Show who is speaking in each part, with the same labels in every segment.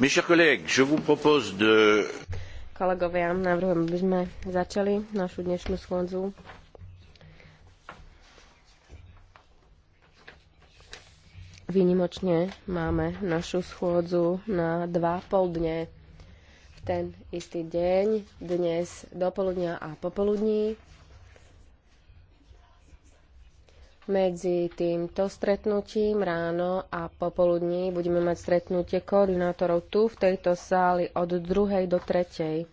Speaker 1: Kolegovia,
Speaker 2: navrhujem, aby sme začali našu dnešnú schôdzu. Výnimočne máme našu schôdzu na dva pol dne v ten istý deň, dnes dopoludnia a popoludní. Medzi týmto stretnutím ráno a popoludní budeme mať stretnutie koordinátorov tu v tejto sáli od 2. do 3.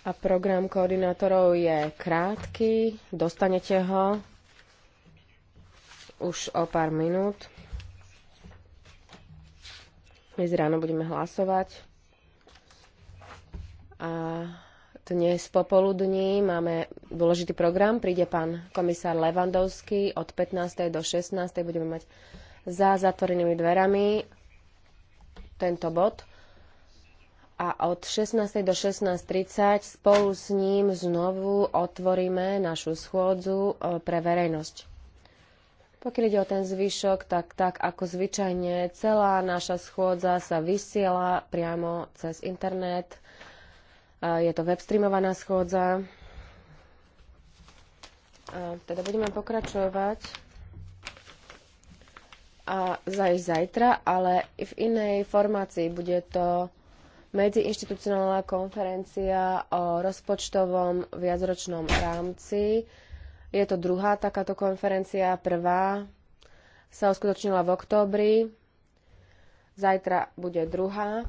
Speaker 2: A program koordinátorov je krátky, dostanete ho už o pár minút. Dnes ráno budeme hlasovať. A dnes popoludní máme dôležitý program. Príde pán komisár Levandovský od 15. do 16. Budeme mať za zatvorenými dverami tento bod. A od 16. do 16.30 spolu s ním znovu otvoríme našu schôdzu e, pre verejnosť. Pokiaľ ide o ten zvyšok, tak, tak ako zvyčajne celá naša schôdza sa vysiela priamo cez internet je to webstreamovaná schôdza. Teda budeme pokračovať a zaj zajtra, ale v inej formácii bude to medziinstitucionálna konferencia o rozpočtovom viacročnom rámci. Je to druhá takáto konferencia, prvá sa uskutočnila v októbri, zajtra bude druhá.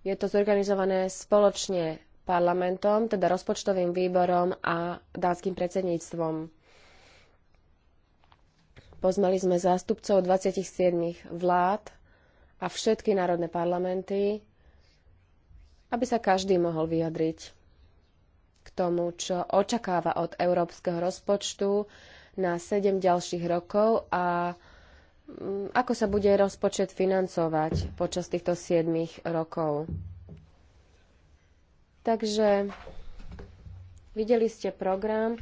Speaker 2: Je to zorganizované spoločne parlamentom, teda rozpočtovým výborom a dánskym predsedníctvom. Poznali sme zástupcov 27 vlád a všetky národné parlamenty, aby sa každý mohol vyjadriť k tomu, čo očakáva od európskeho rozpočtu na 7 ďalších rokov a ako sa bude rozpočet financovať počas týchto 7 rokov? Takže videli ste program.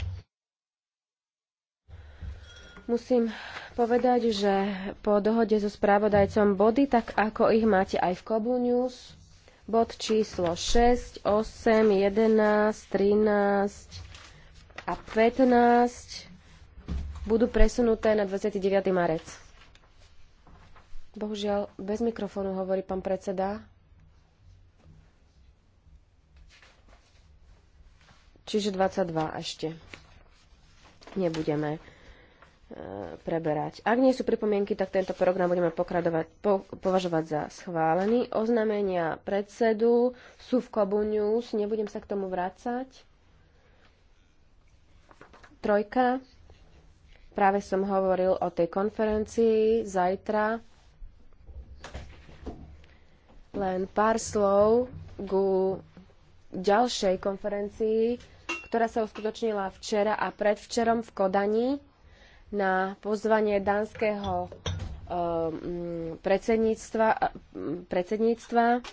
Speaker 2: Musím povedať, že po dohode so správodajcom body, tak ako ich máte aj v Kobu News, bod číslo 6, 8, 11, 13 a 15 budú presunuté na 29. marec. Bohužiaľ, bez mikrofónu hovorí pán predseda. Čiže 22 ešte nebudeme e, preberať. Ak nie sú pripomienky, tak tento program budeme po, považovať za schválený. Oznamenia predsedu sú v Kobu News, nebudem sa k tomu vrácať. Trojka. Práve som hovoril o tej konferencii zajtra. Len pár slov ku ďalšej konferencii, ktorá sa uskutočnila včera a predvčerom v Kodani na pozvanie dánskeho ehm, predsedníctva, predsedníctva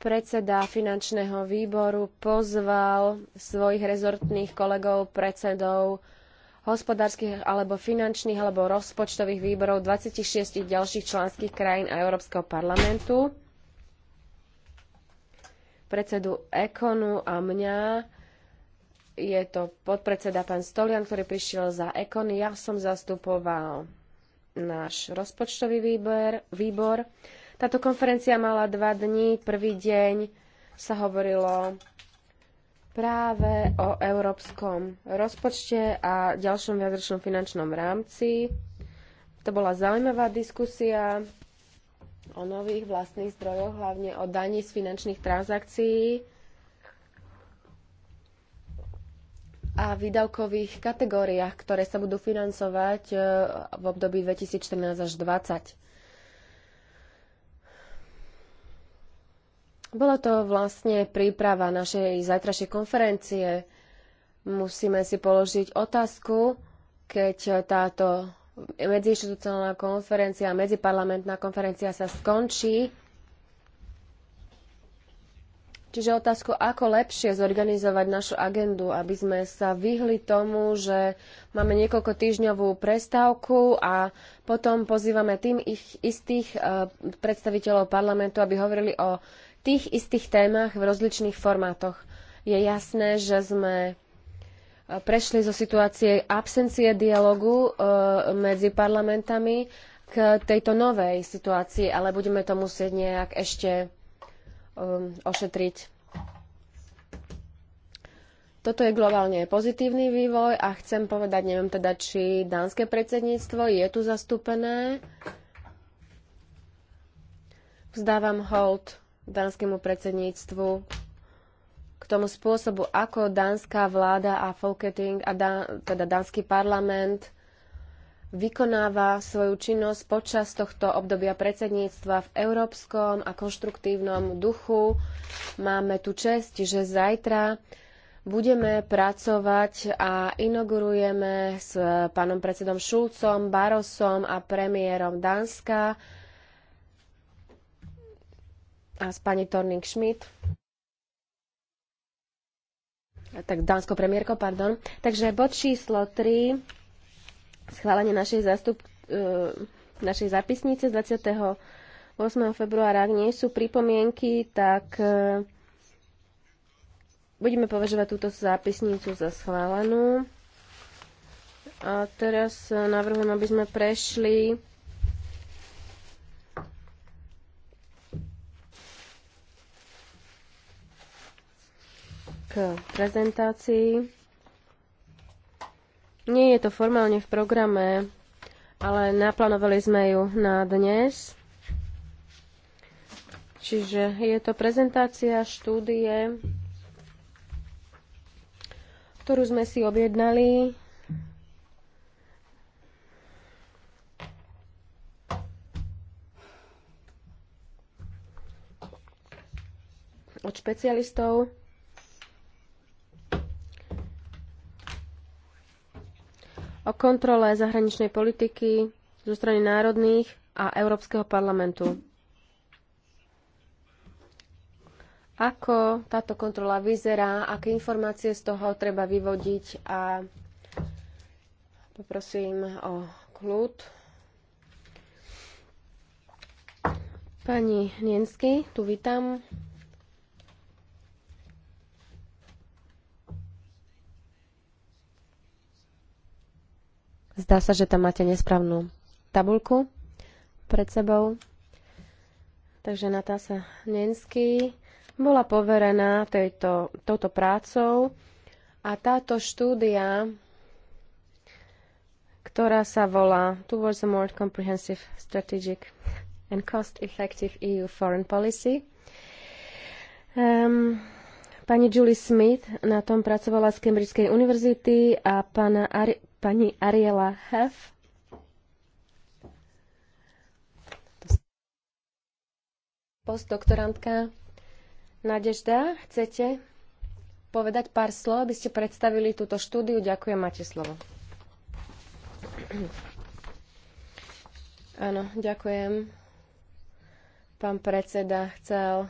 Speaker 2: predseda finančného výboru pozval svojich rezortných kolegov, predsedov hospodárskych alebo finančných alebo rozpočtových výborov 26 ďalších členských krajín a Európskeho parlamentu, predsedu Ekonu a mňa. Je to podpredseda pán Stolian, ktorý prišiel za Ekon. Ja som zastupoval náš rozpočtový výber, výbor. Táto konferencia mala dva dní. Prvý deň sa hovorilo práve o európskom rozpočte a ďalšom viacročnom finančnom rámci. To bola zaujímavá diskusia o nových vlastných zdrojoch, hlavne o daní z finančných transakcií a výdavkových kategóriách, ktoré sa budú financovať eh, v období 2014 až 2020. Bola to vlastne príprava našej zajtrašej konferencie. Musíme si položiť otázku, keď táto medziinstitucionálna konferencia, medziparlamentná konferencia sa skončí. Čiže otázku, ako lepšie zorganizovať našu agendu, aby sme sa vyhli tomu, že máme niekoľko týždňovú prestávku a potom pozývame tým ich istých eh, predstaviteľov parlamentu, aby hovorili o tých istých témach v rozličných formátoch. Je jasné, že sme e, prešli zo situácie absencie dialogu e, medzi parlamentami k tejto novej situácii, ale budeme to musieť nejak ešte um, ošetriť. Toto je globálne pozitívny vývoj a chcem povedať, neviem teda, či dánske predsedníctvo je tu zastúpené. Vzdávam hold dánskému predsedníctvu k tomu spôsobu, ako dánska vláda a Folketing, a dá, teda dánsky parlament vykonáva svoju činnosť počas tohto obdobia predsedníctva v európskom a konštruktívnom duchu. Máme tu čest, že zajtra budeme pracovať a inaugurujeme s pánom predsedom Šulcom, Barosom a premiérom Dánska s pani Torning Schmidt. Tak dánskou premiérkou, pardon. Takže bod číslo 3, schválenie našej, zastup, e, našej zápisnice z 28. februára. Ak nie sú pripomienky, tak e, budeme považovať túto zápisnicu za schválenú. A teraz e, navrhujem, aby sme prešli k prezentácii. Nie je to formálne v programe, ale naplánovali sme ju na dnes. Čiže je to prezentácia štúdie, ktorú sme si objednali od špecialistov o kontrole zahraničnej politiky zo strany národných a Európskeho parlamentu. Ako táto kontrola vyzerá, aké informácie z toho treba vyvodiť a poprosím o kľud. Pani Niensky, tu vítam. Zdá sa, že tam máte nesprávnu tabulku pred sebou. Takže Natása Nenský bola poverená tejto, touto prácou a táto štúdia, ktorá sa volá Towards a More Comprehensive Strategic and Cost-Effective EU Foreign Policy, um, Pani Julie Smith na tom pracovala z Cambridgeskej univerzity a pána Ari- pani Ariela Hef. Postdoktorantka Nadežda, chcete povedať pár slov, aby ste predstavili túto štúdiu? Ďakujem, máte slovo. Áno, ďakujem. Pán predseda, chcel,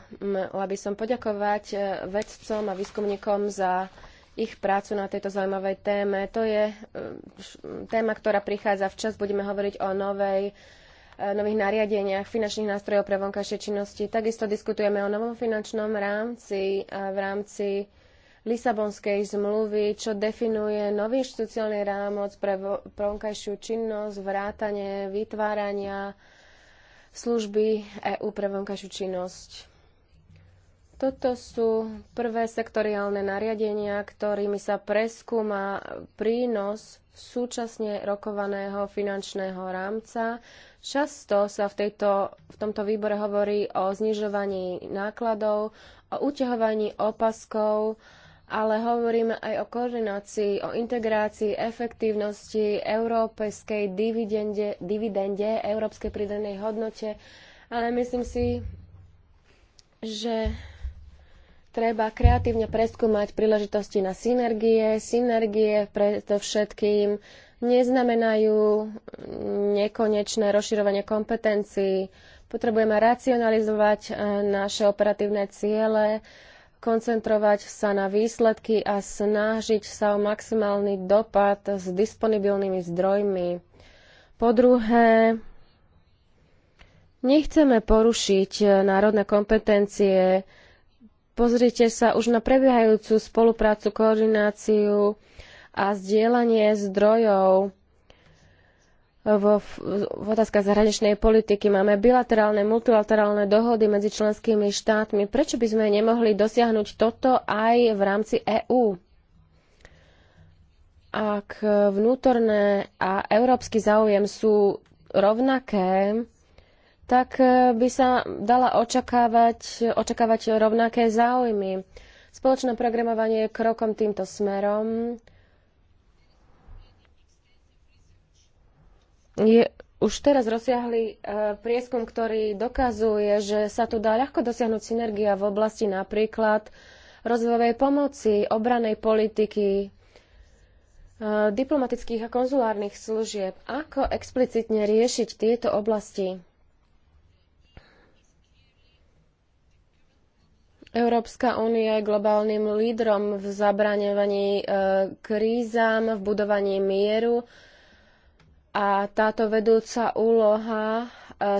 Speaker 2: aby som poďakovať eh, vedcom a výskumníkom za ich prácu na tejto zaujímavej téme. To je e, téma, ktorá prichádza včas. Budeme hovoriť o novej e, nových nariadeniach, finančných nástrojov pre vonkajšie činnosti. Takisto diskutujeme o novom finančnom rámci v rámci Lisabonskej zmluvy, čo definuje nový inštitucionálny rámoc pre vonkajšiu činnosť, vrátanie, vytvárania služby EÚ pre vonkajšiu činnosť. Toto sú prvé sektoriálne nariadenia, ktorými sa preskúma prínos súčasne rokovaného finančného rámca. Často sa v, tejto, v tomto výbore hovorí o znižovaní nákladov, o uťahovaní opaskov, ale hovoríme aj o koordinácii, o integrácii, efektívnosti, európskej dividende, dividende európskej pridanej hodnote. Ale myslím si, že Treba kreatívne preskúmať príležitosti na synergie. Synergie preto všetkým neznamenajú nekonečné rozširovanie kompetencií. Potrebujeme racionalizovať e, naše operatívne ciele, koncentrovať sa na výsledky a snažiť sa o maximálny dopad s disponibilnými zdrojmi. Po druhé, nechceme porušiť e, národné kompetencie, Pozrite sa už na prebiehajúcu spoluprácu, koordináciu a zdieľanie zdrojov v, v otázkach zahraničnej politiky máme bilaterálne, multilaterálne dohody medzi členskými štátmi. Prečo by sme nemohli dosiahnuť toto aj v rámci EÚ? Ak vnútorné a európsky záujem sú rovnaké, tak e, by sa dala očakávať, očakávať rovnaké záujmy. Spoločné programovanie je krokom týmto smerom. Je už teraz rozsiahli e, prieskum, ktorý dokazuje, že sa tu dá ľahko dosiahnuť synergia v oblasti napríklad rozvojovej pomoci, obranej politiky, e, diplomatických a konzulárnych služieb. Ako explicitne riešiť tieto oblasti? Európska únia je globálnym lídrom v zabraňovaní e, krízam, v budovaní mieru a táto vedúca úloha e,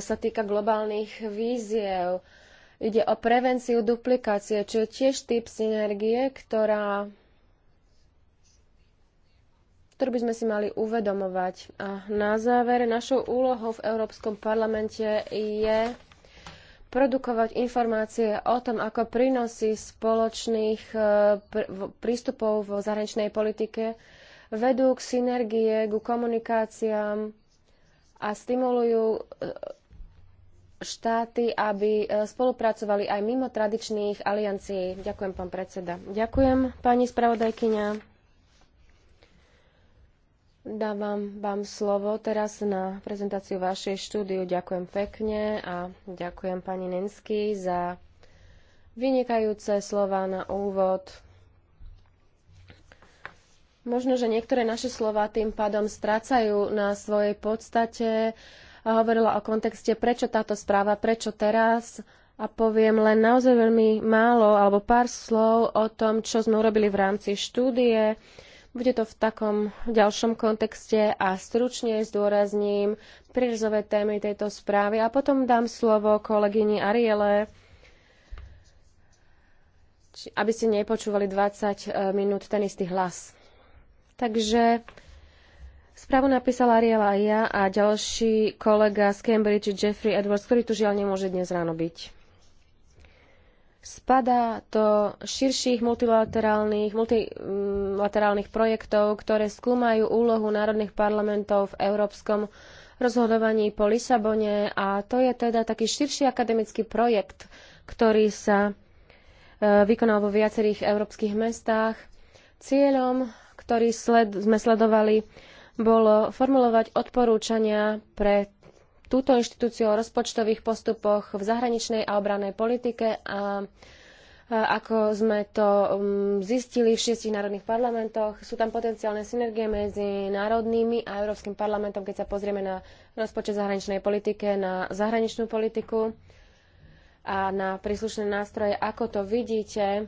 Speaker 2: sa týka globálnych víziev. Ide o prevenciu duplikácie, čo je tiež typ synergie, ktorá ktorú by sme si mali uvedomovať. A na záver, našou úlohou v Európskom parlamente je produkovať informácie o tom, ako prínosy spoločných e, prístupov vo zahraničnej politike vedú k synergie, k komunikáciám a stimulujú e, štáty, aby e, spolupracovali aj mimo tradičných aliancií. Ďakujem, pán predseda. Ďakujem, pani spravodajkyňa. Dávam vám slovo teraz na prezentáciu vašej štúdiu. Ďakujem pekne a ďakujem pani Nensky za vynikajúce slova na úvod. Možno, že niektoré naše slova tým pádom strácajú na svojej podstate. a Hovorila o kontexte, prečo táto správa, prečo teraz. A poviem len naozaj veľmi málo alebo pár slov o tom, čo sme urobili v rámci štúdie bude to v takom ďalšom kontexte a stručne zdôrazním prírzové témy tejto správy a potom dám slovo kolegyni Ariele, aby ste nepočúvali 20 e, minút ten istý hlas. Takže Správu napísala Ariela a ja a ďalší kolega z Cambridge, Jeffrey Edwards, ktorý tu žiaľ nemôže dnes ráno byť. Spadá do širších multilaterálnych, multilaterálnych mm, projektov, ktoré skúmajú úlohu národných parlamentov v európskom rozhodovaní po Lisabone a to je teda taký širší akademický projekt, ktorý sa e, vykonal vo viacerých európskych mestách. Cieľom, ktorý sled, sme sledovali, bolo formulovať odporúčania pre túto inštitúciu o rozpočtových postupoch v zahraničnej a obrannej politike a ako sme to um, zistili v šiestich národných parlamentoch. Sú tam potenciálne synergie medzi národnými a Európskym parlamentom, keď sa pozrieme na rozpočet zahraničnej politike, na zahraničnú politiku a na príslušné nástroje. Ako to vidíte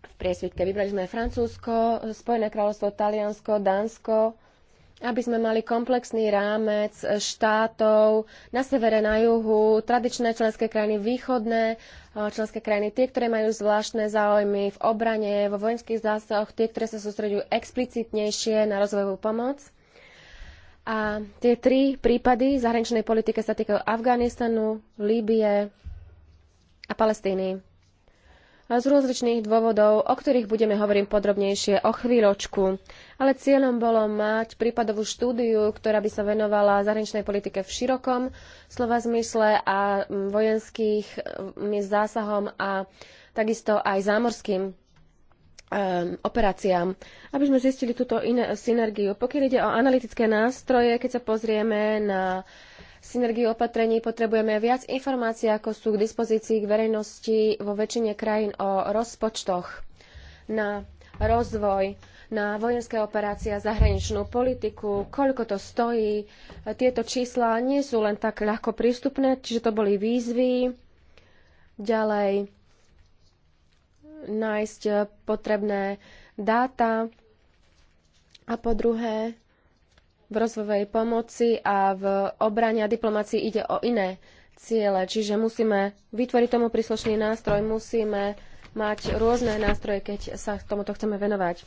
Speaker 2: v priesvitke? Vybrali sme Francúzsko, Spojené kráľovstvo, Taliansko, Dánsko, aby sme mali komplexný rámec štátov na severe, na juhu, tradičné členské krajiny, východné eh, členské krajiny, tie, ktoré majú zvláštne záujmy v obrane, vo vojenských zásahoch, tie, ktoré sa sústredujú explicitnejšie na rozvojovú pomoc. A tie tri prípady zahraničnej politike sa týkajú Afganistanu, Líbie a Palestíny z rozličných dôvodov, o ktorých budeme hovoriť podrobnejšie o chvíľočku. Ale cieľom bolo mať prípadovú štúdiu, ktorá by sa venovala zahraničnej politike v širokom slova zmysle a vojenských miest zásahom a takisto aj zámorským operáciám, aby sme zistili túto synergiu. Pokiaľ ide o analytické nástroje, keď sa pozrieme na synergiu opatrení potrebujeme viac informácií, ako sú k dispozícii k verejnosti vo väčšine krajín o rozpočtoch na rozvoj, na vojenské operácie a zahraničnú politiku, koľko to stojí. Tieto čísla nie sú len tak ľahko prístupné, čiže to boli výzvy. Ďalej nájsť potrebné dáta a po druhé v rozvojovej pomoci a v obrane a diplomácii ide o iné ciele. Čiže musíme vytvoriť tomu príslušný nástroj, musíme mať rôzne nástroje, keď sa tomuto chceme venovať.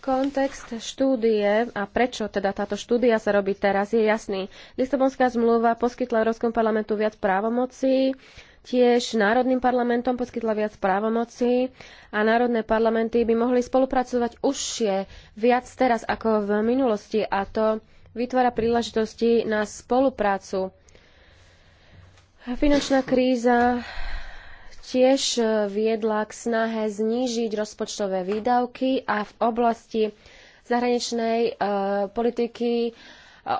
Speaker 2: Kontext štúdie a prečo teda táto štúdia sa robí teraz je jasný. Lisabonská zmluva poskytla Európskom parlamentu viac právomocí, tiež národným parlamentom poskytla viac právomocí a národné parlamenty by mohli spolupracovať užšie, viac teraz ako v minulosti a to vytvára príležitosti na spoluprácu. Finančná kríza tiež viedla k snahe znížiť rozpočtové výdavky a v oblasti zahraničnej e, politiky, e,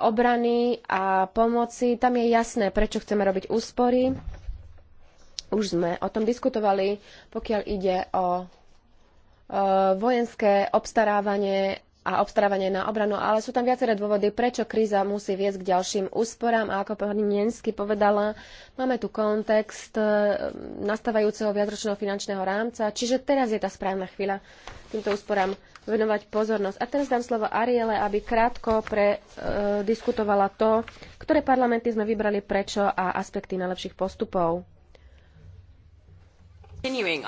Speaker 2: obrany a pomoci. Tam je jasné, prečo chceme robiť úspory. Už sme o tom diskutovali, pokiaľ ide o e, vojenské obstarávanie a obstarávanie na obranu, ale sú tam viaceré dôvody, prečo kríza musí viesť k ďalším úsporám a ako pani Nensky povedala, máme tu kontext e, nastávajúceho viacročného finančného rámca, čiže teraz je tá správna chvíľa týmto úsporám venovať pozornosť. A teraz dám slovo Ariele, aby krátko prediskutovala e, to, ktoré parlamenty sme vybrali prečo a aspekty najlepších postupov.
Speaker 3: Ďakujem.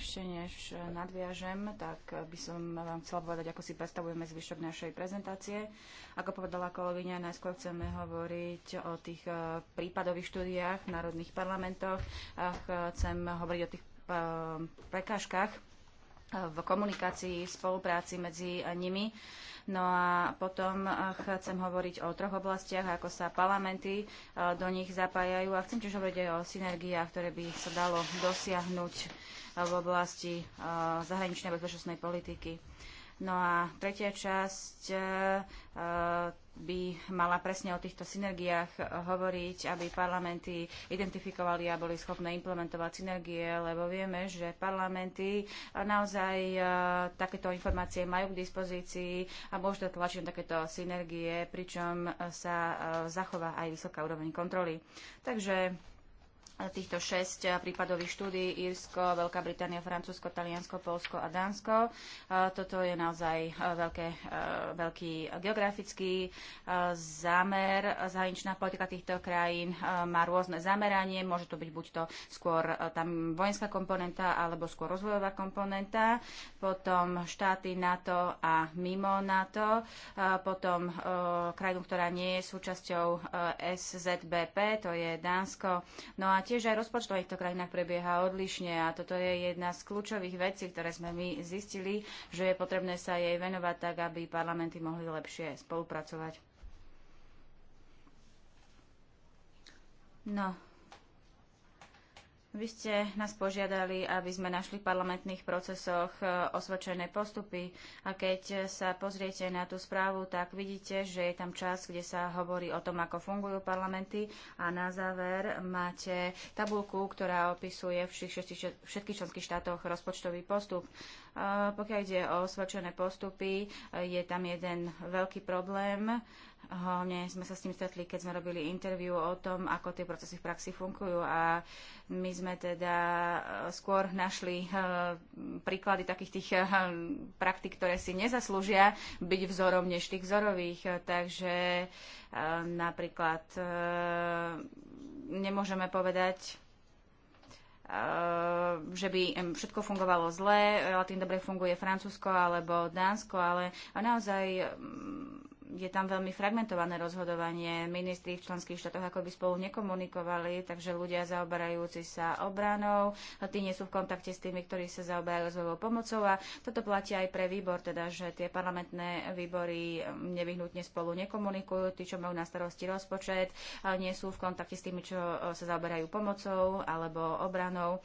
Speaker 3: Ešte než nadviažem, tak by som vám chcela povedať, ako si predstavujeme zvyšok našej prezentácie. Ako povedala kolegyňa, najskôr chceme hovoriť o tých eh, prípadových štúdiách v národných parlamentoch. Chcem hovoriť o tých eh, prekážkach v komunikácii, v spolupráci medzi nimi. No a potom eh, chcem hovoriť o troch oblastiach, ako sa parlamenty eh, do nich zapájajú a chcem tiež hovoriť aj o synergiách, ktoré by sa dalo dosiahnuť eh, v oblasti zahraničnej bezpečnostnej politiky. No a tretia časť e, e, by mala presne o týchto synergiách hovoriť, aby parlamenty identifikovali a boli schopné implementovať synergie, lebo vieme, že parlamenty naozaj e, takéto informácie majú k dispozícii a môžu tlačiť na takéto synergie, pričom sa zachová aj vysoká úroveň kontroly. Takže týchto šesť eh, prípadových štúdí Írsko, Veľká Británia, Francúzsko, Taliansko, Polsko a Dánsko. Toto je naozaj eh, veľké, eh, veľký geografický zámer. Zahraničná politika týchto krajín má rôzne zameranie. Môže to byť buď to skôr tam vojenská komponenta alebo skôr rozvojová komponenta, potom štáty NATO a mimo NATO, potom krajinu, ktorá nie je súčasťou SZBP, to je Dánsko. No a tiež aj rozpočtov v týchto krajinách prebieha odlišne a toto je jedna z kľúčových vecí, ktoré sme my zistili, že je potrebné sa jej venovať tak, aby parlamenty mohli lepšie spolupracovať. No, vy ste nás požiadali, aby sme našli v parlamentných procesoch e, osvedčené postupy a keď sa pozriete na tú správu, tak vidíte, že je tam čas, kde sa hovorí o tom, ako fungujú parlamenty a na záver máte tabulku, ktorá opisuje v všetkých členských štátoch rozpočtový postup. E, pokiaľ ide o osvedčené postupy, e, je tam jeden veľký problém, Hlavne sme sa s tým stretli, keď sme robili interviu o tom, ako tie procesy v praxi fungujú a my sme teda e, skôr našli e, príklady takých tých e, praktik, ktoré si nezaslúžia byť vzorom než tých vzorových. Takže napríklad nemôžeme povedať, že by všetko fungovalo zle, tým dobre funguje Francúzsko alebo Dánsko, ale naozaj je tam veľmi fragmentované rozhodovanie. Ministri v členských štátoch ako by spolu nekomunikovali, takže ľudia zaoberajúci sa obranou, tí nie sú v kontakte s tými, ktorí sa zaoberajú rozvojovou pomocou a toto platí aj pre výbor, teda že tie parlamentné výbory um, nevyhnutne spolu nekomunikujú, tí, čo majú na starosti rozpočet, nie sú v kontakte s tými, čo uh, sa zaoberajú pomocou alebo obranou.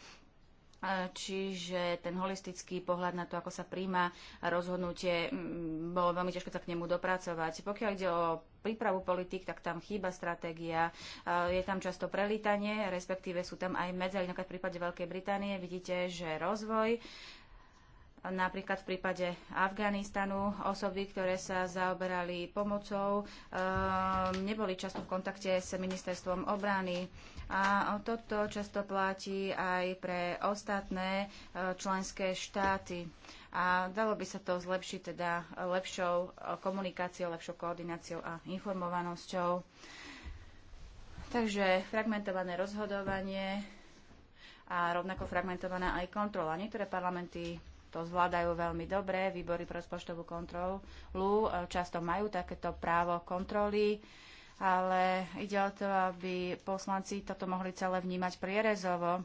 Speaker 3: Čiže ten holistický pohľad na to, ako sa príjma rozhodnutie, mm, bolo veľmi ťažké sa k nemu dopracovať. Pokiaľ ide o prípravu politik, tak tam chýba stratégia. Je tam často prelítanie, respektíve sú tam aj medzi, Napríklad v prípade Veľkej Británie vidíte, že rozvoj napríklad v prípade Afganistanu osoby, ktoré sa zaoberali pomocou, ehm, neboli často v kontakte s ministerstvom obrany. A toto často platí aj pre ostatné e, členské štáty. A dalo by sa to zlepšiť teda lepšou e, komunikáciou, lepšou koordináciou a informovanosťou. Takže fragmentované rozhodovanie a rovnako fragmentovaná aj kontrola. Niektoré parlamenty to zvládajú veľmi dobre, výbory pre rozpočtovú kontrolu e, často majú takéto právo kontroly ale ide o to, aby poslanci toto mohli celé vnímať prierezovo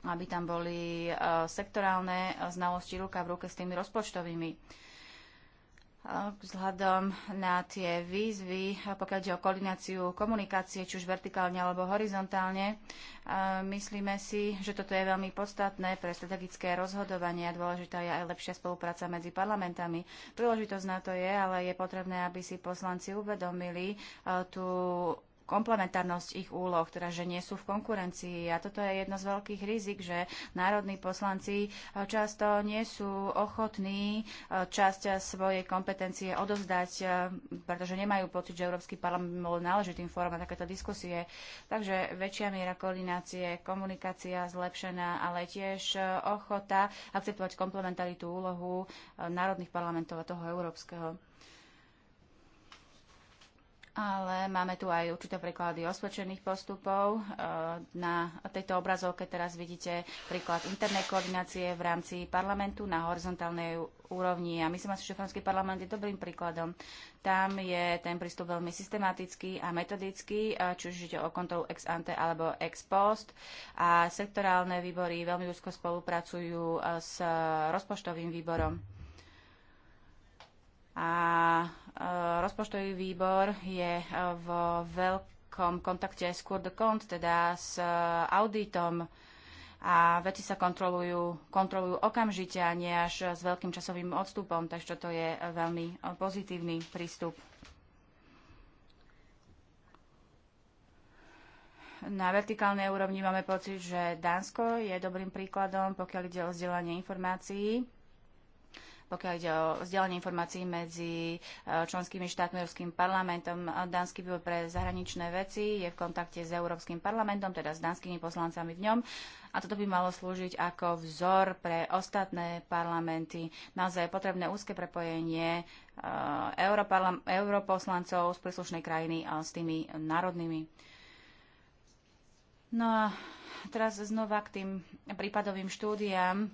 Speaker 3: aby tam boli e, sektorálne e, znalosti ruka v ruke s tými rozpočtovými vzhľadom na tie výzvy, pokiaľ ide o koordináciu komunikácie, či už vertikálne alebo horizontálne. Myslíme si, že toto je veľmi podstatné pre strategické rozhodovanie a dôležitá je aj lepšia spolupráca medzi parlamentami. Príležitosť na to je, ale je potrebné, aby si poslanci uvedomili tú komplementárnosť ich úloh, teda že nie sú v konkurencii. A toto je jedno z veľkých rizik, že národní poslanci eh, často nie sú ochotní eh, časť eh, svojej kompetencie odozdať, pretože nemajú pocit, že Európsky parlament bol náležitým fórum na takéto diskusie. Takže väčšia miera koordinácie, komunikácia zlepšená, ale tiež ochota akceptovať komplementaritu úlohu národných parlamentov a toho európskeho ale máme tu aj určité príklady osvedčených postupov. E, na tejto obrazovke teraz vidíte príklad internej koordinácie v rámci parlamentu na horizontálnej úrovni a myslím si, že Franský parlament je dobrým príkladom. Tam je ten prístup veľmi systematický a metodický, e, či už ide o kontrolu ex ante alebo ex post a sektorálne výbory veľmi úzko spolupracujú e, s rozpočtovým výborom. A e, rozpočtový výbor je e, vo veľkom kontakte s Cour de teda s e, auditom a veci sa kontrolujú, kontrolujú okamžite a nie až s veľkým časovým odstupom, takže toto je veľmi pozitívny prístup. Na vertikálnej úrovni máme pocit, že Dánsko je dobrým príkladom, pokiaľ ide o vzdelanie informácií pokiaľ ide o vzdelanie informácií medzi e, členskými štátmi Európskym parlamentom. Dánsky výbor pre zahraničné veci je v kontakte s Európskym parlamentom, teda s dánskymi poslancami v ňom. A toto by malo slúžiť ako vzor pre ostatné parlamenty. Naozaj je potrebné úzke prepojenie e, europoslancov z príslušnej krajiny a s tými národnými. No a teraz znova k tým prípadovým štúdiám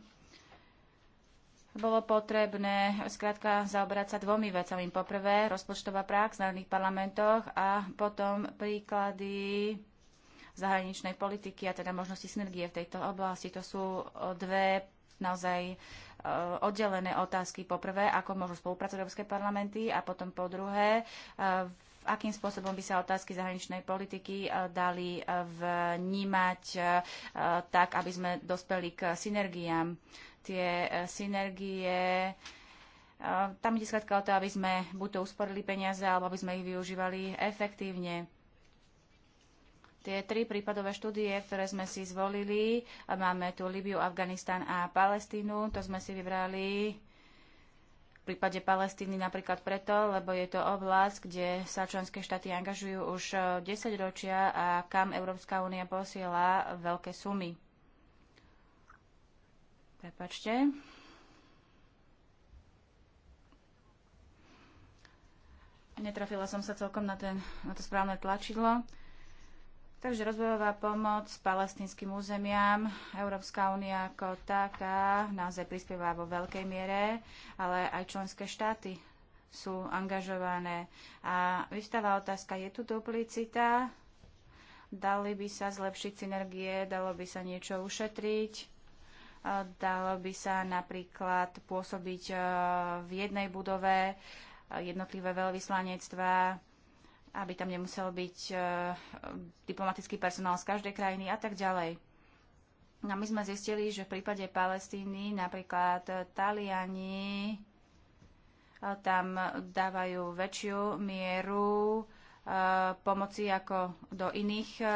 Speaker 3: bolo potrebné skrátka zaoberať sa dvomi vecami. Poprvé, rozpočtová prax v národných parlamentoch a potom príklady zahraničnej politiky a teda možnosti synergie v tejto oblasti. To sú eh, dve naozaj eh, oddelené otázky. Poprvé, ako môžu spolupracovať európske parlamenty a potom po druhé, eh, akým spôsobom by sa otázky zahraničnej politiky dali vnímať tak, aby sme dospeli k synergiám tie e, synergie. E, tam ide skladka o to, aby sme buď to usporili peniaze, alebo aby sme ich využívali efektívne. Tie tri prípadové štúdie, ktoré sme si zvolili, máme tu Libiu, Afganistan a Palestínu, to sme si vybrali v prípade Palestíny napríklad preto, lebo je to oblasť, kde sa členské štáty angažujú už 10 e, ročia a kam Európska únia posiela veľké sumy. Prepačte. Netrafila som sa celkom na, ten, na to správne tlačidlo. Takže rozvojová pomoc palestinským územiam, Európska únia ako taká naozaj prispieva vo veľkej miere, ale aj členské štáty sú angažované. A vystáva otázka, je tu duplicita? Dali by sa zlepšiť synergie, dalo by sa niečo ušetriť? Dalo by sa napríklad pôsobiť e, v jednej budove e, jednotlivé veľvyslanectvá, aby tam nemusel byť e, diplomatický personál z každej krajiny a tak ďalej. No my sme zistili, že v prípade Palestíny napríklad Taliani tam dávajú väčšiu mieru Eh, pomoci ako do iných eh,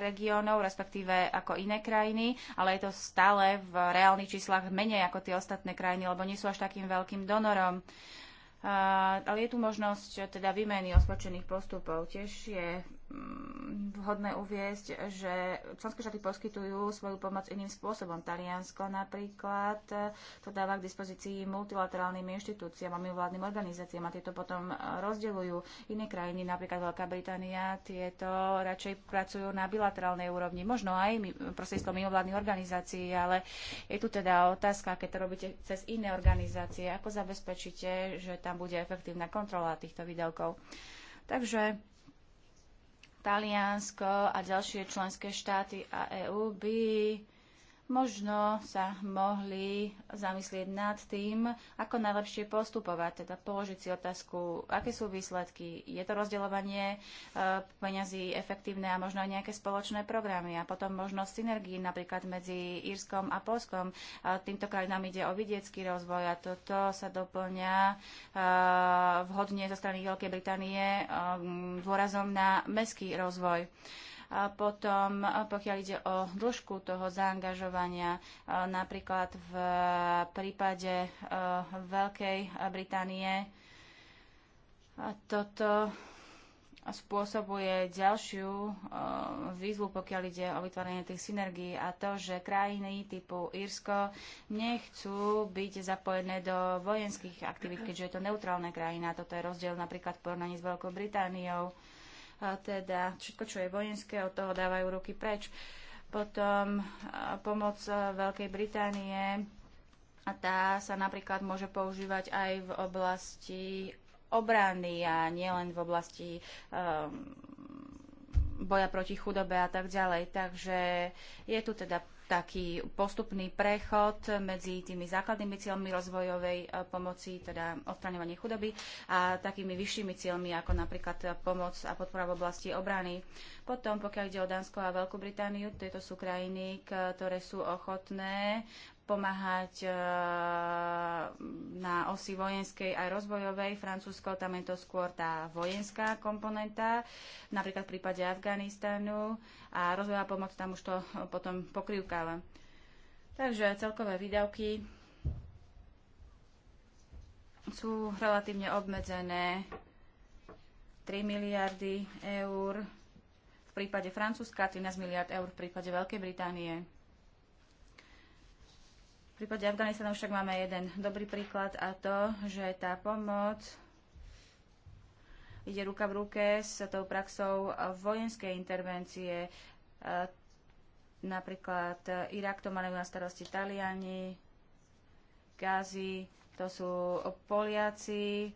Speaker 3: regiónov, respektíve ako iné krajiny, ale je to stále v reálnych číslach menej ako tie ostatné krajiny, lebo nie sú až takým veľkým donorom. Eh, ale je tu možnosť teda výmeny osločených postupov. Tiež je Mm, vhodné uviezť, že členské štáty poskytujú svoju pomoc iným spôsobom. Taliansko napríklad e, to dáva k dispozícii multilaterálnym inštitúciám a mimovládnym organizáciám a tieto potom e, rozdeľujú. Iné krajiny, napríklad Veľká Británia, tieto radšej pracujú na bilaterálnej úrovni, možno aj prostredstvom mimovládnych organizácií, ale je tu teda otázka, keď to robíte cez iné organizácie, ako zabezpečíte, že tam bude efektívna kontrola týchto výdavkov. Takže Taliansko a ďalšie členské štáty a EÚ by možno sa mohli zamyslieť nad tým, ako najlepšie postupovať, teda položiť si otázku, aké sú výsledky, je to rozdeľovanie e, peňazí efektívne a možno aj nejaké spoločné programy a potom možno synergii napríklad medzi Írskom a Polskom. E, týmto krajinám ide o vidiecký rozvoj a toto sa doplňa e, vhodne zo strany Veľkej Británie e, dôrazom na mestský rozvoj. E, a potom, pokiaľ ide o dĺžku toho zaangažovania, napríklad v prípade e, Veľkej Británie, toto spôsobuje ďalšiu e, výzvu, pokiaľ ide o vytvorenie tých synergií a to, že krajiny typu Írsko nechcú byť zapojené do vojenských aktivít, keďže je to neutrálna krajina. Toto je rozdiel napríklad v porovnaní s Veľkou Britániou teda všetko, čo je vojenské, od toho dávajú ruky preč. Potom pomoc Veľkej Británie, a tá sa napríklad môže používať aj v oblasti obrany a nielen v oblasti um, boja proti chudobe a tak ďalej. Takže je tu teda taký postupný prechod medzi tými základnými cieľmi rozvojovej e, pomoci, teda odstraňovanie chudoby a takými vyššími cieľmi, ako napríklad pomoc a podpora v oblasti obrany. Potom, pokiaľ ide o Dánsko a Veľkú Britániu, tieto sú krajiny, ktoré sú ochotné pomáhať e, na osi vojenskej aj rozvojovej. Francúzsko tam je to skôr tá vojenská komponenta, napríklad v prípade Afganistánu a rozvojová pomoc tam už to potom pokrývkáva. Takže celkové výdavky sú relatívne obmedzené 3 miliardy eur v prípade Francúzska, 13 miliard eur v prípade Veľkej Británie. V prípade Afganistanu však máme jeden dobrý príklad a to, že tá pomoc ide ruka v ruke s tou praxou vojenskej intervencie. E, napríklad Irak to majú na starosti Taliani, Gazi, to sú Poliaci,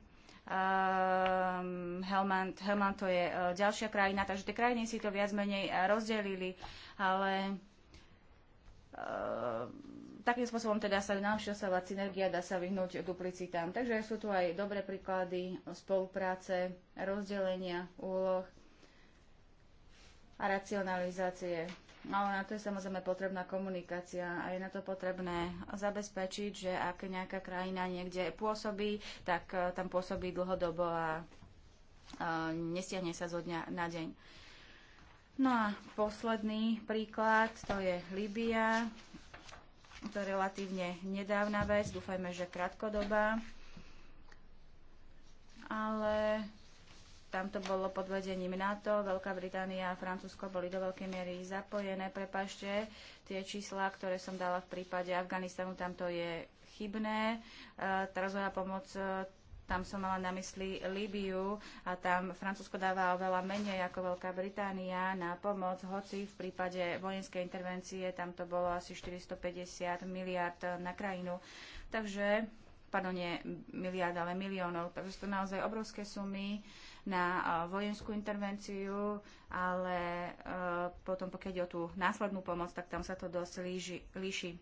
Speaker 3: um, Helmand, Helmand to je uh, ďalšia krajina, takže tie krajiny si to viac menej rozdelili, ale uh, takým spôsobom teda sa dá navšťastovať synergia, dá sa vyhnúť duplicitám. Takže sú tu aj dobré príklady spolupráce, rozdelenia úloh a racionalizácie. No, Ale na to je samozrejme potrebná komunikácia a je na to potrebné zabezpečiť, že ak nejaká krajina niekde pôsobí, tak eh, tam pôsobí dlhodobo a, a eh, nestiahne sa zo dňa na deň. No a posledný príklad, to je Libia. To je relatívne nedávna vec, dúfajme, že krátkodobá. Ale tam to bolo pod vedením NATO, Veľká Británia a Francúzsko boli do veľkej miery zapojené. Prepašte, tie čísla, ktoré som dala v prípade Afganistanu, tam to je chybné. E, tá rozvojová pomoc e, tam som mala na mysli Líbiu a tam Francúzsko dáva oveľa menej ako Veľká Británia na pomoc, hoci v prípade vojenskej intervencie tam to bolo asi 450 miliard na krajinu. Takže pardon, nie miliard, ale miliónov. Takže sú to naozaj obrovské sumy na vojenskú intervenciu, ale potom pokiaľ ide o tú následnú pomoc, tak tam sa to dosť líži, líši.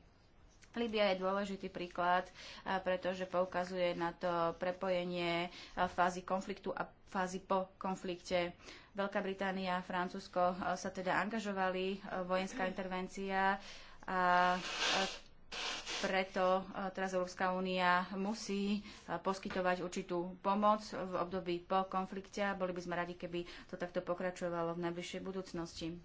Speaker 3: Libia je dôležitý príklad, pretože poukazuje na to prepojenie fázy konfliktu a fázy po konflikte. Veľká Británia a Francúzsko sa teda angažovali, vojenská intervencia a preto teraz Európska únia musí poskytovať určitú pomoc v období po konflikte a boli by sme radi, keby to takto pokračovalo v najbližšej budúcnosti.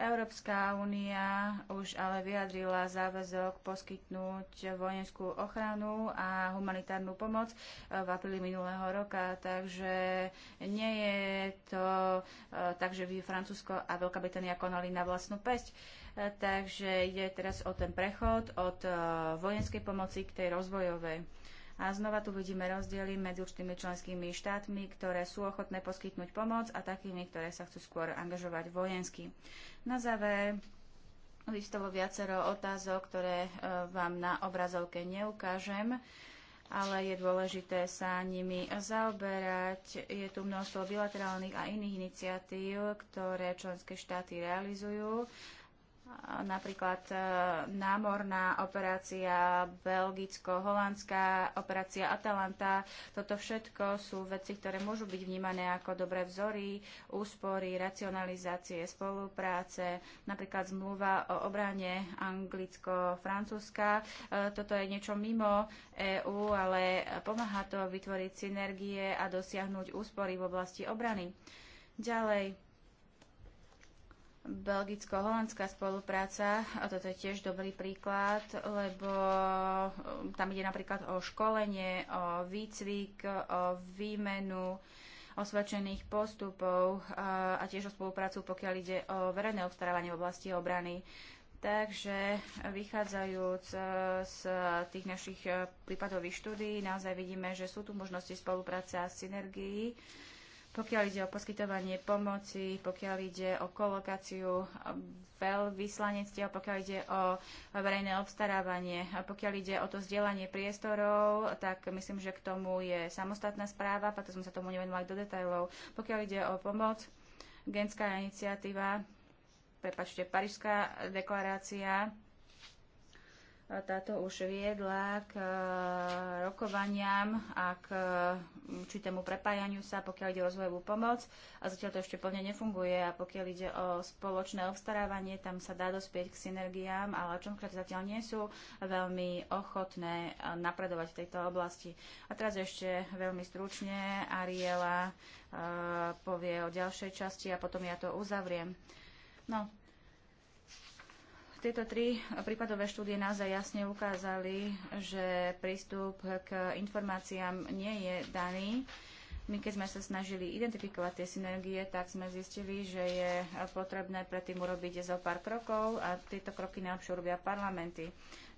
Speaker 3: Európska únia už ale vyjadrila záväzok poskytnúť vojenskú ochranu a humanitárnu pomoc eh, v apríli minulého roka, takže nie je to eh, tak, že by Francúzsko a Veľká Británia konali na vlastnú pesť. Eh, takže ide teraz o ten prechod od vojenskej pomoci k tej rozvojovej. A znova tu vidíme rozdiely medzi určitými členskými štátmi, ktoré sú ochotné poskytnúť pomoc a takými, ktoré sa chcú skôr angažovať vojensky. Na záver vystalo viacero otázok, ktoré e, vám na obrazovke neukážem ale je dôležité sa nimi zaoberať. Je tu množstvo bilaterálnych a iných iniciatív, ktoré členské štáty realizujú napríklad e, námorná operácia Belgicko-Holandská operácia Atalanta. Toto všetko sú veci, ktoré môžu byť vnímané ako dobré vzory, úspory, racionalizácie spolupráce, napríklad zmluva o obrane Anglicko-Francúzska. E, toto je niečo mimo EÚ, ale pomáha to vytvoriť synergie a dosiahnuť úspory v oblasti obrany. Ďalej, Belgicko-holandská spolupráca, a toto je tiež dobrý príklad, lebo um, tam ide napríklad o školenie, o výcvik, o výmenu osvedčených postupov a tiež o spoluprácu, pokiaľ ide o verejné obstarávanie v oblasti obrany. Takže vychádzajúc e, z tých našich e, prípadových štúdí, naozaj vidíme, že sú tu možnosti spolupráce a synergii pokiaľ ide o poskytovanie pomoci, pokiaľ ide o kolokáciu veľvyslanectia, pokiaľ ide o verejné obstarávanie, a pokiaľ ide o to zdieľanie priestorov, tak myslím, že k tomu je samostatná správa, preto sme sa tomu nevenovali do detajlov. Pokiaľ ide o pomoc, genská iniciatíva, prepačte, Parížská deklarácia, táto už viedla k e, rokovaniam a k e, určitému prepájaniu sa, pokiaľ ide o rozvojovú pomoc a zatiaľ to ešte plne nefunguje a pokiaľ ide o spoločné obstarávanie, tam sa dá dospieť k synergiám, ale čomkrát zatiaľ nie sú veľmi ochotné e, napredovať v tejto oblasti. A teraz ešte veľmi stručne Ariela povie o ďalšej časti a potom ja to uzavriem. No, tieto tri prípadové štúdie naozaj jasne ukázali, že prístup k informáciám nie je daný. My keď sme sa snažili identifikovať tie synergie, tak sme zistili, že je potrebné predtým urobiť zo pár krokov a tieto kroky najlepšie robia parlamenty.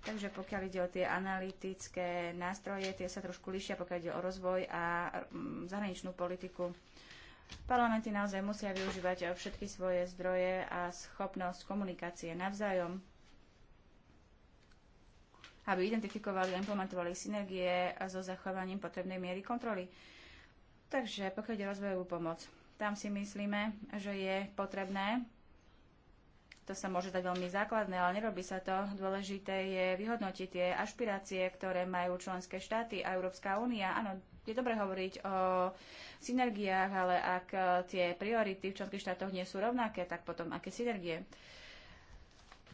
Speaker 3: Takže pokiaľ ide o tie analytické nástroje, tie sa trošku lišia, pokiaľ ide o rozvoj a mm, zahraničnú politiku. Parlamenty naozaj musia využívať všetky svoje zdroje a schopnosť komunikácie navzájom, aby identifikovali a implementovali synergie so zachovaním potrebnej miery kontroly. Takže pokiaľ ide rozvojovú pomoc, tam si myslíme, že je potrebné to sa môže dať veľmi základné, ale nerobí sa to. Dôležité je vyhodnotiť tie ašpirácie, ktoré majú členské štáty a Európska únia. Áno, je dobre hovoriť o synergiách, ale ak e, tie priority v členských štátoch nie sú rovnaké, tak potom aké synergie?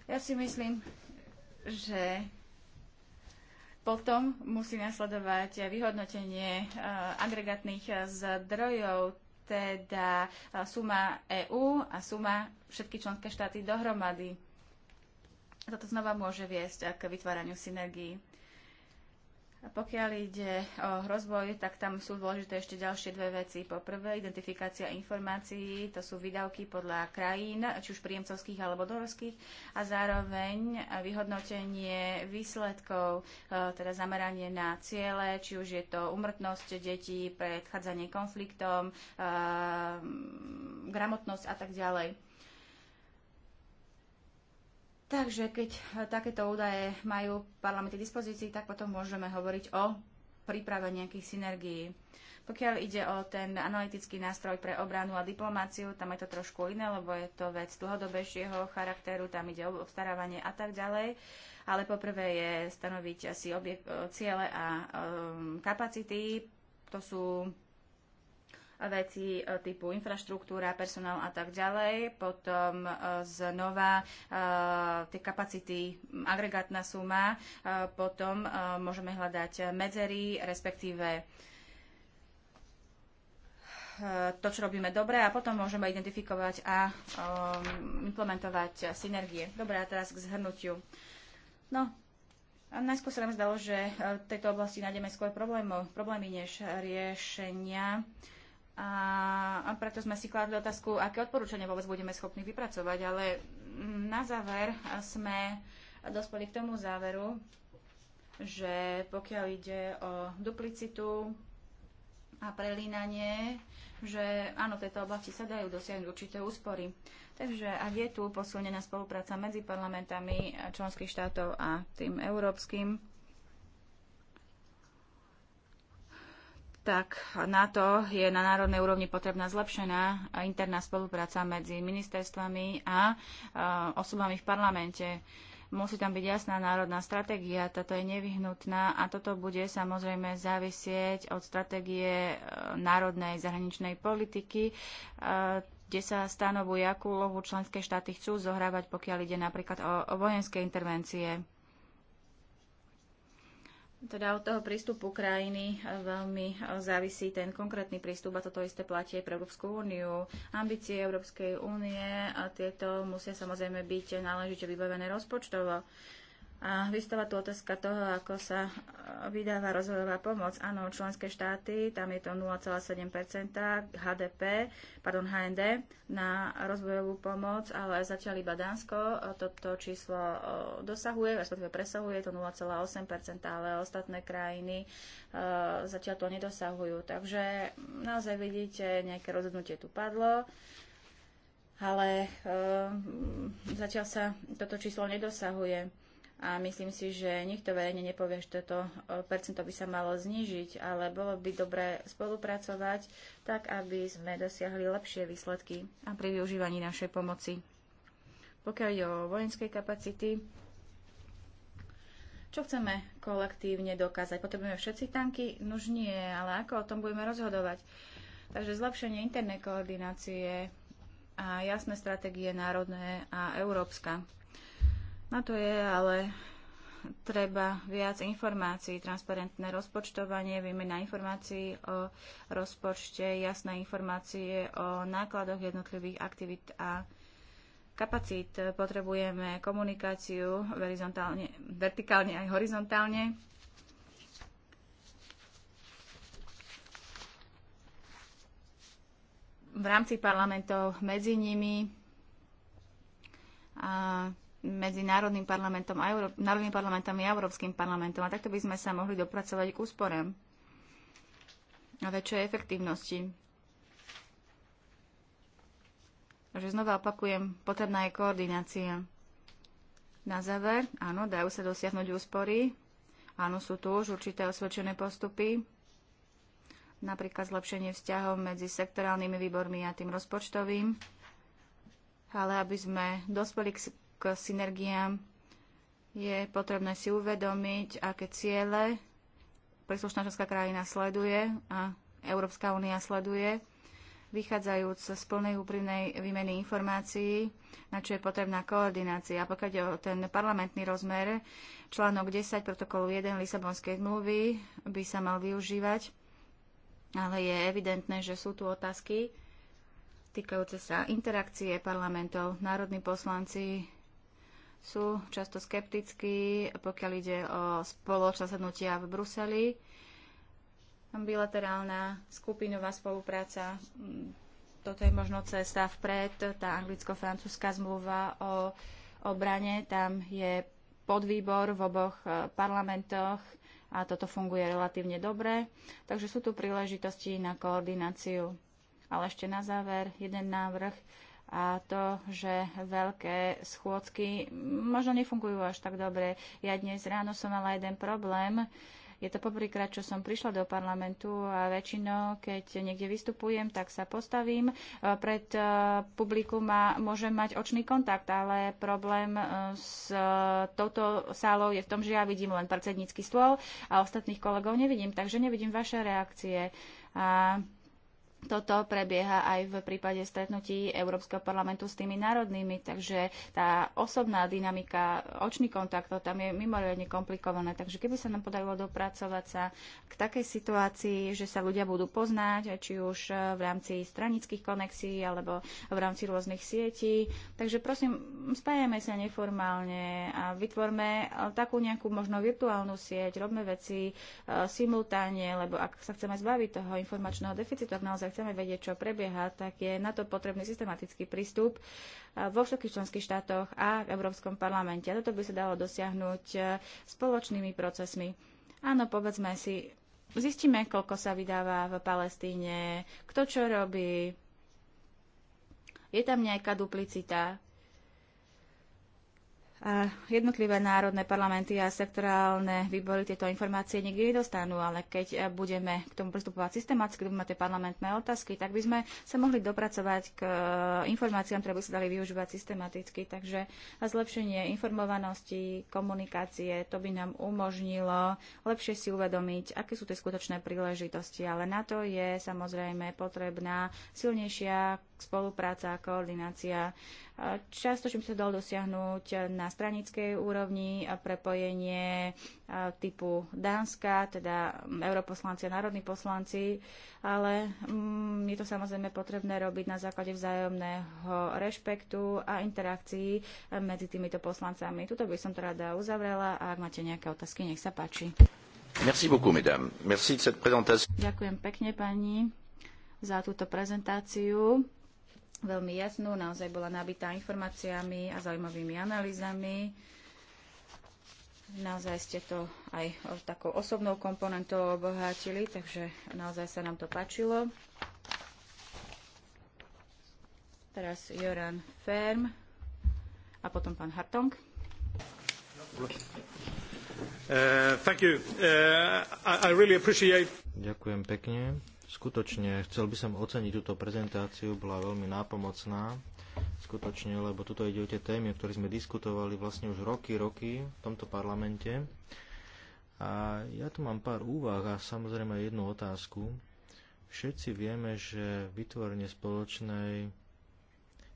Speaker 3: Ja si myslím, že potom musí nasledovať vyhodnotenie e, agregátnych e, zdrojov, teda suma EÚ a suma všetky členské štáty dohromady. Toto znova môže viesť k vytváraniu synergií. Pokiaľ ide o rozvoj, tak tam sú dôležité ešte ďalšie dve veci. Po prvé, identifikácia informácií, to sú výdavky podľa krajín, či už príjemcovských alebo dorovských, a zároveň vyhodnotenie výsledkov, e, teda zameranie na ciele, či už je to umrtnosť detí, predchádzanie konfliktom, e, gramotnosť a tak ďalej. Takže keď eh, takéto údaje majú parlamenty k dispozícii, tak potom môžeme hovoriť o príprave nejakých synergií. Pokiaľ ide o ten analytický nástroj pre obranu a diplomáciu, tam je to trošku iné, lebo je to vec dlhodobejšieho charakteru, tam ide o obstarávanie a tak ďalej. Ale poprvé je stanoviť si eh, ciele a um, kapacity. To sú veci e, typu infraštruktúra, personál a tak ďalej. Potom e, znova e, tie kapacity, agregátna suma. Potom môžeme hľadať medzery, respektíve to, čo robíme dobre a potom môžeme identifikovať a um, implementovať synergie. Dobre, a teraz k zhrnutiu. No, a najskôr sa nám zdalo, že v tejto oblasti nájdeme skôr problémov, problémy než riešenia. Uh, a, preto sme si kladli otázku, aké odporúčania vôbec budeme schopní vypracovať. Ale mm, na záver sme dospeli k tomu záveru, že pokiaľ ide o duplicitu a prelínanie, že áno, v tejto oblasti sa dajú dosiahnuť určité úspory. Takže ak je tu posilnená spolupráca medzi parlamentami členských štátov a tým európskym, tak na to je na národnej úrovni potrebná zlepšená interná spolupráca medzi ministerstvami a osobami v parlamente. Musí tam byť jasná národná stratégia, táto je nevyhnutná a toto bude samozrejme závisieť od stratégie e, národnej zahraničnej politiky e, kde sa stanovuje, akú úlohu členské štáty chcú zohrávať, pokiaľ ide napríklad o, o vojenské intervencie. Teda od toho prístupu krajiny eh, veľmi eh, závisí ten konkrétny prístup a toto isté platí aj pre Európsku úniu. Ambície Európskej únie a tieto musia samozrejme byť eh, náležite vybavené rozpočtovo. A vystáva tu otázka toho, ako sa vydáva rozvojová pomoc. Áno, členské štáty, tam je to 0,7 HDP, pardon, HND na rozvojovú pomoc, ale zatiaľ iba Dánsko toto číslo dosahuje, respektíve presahuje to 0,8 ale ostatné krajiny zatiaľ to nedosahujú. Takže naozaj vidíte, nejaké rozhodnutie tu padlo ale e, zatiaľ sa toto číslo nedosahuje. A myslím si, že nikto verejne nepovie, že toto e, percento by sa malo znížiť, ale bolo by dobre spolupracovať tak, aby sme dosiahli lepšie výsledky a pri využívaní našej pomoci. Pokiaľ ide o vojenskej kapacity, čo chceme kolektívne dokázať? Potrebujeme všetci tanky? Nuž no nie, ale ako o tom budeme rozhodovať? Takže zlepšenie internej koordinácie a jasné stratégie národné a európska. Na to je ale treba viac informácií, transparentné rozpočtovanie, výmena informácií o rozpočte, jasné informácie o nákladoch jednotlivých aktivít a kapacít. Potrebujeme komunikáciu vertikálne aj horizontálne. V rámci parlamentov medzi nimi a medzi Národným parlamentom a, Euró- Národným parlamentom a Európskym parlamentom. A takto by sme sa mohli dopracovať k úsporem a väčšej efektívnosti. Takže znova opakujem, potrebná je koordinácia. Na záver, áno, dajú sa dosiahnuť úspory. Áno, sú tu už určité osvedčené postupy, napríklad zlepšenie vzťahov medzi sektorálnymi výbormi a tým rozpočtovým. Ale aby sme dospeli k k synergiám, je potrebné si uvedomiť, aké ciele príslušná členská krajina sleduje a Európska únia sleduje, vychádzajúc z plnej úprimnej výmeny informácií, na čo je potrebná koordinácia. A pokiaľ je o ten parlamentný rozmer, článok 10 protokolu 1 Lisabonskej zmluvy by sa mal využívať, ale je evidentné, že sú tu otázky týkajúce sa interakcie parlamentov. Národní poslanci sú často skeptickí, pokiaľ ide o spoločné sednutia v Bruseli. Bilaterálna skupinová spolupráca, mm, toto je možno cesta vpred, tá anglicko-francúzska zmluva o obrane, tam je podvýbor v oboch e, parlamentoch a toto funguje relatívne dobre. Takže sú tu príležitosti na koordináciu. Ale ešte na záver jeden návrh a to, že veľké schôdzky možno nefungujú až tak dobre. Ja dnes ráno som mala jeden problém. Je to poprvýkrát, čo som prišla do parlamentu a väčšinou, keď niekde vystupujem, tak sa postavím. E, pred e, publikum a môžem mať očný kontakt, ale problém e, s touto sálou je v tom, že ja vidím len predsednícky stôl a ostatných kolegov nevidím, takže nevidím vaše reakcie. A toto prebieha aj v prípade stretnutí Európskeho parlamentu s tými národnými, takže tá osobná dynamika, očný kontakt, to tam je mimoriadne komplikované. Takže keby sa nám podarilo dopracovať sa k takej situácii, že sa ľudia budú poznať, či už v rámci stranických konexí alebo v rámci rôznych sietí. Takže prosím, spájame sa neformálne a vytvorme takú nejakú možno virtuálnu sieť, robme veci simultánne, eh, simultáne, lebo ak sa chceme zbaviť toho informačného deficitu, tak naozaj chceme vedieť, čo prebieha, tak je na to potrebný systematický prístup e, vo všetkých členských štátoch a v Európskom parlamente. A toto by sa dalo dosiahnuť e, spoločnými procesmi. Áno, povedzme si, zistíme, koľko sa vydáva v Palestíne, kto čo robí, je tam nejaká duplicita, jednotlivé národné parlamenty a sektorálne výbory tieto informácie nikdy nedostanú, ale keď e, budeme k tomu pristupovať systematicky, budeme tie parlamentné otázky, tak by sme sa mohli dopracovať k e, informáciám, ktoré by sa dali využívať systematicky. Takže zlepšenie informovanosti, komunikácie, to by nám umožnilo lepšie si uvedomiť, aké sú tie skutočné príležitosti. Ale na to je samozrejme potrebná silnejšia spolupráca a koordinácia. Často, by sa dal dosiahnuť na stranickej úrovni, prepojenie typu Dánska, teda europoslanci a národní poslanci, ale mm, je to samozrejme potrebné robiť na základe vzájomného rešpektu a interakcií medzi týmito poslancami. Tuto by som to rada uzavrela a ak máte nejaké otázky, nech sa páči.
Speaker 1: Merci beaucoup, mesdames. Merci de cette présentation.
Speaker 3: Ďakujem pekne, pani, za túto prezentáciu veľmi jasnú, naozaj bola nabitá informáciami a zaujímavými analýzami. Naozaj ste to aj takou osobnou komponentou obohátili, takže naozaj sa nám to páčilo. Teraz Joran Ferm a potom pán Hartong. Uh, uh, I, I really appreciate...
Speaker 4: Ďakujem pekne. Skutočne chcel by som oceniť túto prezentáciu, bola veľmi nápomocná, skutočne, lebo tuto ide o tie témy, o ktorých sme diskutovali vlastne už roky, roky v tomto parlamente. A ja tu mám pár úvah a samozrejme jednu otázku. Všetci vieme, že vytvorenie spoločnej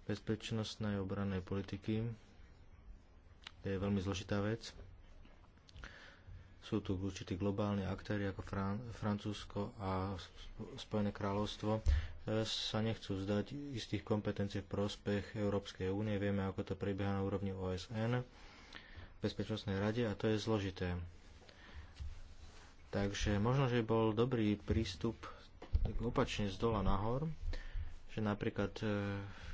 Speaker 4: bezpečnostnej obranej politiky je veľmi zložitá vec. Sú tu určití globálni aktéry ako Fran- Francúzsko a Spojené kráľovstvo, e, sa nechcú vzdať istých kompetencií v prospech Európskej únie. Vieme, ako to prebieha na úrovni OSN v Bezpečnostnej rade a to je zložité. Takže možno, že bol dobrý prístup tak opačne z dola nahor, že napríklad e,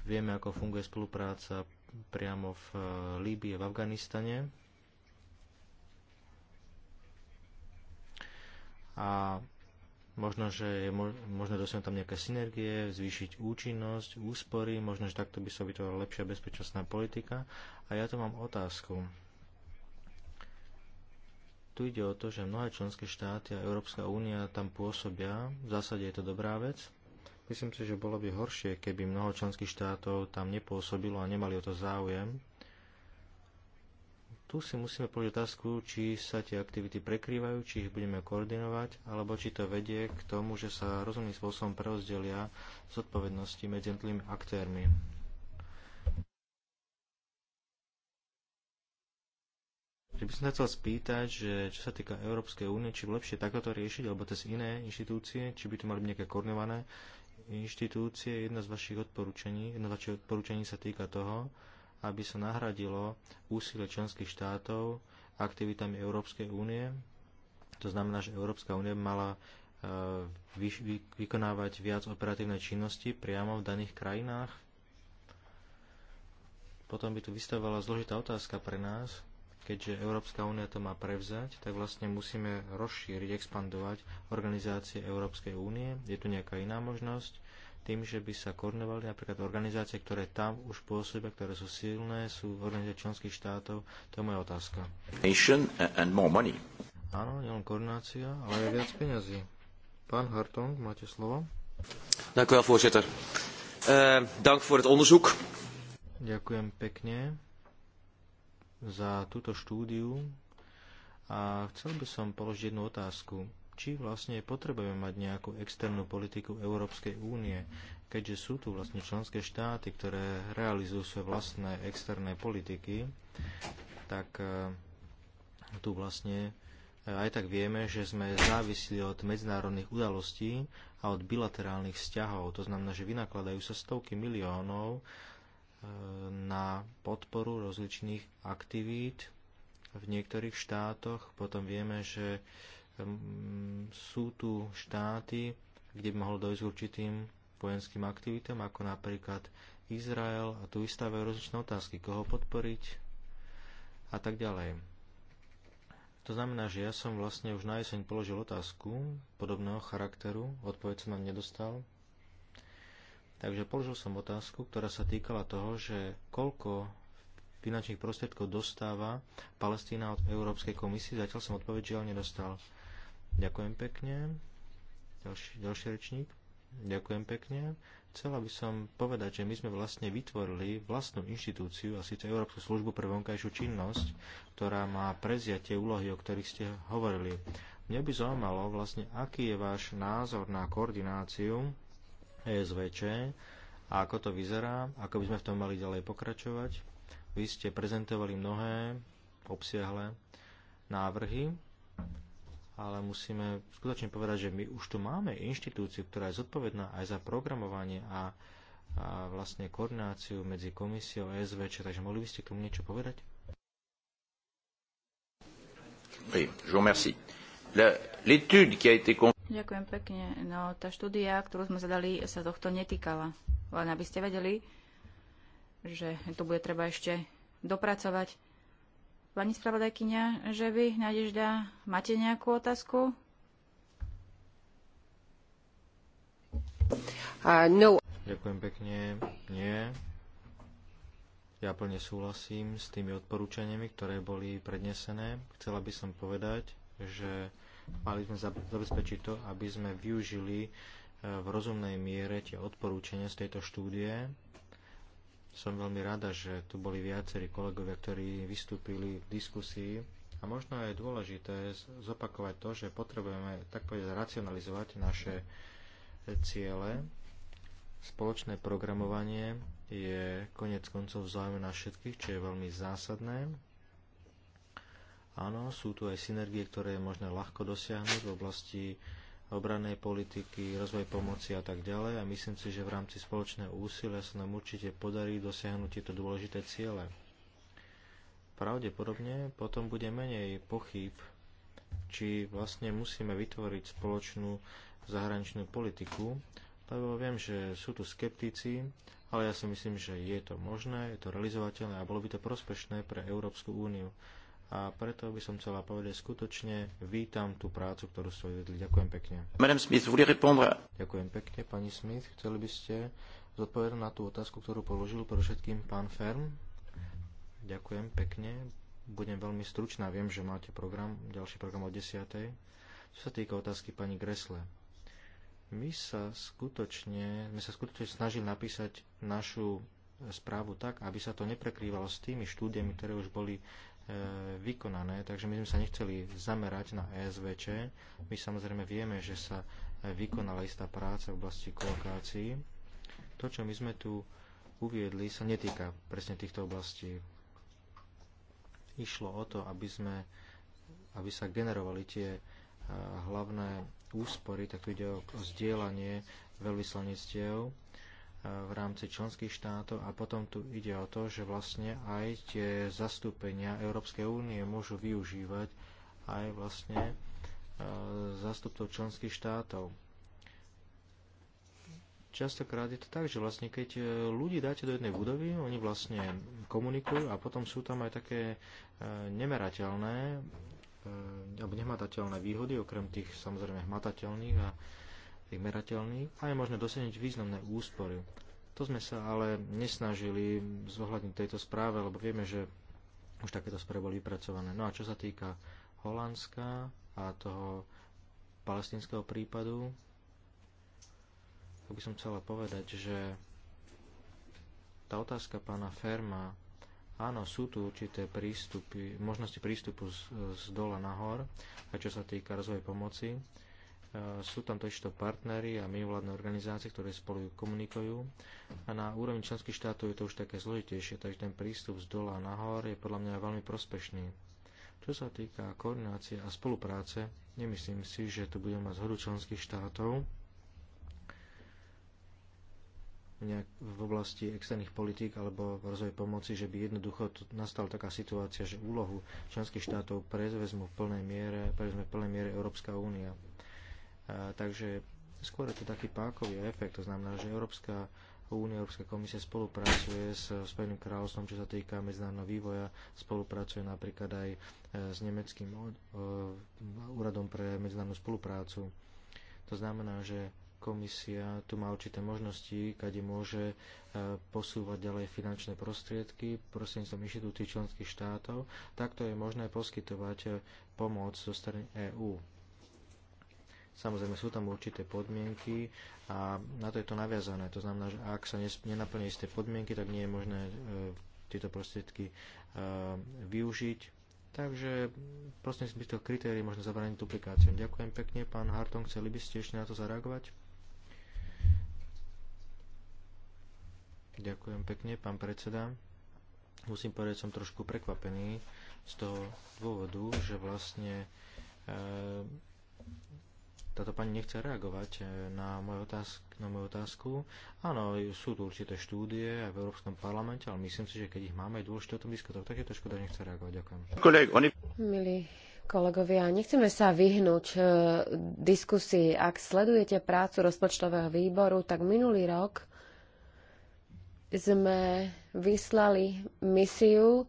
Speaker 4: vieme, ako funguje spolupráca priamo v e, Líbii v Afganistane, a možno, že je možné dosiahnuť tam nejaké synergie, zvýšiť účinnosť, úspory, možno, že takto by sa vytvorila lepšia bezpečnostná politika. A ja tu mám otázku. Tu ide o to, že mnohé členské štáty a Európska únia tam pôsobia. V zásade je to dobrá vec. Myslím si, že bolo by horšie, keby mnoho členských štátov tam nepôsobilo a nemali o to záujem. Tu si musíme povedať otázku, či sa tie aktivity prekrývajú, či ich budeme koordinovať, alebo či to vedie k tomu, že sa rozumným spôsobom preozdelia zodpovednosti medzi jednotlivými aktérmi. Že by som sa chcel spýtať, že čo sa týka Európskej únie, či lepšie takto riešiť, alebo cez iné inštitúcie, či by to mali byť nejaké koordinované inštitúcie. Jedno z vašich odporúčaní, jedno z vašich odporúčaní sa týka toho, aby sa nahradilo úsilie členských štátov aktivitami Európskej únie. To znamená, že Európska únia mala e, vykonávať viac operatívnej činnosti priamo v daných krajinách. Potom by tu vystavovala zložitá otázka pre nás, keďže Európska únia to má prevzať, tak vlastne musíme rozšíriť, expandovať organizácie Európskej únie. Je tu nejaká iná možnosť, tým, že by sa koordinovali napríklad organizácie, ktoré tam už pôsobia, ktoré sú silné, sú organizácie členských štátov. To je moja otázka. And more money. Áno, nielen koordinácia, ale aj viac peňazí. Pán Hartong, máte slovo.
Speaker 1: Ďakujem, voorzitter.
Speaker 4: Uh, dank voor het onderzoek. Ďakujem pekne za túto štúdiu a chcel by som položiť jednu otázku či vlastne potrebujeme mať nejakú externú politiku Európskej únie, keďže sú tu vlastne členské štáty, ktoré realizujú svoje vlastné externé politiky, tak e, tu vlastne e, aj tak vieme, že sme závisli od medzinárodných udalostí a od bilaterálnych vzťahov. To znamená, že vynakladajú sa stovky miliónov e, na podporu rozličných aktivít v niektorých štátoch. Potom vieme, že sú tu štáty, kde by mohlo dojsť k určitým vojenským aktivitám, ako napríklad Izrael, a tu vystávajú rozličné otázky, koho podporiť a tak ďalej. To znamená, že ja som vlastne už na jeseň položil otázku podobného charakteru, odpoveď som nám nedostal. Takže položil som otázku, ktorá sa týkala toho, že koľko finančných prostriedkov dostáva Palestína od Európskej komisie. Zatiaľ som odpoveď žiaľ nedostal. Ďakujem pekne. Ďalší, ďalší rečník. Ďakujem pekne. Chcela by som povedať, že my sme vlastne vytvorili vlastnú inštitúciu, a síce Európsku službu pre vonkajšiu činnosť, ktorá má preziať tie úlohy, o ktorých ste hovorili. Mne by zaujímalo vlastne, aký je váš názor na koordináciu ESVČ a ako to vyzerá, ako by sme v tom mali ďalej pokračovať. Vy ste prezentovali mnohé obsiahle návrhy ale musíme skutočne povedať, že my už tu máme inštitúciu, ktorá je zodpovedná aj za programovanie a, a vlastne koordináciu medzi komisiou a SVČ, takže mohli by ste k tomu niečo povedať?
Speaker 1: Oui, je vous remercie. L'étude qui a été
Speaker 3: Ďakujem pekne. No, tá štúdia, ktorú sme zadali, sa tohto netýkala. Len aby ste vedeli, že to bude treba ešte dopracovať. Pani spravodajkynia, že vy, Nadežda, máte nejakú otázku?
Speaker 2: Uh, no.
Speaker 4: Ďakujem pekne. Nie. Ja plne súhlasím s tými odporúčaniami, ktoré boli prednesené. Chcela by som povedať, že mali sme zabezpečiť to, aby sme využili e, v rozumnej miere tie odporúčania z tejto štúdie, som veľmi rada, že tu boli viacerí kolegovia, ktorí vystúpili v diskusii a možno je dôležité zopakovať to, že potrebujeme tak povedať racionalizovať naše ciele. Spoločné programovanie je konec koncov vzájme na všetkých, čo je veľmi zásadné. Áno, sú tu aj synergie, ktoré je možné ľahko dosiahnuť v oblasti obranej politiky, rozvoj pomoci a tak ďalej a myslím si, že v rámci spoločného úsilia sa nám určite podarí dosiahnuť tieto dôležité ciele. Pravdepodobne potom bude menej pochyb, či vlastne musíme vytvoriť spoločnú zahraničnú politiku, lebo viem, že sú tu skeptici, ale ja si myslím, že je to možné, je to realizovateľné a bolo by to prospešné pre Európsku úniu a preto by som chcela povedať, skutočne vítam tú prácu, ktorú ste odvedli. Ďakujem pekne. Madame Smith, voulez répondre? Ďakujem pekne, pani Smith. Chceli by ste zodpovedať na tú otázku, ktorú položil pre všetkým pán Ferm? Ďakujem pekne. Budem veľmi stručná. Viem, že máte program, ďalší program o 10. Čo sa týka otázky pani Gresle. My sa skutočne, my sa skutočne snažili napísať našu správu tak, aby sa to neprekrývalo s tými štúdiami, ktoré už boli E, vykonané, takže my sme sa nechceli zamerať na ESVČ. My samozrejme vieme, že sa vykonala istá práca v oblasti kolokácií. To, čo my sme tu uviedli, sa netýka presne týchto oblastí. Išlo o to, aby, sme, aby sa generovali tie e, hlavné úspory, tak tu ide o zdieľanie veľvyslanectiev v rámci členských štátov a potom tu ide o to, že vlastne aj tie zastúpenia Európskej únie môžu využívať aj vlastne e, zástupcov členských štátov. Častokrát je to tak, že vlastne keď e, ľudí dáte do jednej budovy, oni vlastne komunikujú a potom sú tam aj také e, nemerateľné alebo nehmatateľné výhody, okrem tých samozrejme hmatateľných a vymerateľný a je možné dosiahnuť významné úspory. To sme sa ale nesnažili zohľadniť tejto správe, lebo vieme, že už takéto správy boli vypracované. No a čo sa týka Holandska a toho palestinského prípadu, tak by som chcela povedať, že tá otázka pána Ferma, áno, sú tu určité prístupy, možnosti prístupu z, z dola nahor, aj čo sa týka rozvoj pomoci, E, sú tam totižto partnery a mimovládne organizácie, ktoré spolu komunikujú a na úrovni členských štátov je to už také zložitejšie, takže ten prístup z dola nahor je podľa mňa veľmi prospešný. Čo sa týka koordinácie a spolupráce, nemyslím si, že tu budeme mať zhodu členských štátov v oblasti externých politík alebo rozvoj pomoci, že by jednoducho nastala taká situácia, že úlohu členských štátov prezvezmu v plnej miere, prevezme v plnej miere Európska únia takže skôr je to taký pákový efekt, to znamená, že Európska Únia, Európska komisia spolupracuje s Spojeným kráľovstvom, čo sa týka medzinárodného vývoja, spolupracuje napríklad aj e, s nemeckým e, úradom pre medzinárodnú spoluprácu. To znamená, že komisia tu má určité možnosti, kade môže e, posúvať ďalej finančné prostriedky prostredníctvom inštitúcií členských štátov. Takto je možné poskytovať pomoc zo strany EÚ. Samozrejme sú tam určité podmienky a na to je to naviazané. To znamená, že ak sa nenaplní isté podmienky, tak nie je možné e, tieto prostriedky e, využiť. Takže prosím si to kritérií možno zabraniť duplikáciám. Ďakujem pekne. Pán Harton, chceli by ste ešte na to zareagovať? Ďakujem pekne, pán predseda. Musím povedať, som trošku prekvapený z toho dôvodu, že vlastne e, táto pani nechce reagovať eh, na moju, otázku, na moju otázku. Áno, sú tu určité štúdie aj v Európskom parlamente, ale myslím si, že keď ich máme, je dôležité o tom diskutovať. Tak je to škoda, že nechce
Speaker 1: reagovať. Ďakujem.
Speaker 2: Milí kolegovia, nechceme sa vyhnúť eh, diskusii. Ak sledujete prácu rozpočtového výboru, tak minulý rok sme vyslali misiu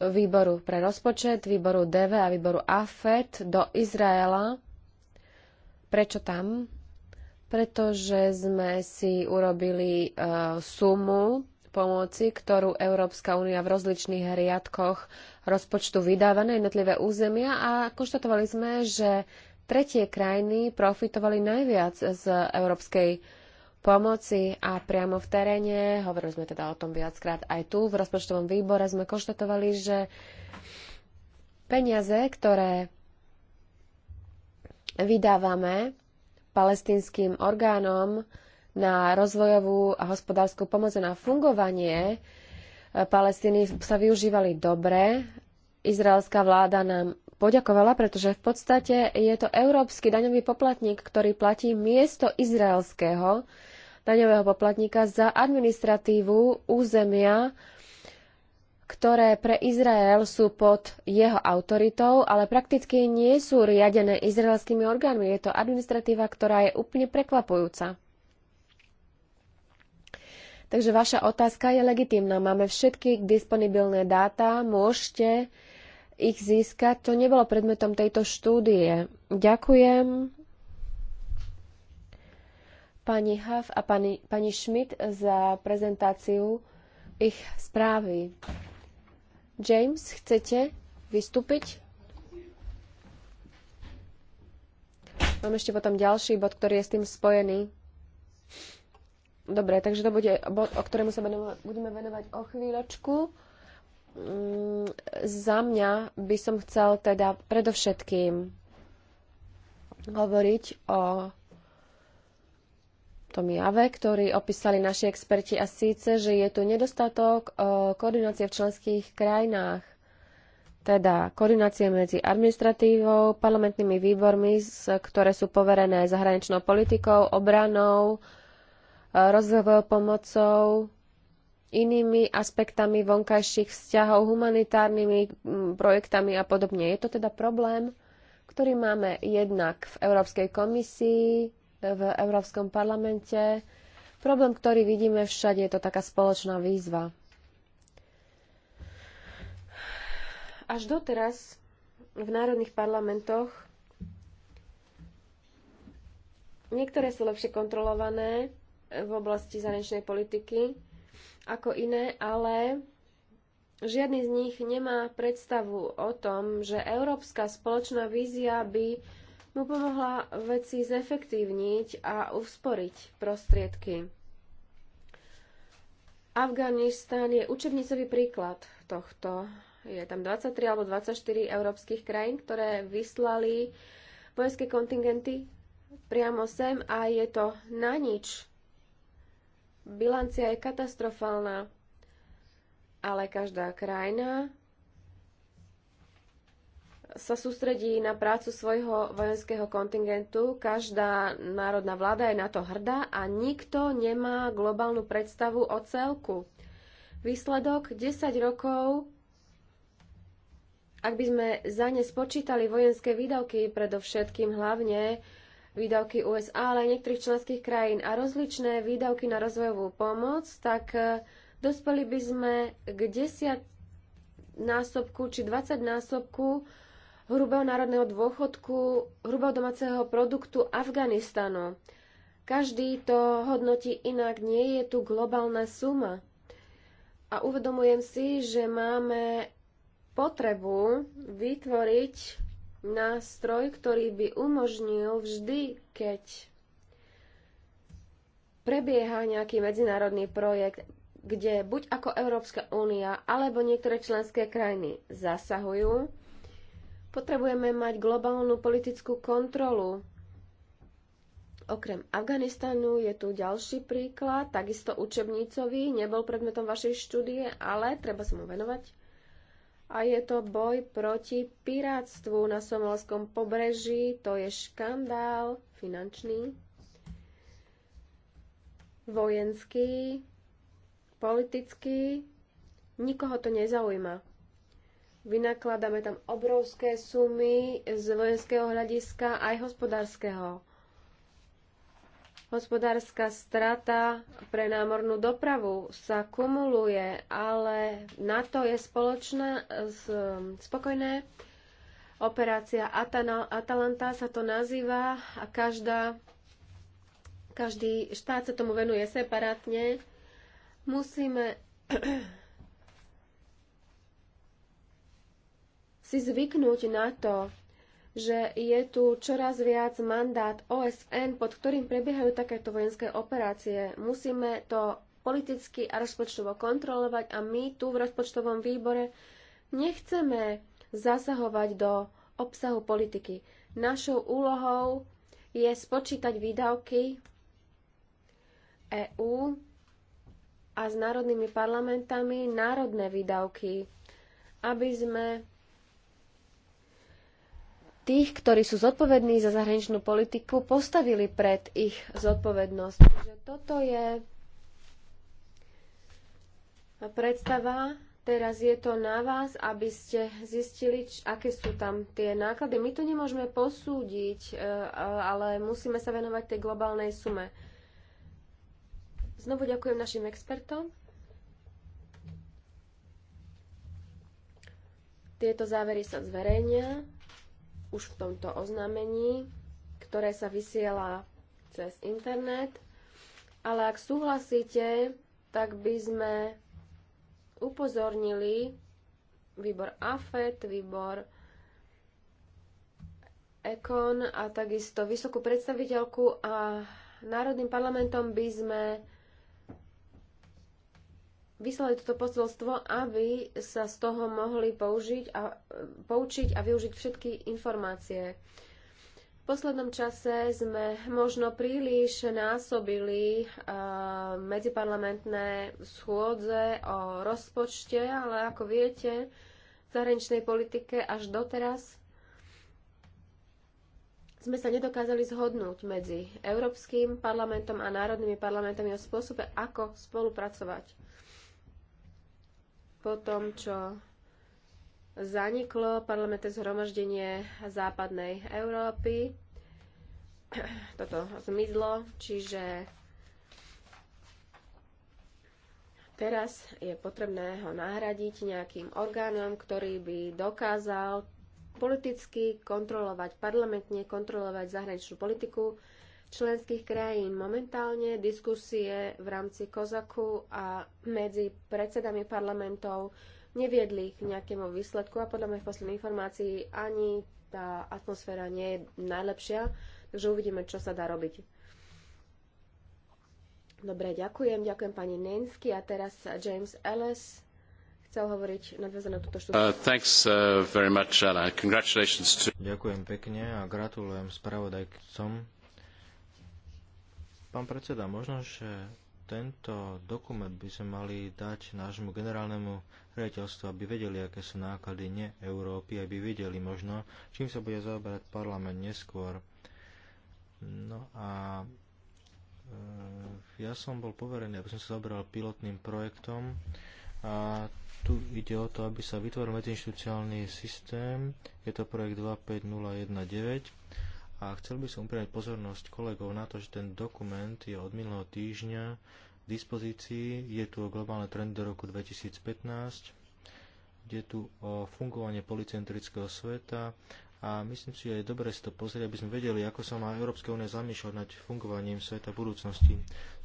Speaker 2: výboru pre rozpočet, výboru DV a výboru AFET do Izraela Prečo tam? Pretože sme si urobili uh, sumu pomoci, ktorú Európska únia v rozličných riadkoch rozpočtu vydáva na jednotlivé územia a konštatovali sme, že tretie krajiny profitovali najviac z európskej pomoci a priamo v teréne, hovorili sme teda o tom viackrát aj tu, v rozpočtovom výbore sme konštatovali, že peniaze, ktoré vydávame palestinským orgánom na rozvojovú a hospodárskú pomoc a na fungovanie e, Palestíny sa využívali dobre. Izraelská vláda nám poďakovala, pretože v podstate je to európsky daňový poplatník, ktorý platí miesto izraelského daňového poplatníka za administratívu územia ktoré pre Izrael sú pod jeho autoritou, ale prakticky nie sú riadené izraelskými orgánmi. Je to administratíva, ktorá je úplne prekvapujúca. Takže vaša otázka je legitimná. Máme všetky disponibilné dáta, môžete ich získať. To nebolo predmetom tejto štúdie. Ďakujem pani Hav a pani, pani Schmidt za prezentáciu ich správy. James, chcete vystúpiť? Mám ešte potom ďalší bod, ktorý je s tým spojený. Dobre, takže to bude bod, o ktorému sa budeme venovať o chvíľočku. Mm, za mňa by som chcel teda predovšetkým hovoriť o tom jave, ktorý opísali naši experti a síce, že je tu nedostatok e, koordinácie v členských krajinách teda koordinácie medzi administratívou, parlamentnými výbormi, ktoré sú poverené zahraničnou politikou, obranou, e, rozvojovou pomocou, inými aspektami vonkajších vzťahov, humanitárnymi projektami a podobne. Je to teda problém, ktorý máme jednak v Európskej komisii, v Európskom parlamente. Problém, ktorý vidíme všade, je to taká spoločná výzva. Až doteraz v národných parlamentoch niektoré sú lepšie kontrolované v oblasti zahraničnej politiky ako iné, ale žiadny z nich nemá predstavu o tom, že európska spoločná vízia by mu no, pomohla veci zefektívniť a usporiť prostriedky. Afganistán je učebnicový príklad tohto. Je tam 23 alebo 24 európskych krajín, ktoré vyslali vojenské kontingenty priamo sem a je to na nič. Bilancia je katastrofálna, ale každá krajina sa sústredí na prácu svojho vojenského kontingentu. Každá národná vláda je na to hrdá a nikto nemá globálnu predstavu o celku. Výsledok 10 rokov, ak by sme za ne spočítali vojenské výdavky, predovšetkým hlavne výdavky USA, ale aj niektorých členských krajín a rozličné výdavky na rozvojovú pomoc, tak eh, dospeli by sme k 10 násobku či 20 násobku hrubého národného dôchodku, hrubého domáceho produktu Afganistanu. Každý to hodnotí inak, nie je tu globálna suma. A uvedomujem si, že máme potrebu vytvoriť nástroj, ktorý by umožnil vždy, keď prebieha nejaký medzinárodný projekt, kde buď ako Európska únia alebo niektoré členské krajiny zasahujú, Potrebujeme mať globálnu politickú kontrolu. Okrem Afganistanu je tu ďalší príklad, takisto učebnicový, nebol predmetom vašej štúdie, ale treba sa mu venovať. A je to boj proti pirátstvu na somalskom pobreží, to je škandál finančný, vojenský, politický, nikoho to nezaujíma. Vynakladáme tam obrovské sumy z vojenského hľadiska aj hospodárskeho. Hospodárska strata pre námornú dopravu sa kumuluje, ale na to je spoločná, spokojné. Operácia Atalanta sa to nazýva a každá, každý štát sa tomu venuje separátne. Musíme si zvyknúť na to, že je tu čoraz viac mandát OSN, pod ktorým prebiehajú takéto vojenské operácie. Musíme to politicky a rozpočtovo kontrolovať a my tu v rozpočtovom výbore nechceme zasahovať do obsahu politiky. Našou úlohou je spočítať výdavky EÚ a s národnými parlamentami národné výdavky, aby sme tých, ktorí sú zodpovední za zahraničnú politiku, postavili pred ich zodpovednosť. Takže toto je predstava. Teraz je to na vás, aby ste zistili, aké sú tam tie náklady. My to nemôžeme posúdiť, e, ale musíme sa venovať tej globálnej sume. Znovu ďakujem našim expertom. Tieto závery sa zverejnia už v tomto oznámení, ktoré sa vysiela cez internet. Ale ak súhlasíte, tak by sme upozornili výbor AFET, výbor EKON a takisto vysokú predstaviteľku a Národným parlamentom by sme vyslali toto posolstvo, aby sa z toho mohli použiť a, poučiť a využiť všetky informácie. V poslednom čase sme možno príliš násobili uh, medziparlamentné schôdze o rozpočte, ale ako viete, v zahraničnej politike až doteraz sme sa nedokázali zhodnúť medzi Európskym parlamentom a národnými parlamentami o spôsobe, ako spolupracovať po tom, čo zaniklo parlamentné zhromaždenie západnej Európy. Toto zmizlo, čiže teraz je potrebné ho nahradiť nejakým orgánom, ktorý by dokázal politicky kontrolovať, parlamentne kontrolovať zahraničnú politiku členských krajín. Momentálne diskusie v rámci Kozaku a medzi predsedami parlamentov neviedli k nejakému výsledku a podľa mojich posledných informácií ani tá atmosféra nie je najlepšia, takže uvidíme, čo sa dá robiť. Dobre, ďakujem. Ďakujem pani Nensky a teraz James Ellis chcel hovoriť nadväzne na túto štúdiu. Uh,
Speaker 1: uh much, to...
Speaker 4: Ďakujem pekne a gratulujem spravodajcom Pán predseda, možno, že tento dokument by sme mali dať nášmu generálnemu riaditeľstvu, aby vedeli, aké sú náklady ne Európy, aby vedeli možno, čím sa bude zaoberať parlament neskôr. No a e, ja som bol poverený, aby som sa zaoberal pilotným projektom a tu ide o to, aby sa vytvoril medzinštitucionálny systém. Je to projekt 25019 a chcel by som upriať pozornosť kolegov na to, že ten dokument je od minulého týždňa k dispozícii. Je tu o globálne trendy do roku 2015, je tu o fungovanie policentrického sveta a myslím si, že je dobre si to pozrieť, aby sme vedeli, ako sa má Európska únia zamýšľať nad fungovaním sveta v budúcnosti.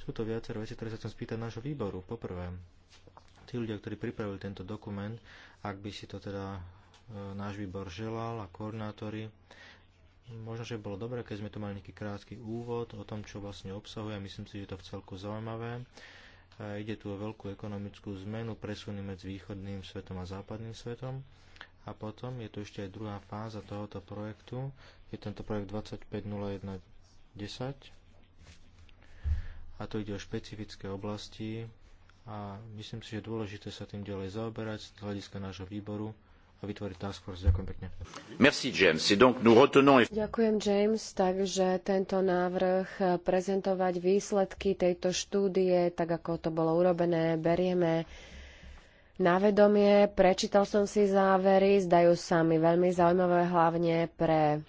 Speaker 4: Sú to viaceré veci, ktoré sa chcem spýtať nášho výboru. Poprvé, tí ľudia, ktorí pripravili tento dokument, ak by si to teda e, náš výbor želal a koordinátori, Možno, že bolo dobré, keď sme tu mali nejaký krátky úvod o tom, čo vlastne obsahuje. Myslím si, že to v celku zaujímavé. E, ide tu o veľkú ekonomickú zmenu, presuny medzi východným svetom a západným svetom. A potom je tu ešte aj druhá fáza tohoto projektu. Je tento projekt 250110. A to ide o špecifické oblasti a myslím si, že je dôležité sa tým ďalej zaoberať z hľadiska nášho výboru a
Speaker 1: vytvoriť task force. Ďakujem pekne. Merci, James. Donc, nous retenons...
Speaker 2: Ďakujem, James. Takže tento návrh prezentovať výsledky tejto štúdie, tak ako to bolo urobené, berieme na vedomie. Prečítal som si závery, zdajú sa mi veľmi zaujímavé, hlavne pre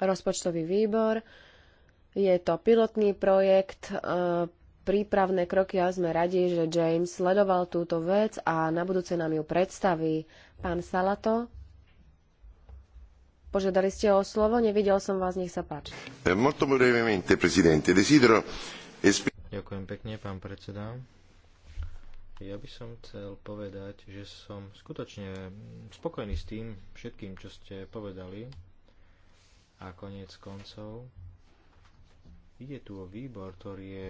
Speaker 2: rozpočtový výbor. Je to pilotný projekt e, prípravné kroky a sme radi, že James sledoval túto vec a na budúce nám ju predstaví. Pán Salato, požiadali ste o slovo, nevidel
Speaker 4: som vás, nech sa páči.
Speaker 1: Eh, Ďakujem
Speaker 4: pekne, pán predseda. Ja by som chcel povedať, že som skutočne spokojný s tým všetkým, čo ste povedali. A koniec koncov ide tu o výbor, ktorý je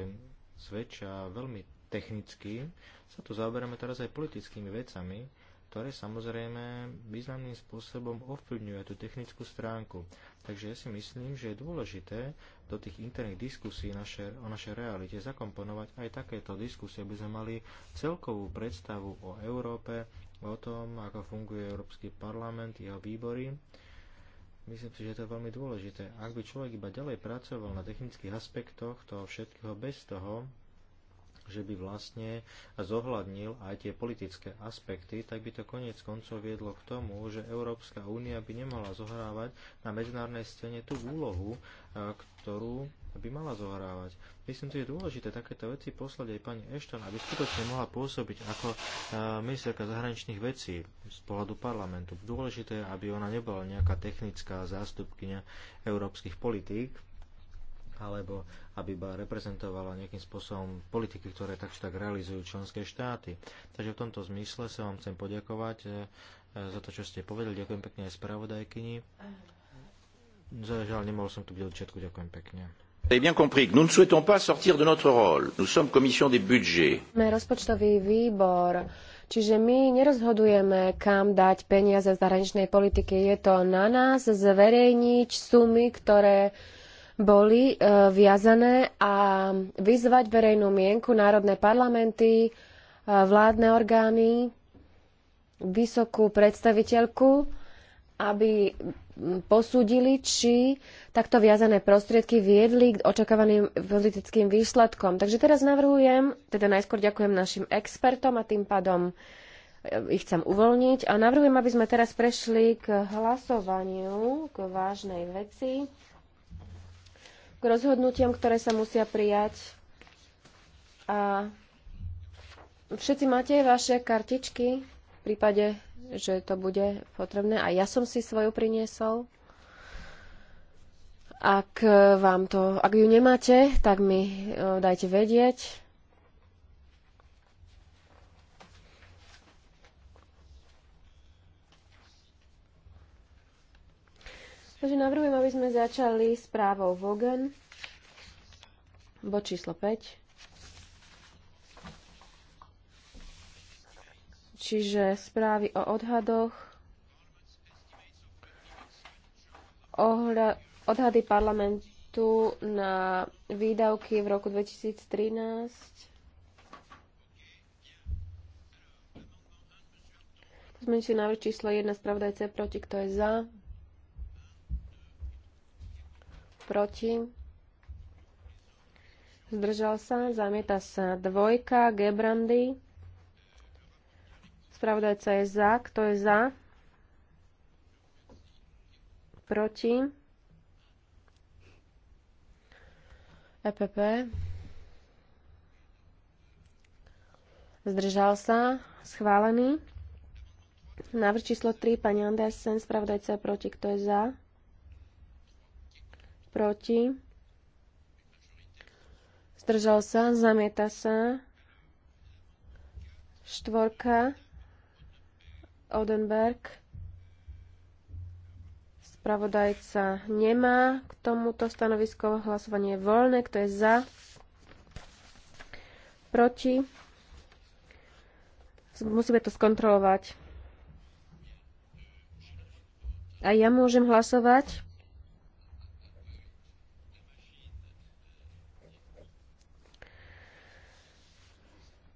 Speaker 4: zväčša veľmi technicky, sa tu zaoberáme teraz aj politickými vecami, ktoré samozrejme významným spôsobom ovplyvňujú tú technickú stránku. Takže ja si myslím, že je dôležité do tých interných diskusí naše, o našej realite zakomponovať aj takéto diskusie, aby sme mali celkovú predstavu o Európe, o tom, ako funguje Európsky parlament, jeho výbory, Myslím si, že to je veľmi dôležité. Ak by človek iba ďalej pracoval na technických aspektoch toho všetkého bez toho, že by vlastne zohľadnil aj tie politické aspekty, tak by to koniec koncov viedlo k tomu, že Európska únia by nemala zohrávať na medzinárnej scéne tú úlohu, e, ktorú by mala zohrávať. Myslím, že je dôležité takéto veci poslať aj pani Ešton, aby skutočne mohla pôsobiť ako e, ministerka zahraničných vecí z pohľadu parlamentu. Dôležité je, aby ona nebola nejaká technická zástupkynia európskych politík, alebo aby iba reprezentovala nejakým spôsobom politiky, ktoré tak či tak realizujú členské štáty. Takže v tomto zmysle sa vám chcem poďakovať eh, eh, za to, čo ste povedali. Ďakujem pekne aj spravodajkyni. Žiaľ,
Speaker 1: nemohol som tu byť od začiatku. Ďakujem pekne. Vous bien compris que nous ne souhaitons pas sortir de notre rôle. Nous sommes commission des budgets.
Speaker 2: rozpočtový výbor. Čiže my nerozhodujeme, kam dať peniaze z zahraničnej politiky. Je to na nás zverejniť sumy, ktoré boli e, viazané a vyzvať verejnú mienku, národné parlamenty, e, vládne orgány, vysokú predstaviteľku, aby posúdili, či takto viazané prostriedky viedli k očakávaným politickým výsledkom. Takže teraz navrhujem, teda najskôr ďakujem našim expertom a tým pádom e, ich chcem uvoľniť a navrhujem, aby sme teraz prešli k hlasovaniu, k vážnej veci k rozhodnutiam, ktoré sa musia prijať. A všetci máte vaše kartičky v prípade, že to bude potrebné. A ja som si svoju priniesol. Ak, vám to, ak ju nemáte, tak mi eh, dajte vedieť. Takže navrhujem, aby sme začali s právou Vogen, bod číslo 5. Čiže správy o odhadoch, ohľa, odhady parlamentu na výdavky v roku 2013. Zmenšie návrh číslo 1 spravodajce proti, kto je za? proti, zdržal sa, zamieta sa dvojka, Gebrandy, spravodajca je za, kto je za, proti, EPP, zdržal sa, schválený, návrh číslo 3, pani Andersen, spravodajca je proti, kto je za, proti, zdržal sa, zamieta sa, štvorka, Odenberg, spravodajca nemá k tomuto stanovisko hlasovanie je voľné, kto je za, proti, musíme to skontrolovať. A ja môžem hlasovať?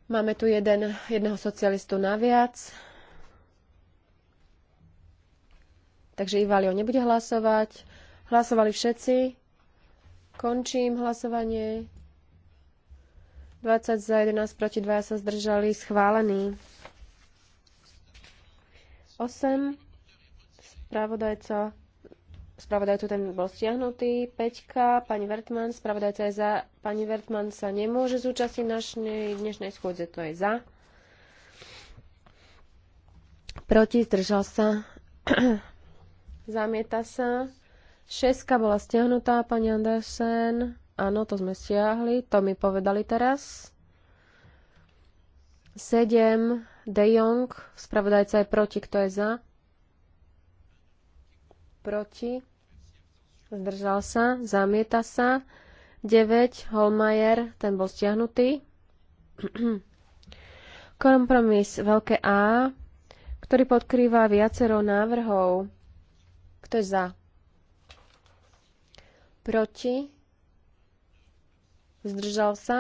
Speaker 2: Máme tu jeden, jedného socialistu naviac. Takže Ivalio nebude hlasovať. Hlasovali všetci. Končím hlasovanie. 20 za 11 proti 2 sa zdržali. Schválený. 8. Spravodajca Spravodajcu ten bol stiahnutý. Peťka, pani Vertman, spravodajca je za. Pani Vertman sa nemôže zúčastniť našej dnešnej schôdze, to je za. Proti, zdržal sa. Zamieta sa. Šeska bola stiahnutá, pani Andersen. Áno, to sme stiahli, to mi povedali teraz. 7. De Jong, spravodajca je proti, kto je za? proti, zdržal sa, zamieta sa. 9, Holmajer, ten bol stiahnutý. Kompromis veľké A, ktorý podkrýva viacero návrhov. Kto je za? Proti? Zdržal sa?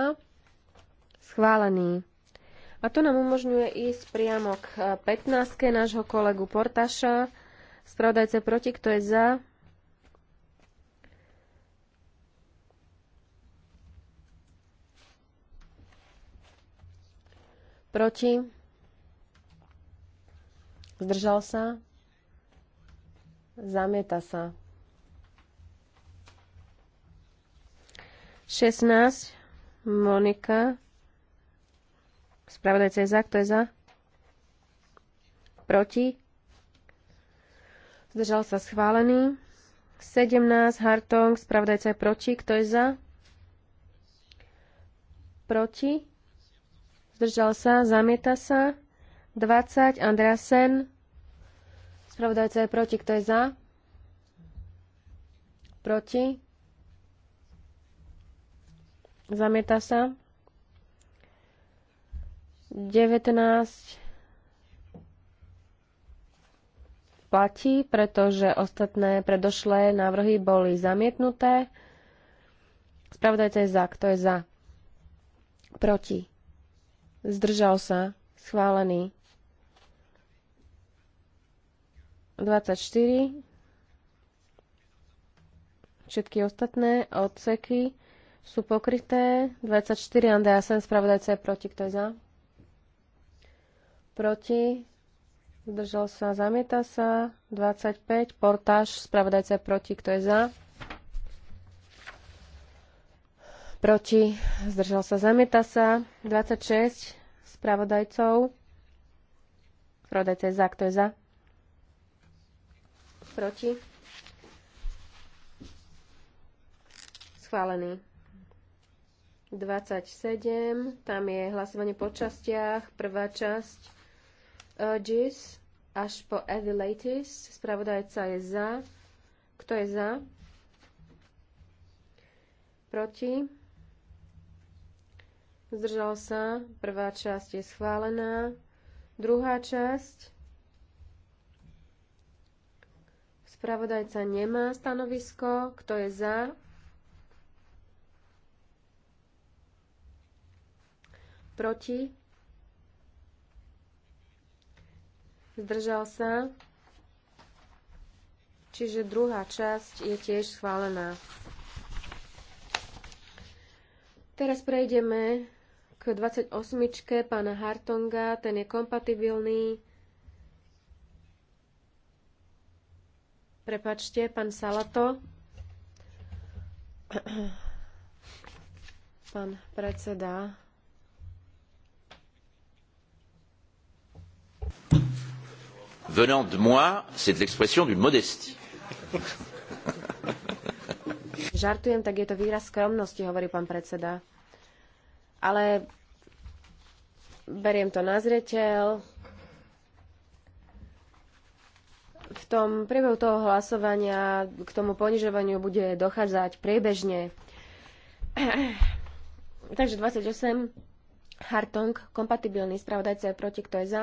Speaker 2: Schválený. A to nám umožňuje ísť priamo k 15. nášho kolegu Portaša. Spravodajca proti, kto je za? Proti? Zdržal sa? Zamieta sa. 16. Monika. Spravodajca je za. Kto je za? Proti? Zdržal sa schválený. 17. Hartong. Spravodajca je proti. Kto je za? Proti. Zdržal sa. Zamieta sa. 20. Andrasen. Spravodajca je proti. Kto je za? Proti. Zamieta sa. 19. platí, pretože ostatné predošlé návrhy boli zamietnuté. Spravodajca je za. Kto je za? Proti. Zdržal sa. Schválený. 24. Všetky ostatné odseky sú pokryté. 24. Andrea Sen, spravodajca je proti. Kto je za? Proti. Zdržal sa, zamieta sa. 25, portáž, spravodajca proti, kto je za? Proti, zdržal sa, zamieta sa. 26, spravodajcov. Spravodajca je za, kto je za? Proti. Schválený. 27, tam je hlasovanie po častiach, prvá časť. Uh, GIS, až po Latis, Spravodajca je za. Kto je za? Proti? Zdržal sa. Prvá časť je schválená. Druhá časť. Spravodajca nemá stanovisko. Kto je za? Proti? zdržal sa. Čiže druhá časť je tiež schválená. Teraz prejdeme k 28. pána Hartonga. Ten je kompatibilný. Prepačte, pán Salato. Pán predseda,
Speaker 1: venant de moi, c'est l'expression d'une modestie.
Speaker 2: Žartujem, tak je to výraz skromnosti, hovorí pán predseda. Ale beriem to na zreteľ. V tom priebehu toho hlasovania k tomu ponižovaniu bude dochádzať priebežne. Takže 28 Hartong, kompatibilný spravodajca je proti, kto je za?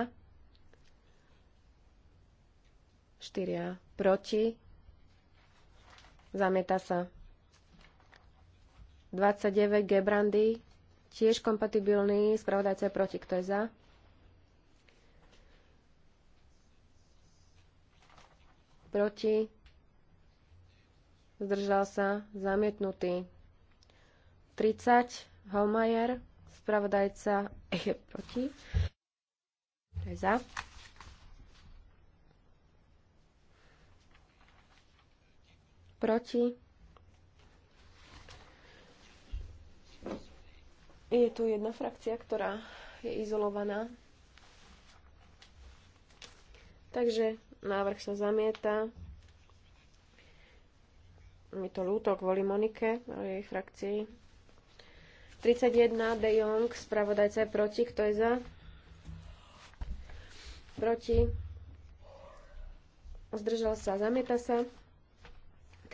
Speaker 2: 4 proti. Zamieta sa. 29 Gebrandy, tiež kompatibilný, spravodajca proti, kto je za? Proti. Zdržal sa, zamietnutý. 30 Holmajer, spravodajca eh, je proti. Kto je za? Proti? Je tu jedna frakcia, ktorá je izolovaná. Takže návrh sa zamieta. Je to ľúto kvôli Monike a jej frakcii. 31 De Jong, spravodajca je proti. Kto je za? Proti. Zdržal sa, zamieta sa.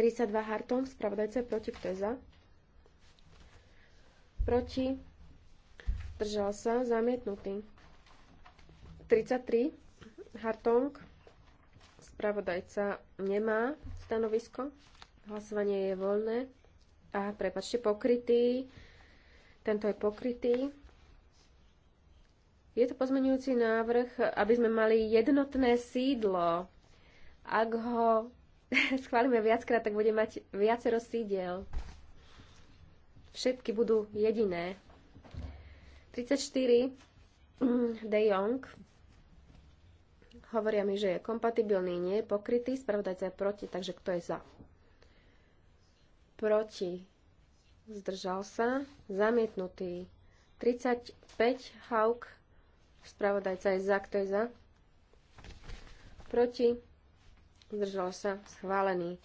Speaker 2: 32 hartom, spravodajce proti, kto za? Proti. Držal sa, zamietnutý. 33 Hartong, spravodajca nemá stanovisko. Hlasovanie je voľné. A prepačte, pokrytý. Tento je pokrytý. Je to pozmenujúci návrh, aby sme mali jednotné sídlo. Ak ho schválime viackrát, tak bude mať viacero sídiel. Všetky budú jediné. 34 mm, De Jong hovoria mi, že je kompatibilný, nie je pokrytý, spravodajca je proti, takže kto je za? Proti. Zdržal sa. Zamietnutý. 35 Hauk. Spravodajca je za, kto je za? Proti zdržal sa, schválený.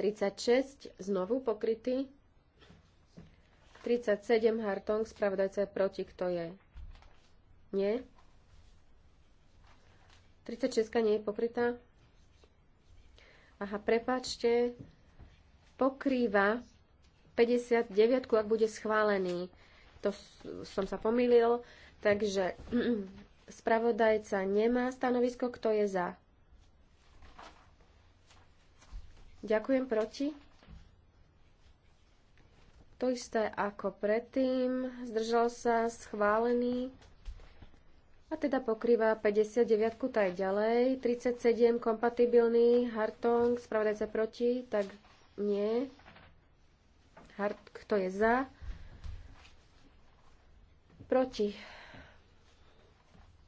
Speaker 2: 36, znovu pokrytý. 37, Hartong, spravodajca je proti, kto je? Nie. 36 nie je pokrytá. Aha, prepáčte. Pokrýva 59, ak bude schválený. To som sa pomýlil. Takže spravodajca nemá stanovisko, kto je za. Ďakujem proti. To isté ako predtým. Zdržal sa schválený. A teda pokrýva 59, tá je ďalej. 37 kompatibilný. Hartong, spravodajca proti, tak nie. Hart, kto je za? Proti.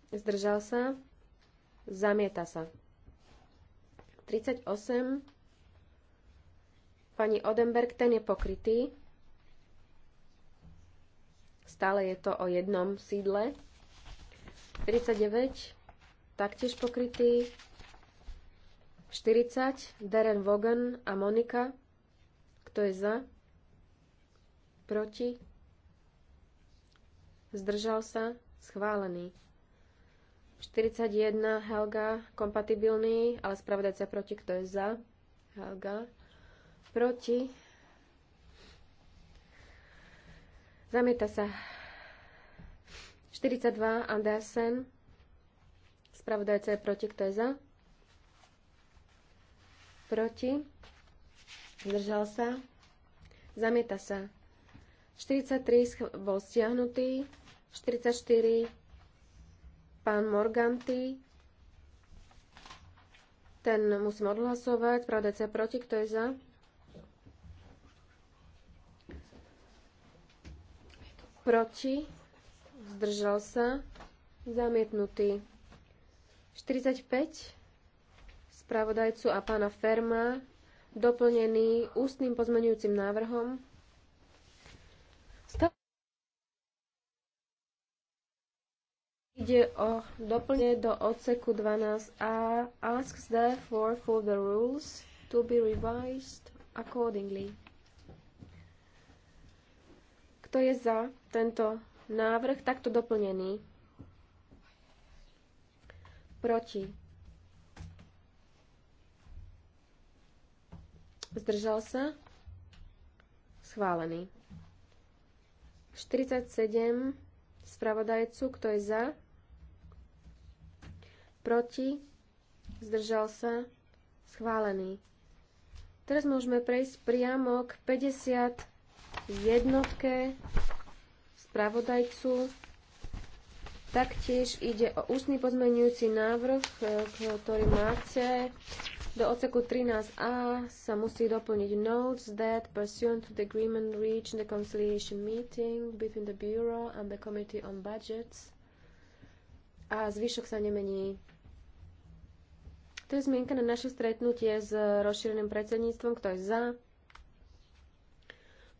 Speaker 2: Zdržal sa. Zamieta sa. 38 pani Odenberg, ten je pokrytý. Stále je to o jednom sídle. 39, taktiež pokrytý. 40, Darren Vogan a Monika. Kto je za? Proti? Zdržal sa? Schválený. 41 Helga, kompatibilný, ale spravodajca proti, kto je za? Helga proti, zamieta sa 42 Andersen, spravodajca je proti, kto je za, proti, zdržal sa, zamieta sa 43 bol stiahnutý, 44 pán Morganti, ten musím odhlasovať, Spravodajca je proti, kto je za? proti, zdržal sa, zamietnutý. 45 spravodajcu a pána Ferma, doplnený ústnym pozmenujúcim návrhom. Ide o doplne do odseku 12a asks therefore for the rules to be revised accordingly. Kto je za tento návrh takto doplnený? Proti. Zdržal sa? Schválený. 47 spravodajcu, kto je za? Proti? Zdržal sa? Schválený. Teraz môžeme prejsť priamo k 50 jednotke spravodajcu. Taktiež ide o ústny pozmenujúci návrh, e, ktorý máte. Do odseku 13a sa musí doplniť notes that pursuant to the agreement reached in the conciliation meeting between the Bureau and the Committee on Budgets. A zvyšok sa nemení. To je zmienka na naše stretnutie s rozšíreným predsedníctvom. Kto je za?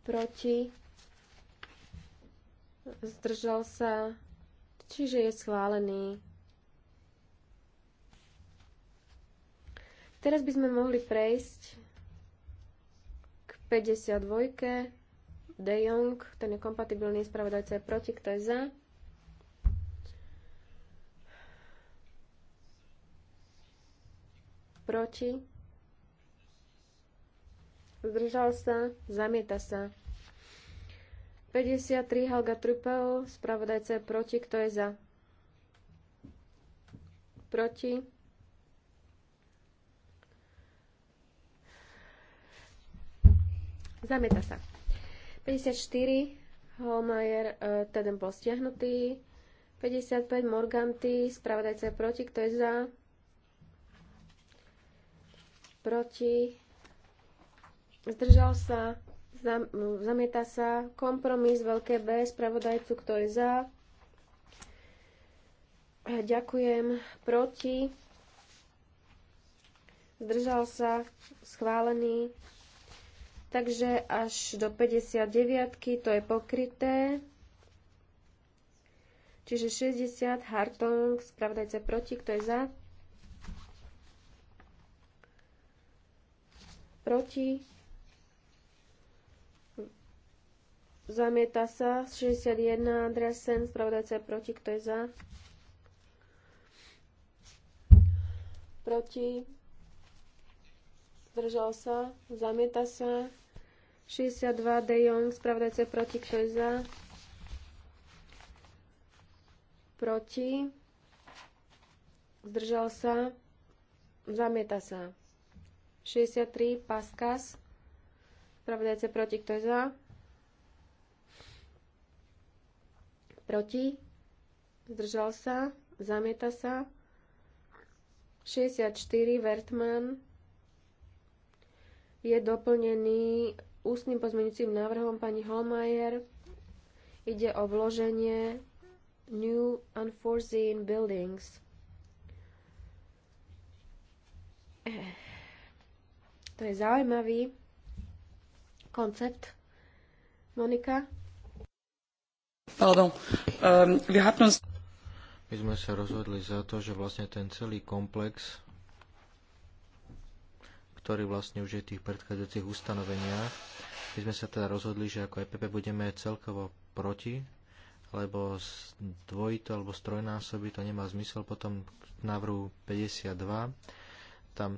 Speaker 2: proti, zdržal sa, čiže je schválený. Teraz by sme mohli prejsť k 52. De Jong, ten je kompatibilný, spravodajca je proti, kto je za. Proti zdržal sa, zamieta sa. 53 Helga Trupel, spravodajca je proti, kto je za? Proti. Zamieta sa. 54 Holmajer, teda bol stiahnutý. 55 Morganty, spravodajca je proti, kto je za? Proti zdržal sa, zamieta sa, kompromis veľké B, spravodajcu, kto je za. Ďakujem, proti, zdržal sa, schválený. Takže až do 59 to je pokryté. Čiže 60, Hartong, spravodajca proti, kto je za? Proti, Zamieta sa. 61 Andresen, spravodajca je proti. Kto je za? Proti. Zdržal sa. Zamieta sa. 62 De Jong, spravodajca je proti. Kto je za? Proti. Zdržal sa. Zamieta sa. 63 Paskas. Spravodajca proti. Kto je za? proti, zdržal sa, zamieta sa. 64 Vertman je doplnený ústnym pozmeňujúcim návrhom pani Holmajer. Ide o vloženie New Unforeseen Buildings. To je zaujímavý koncept. Monika?
Speaker 4: Ehm, my sme sa rozhodli za to, že vlastne ten celý komplex, ktorý vlastne už je v tých predchádzajúcich ustanoveniach, my sme sa teda rozhodli, že ako EPP budeme celkovo proti, lebo dvojito alebo strojnásoby to nemá zmysel. Potom v návrhu 52, tam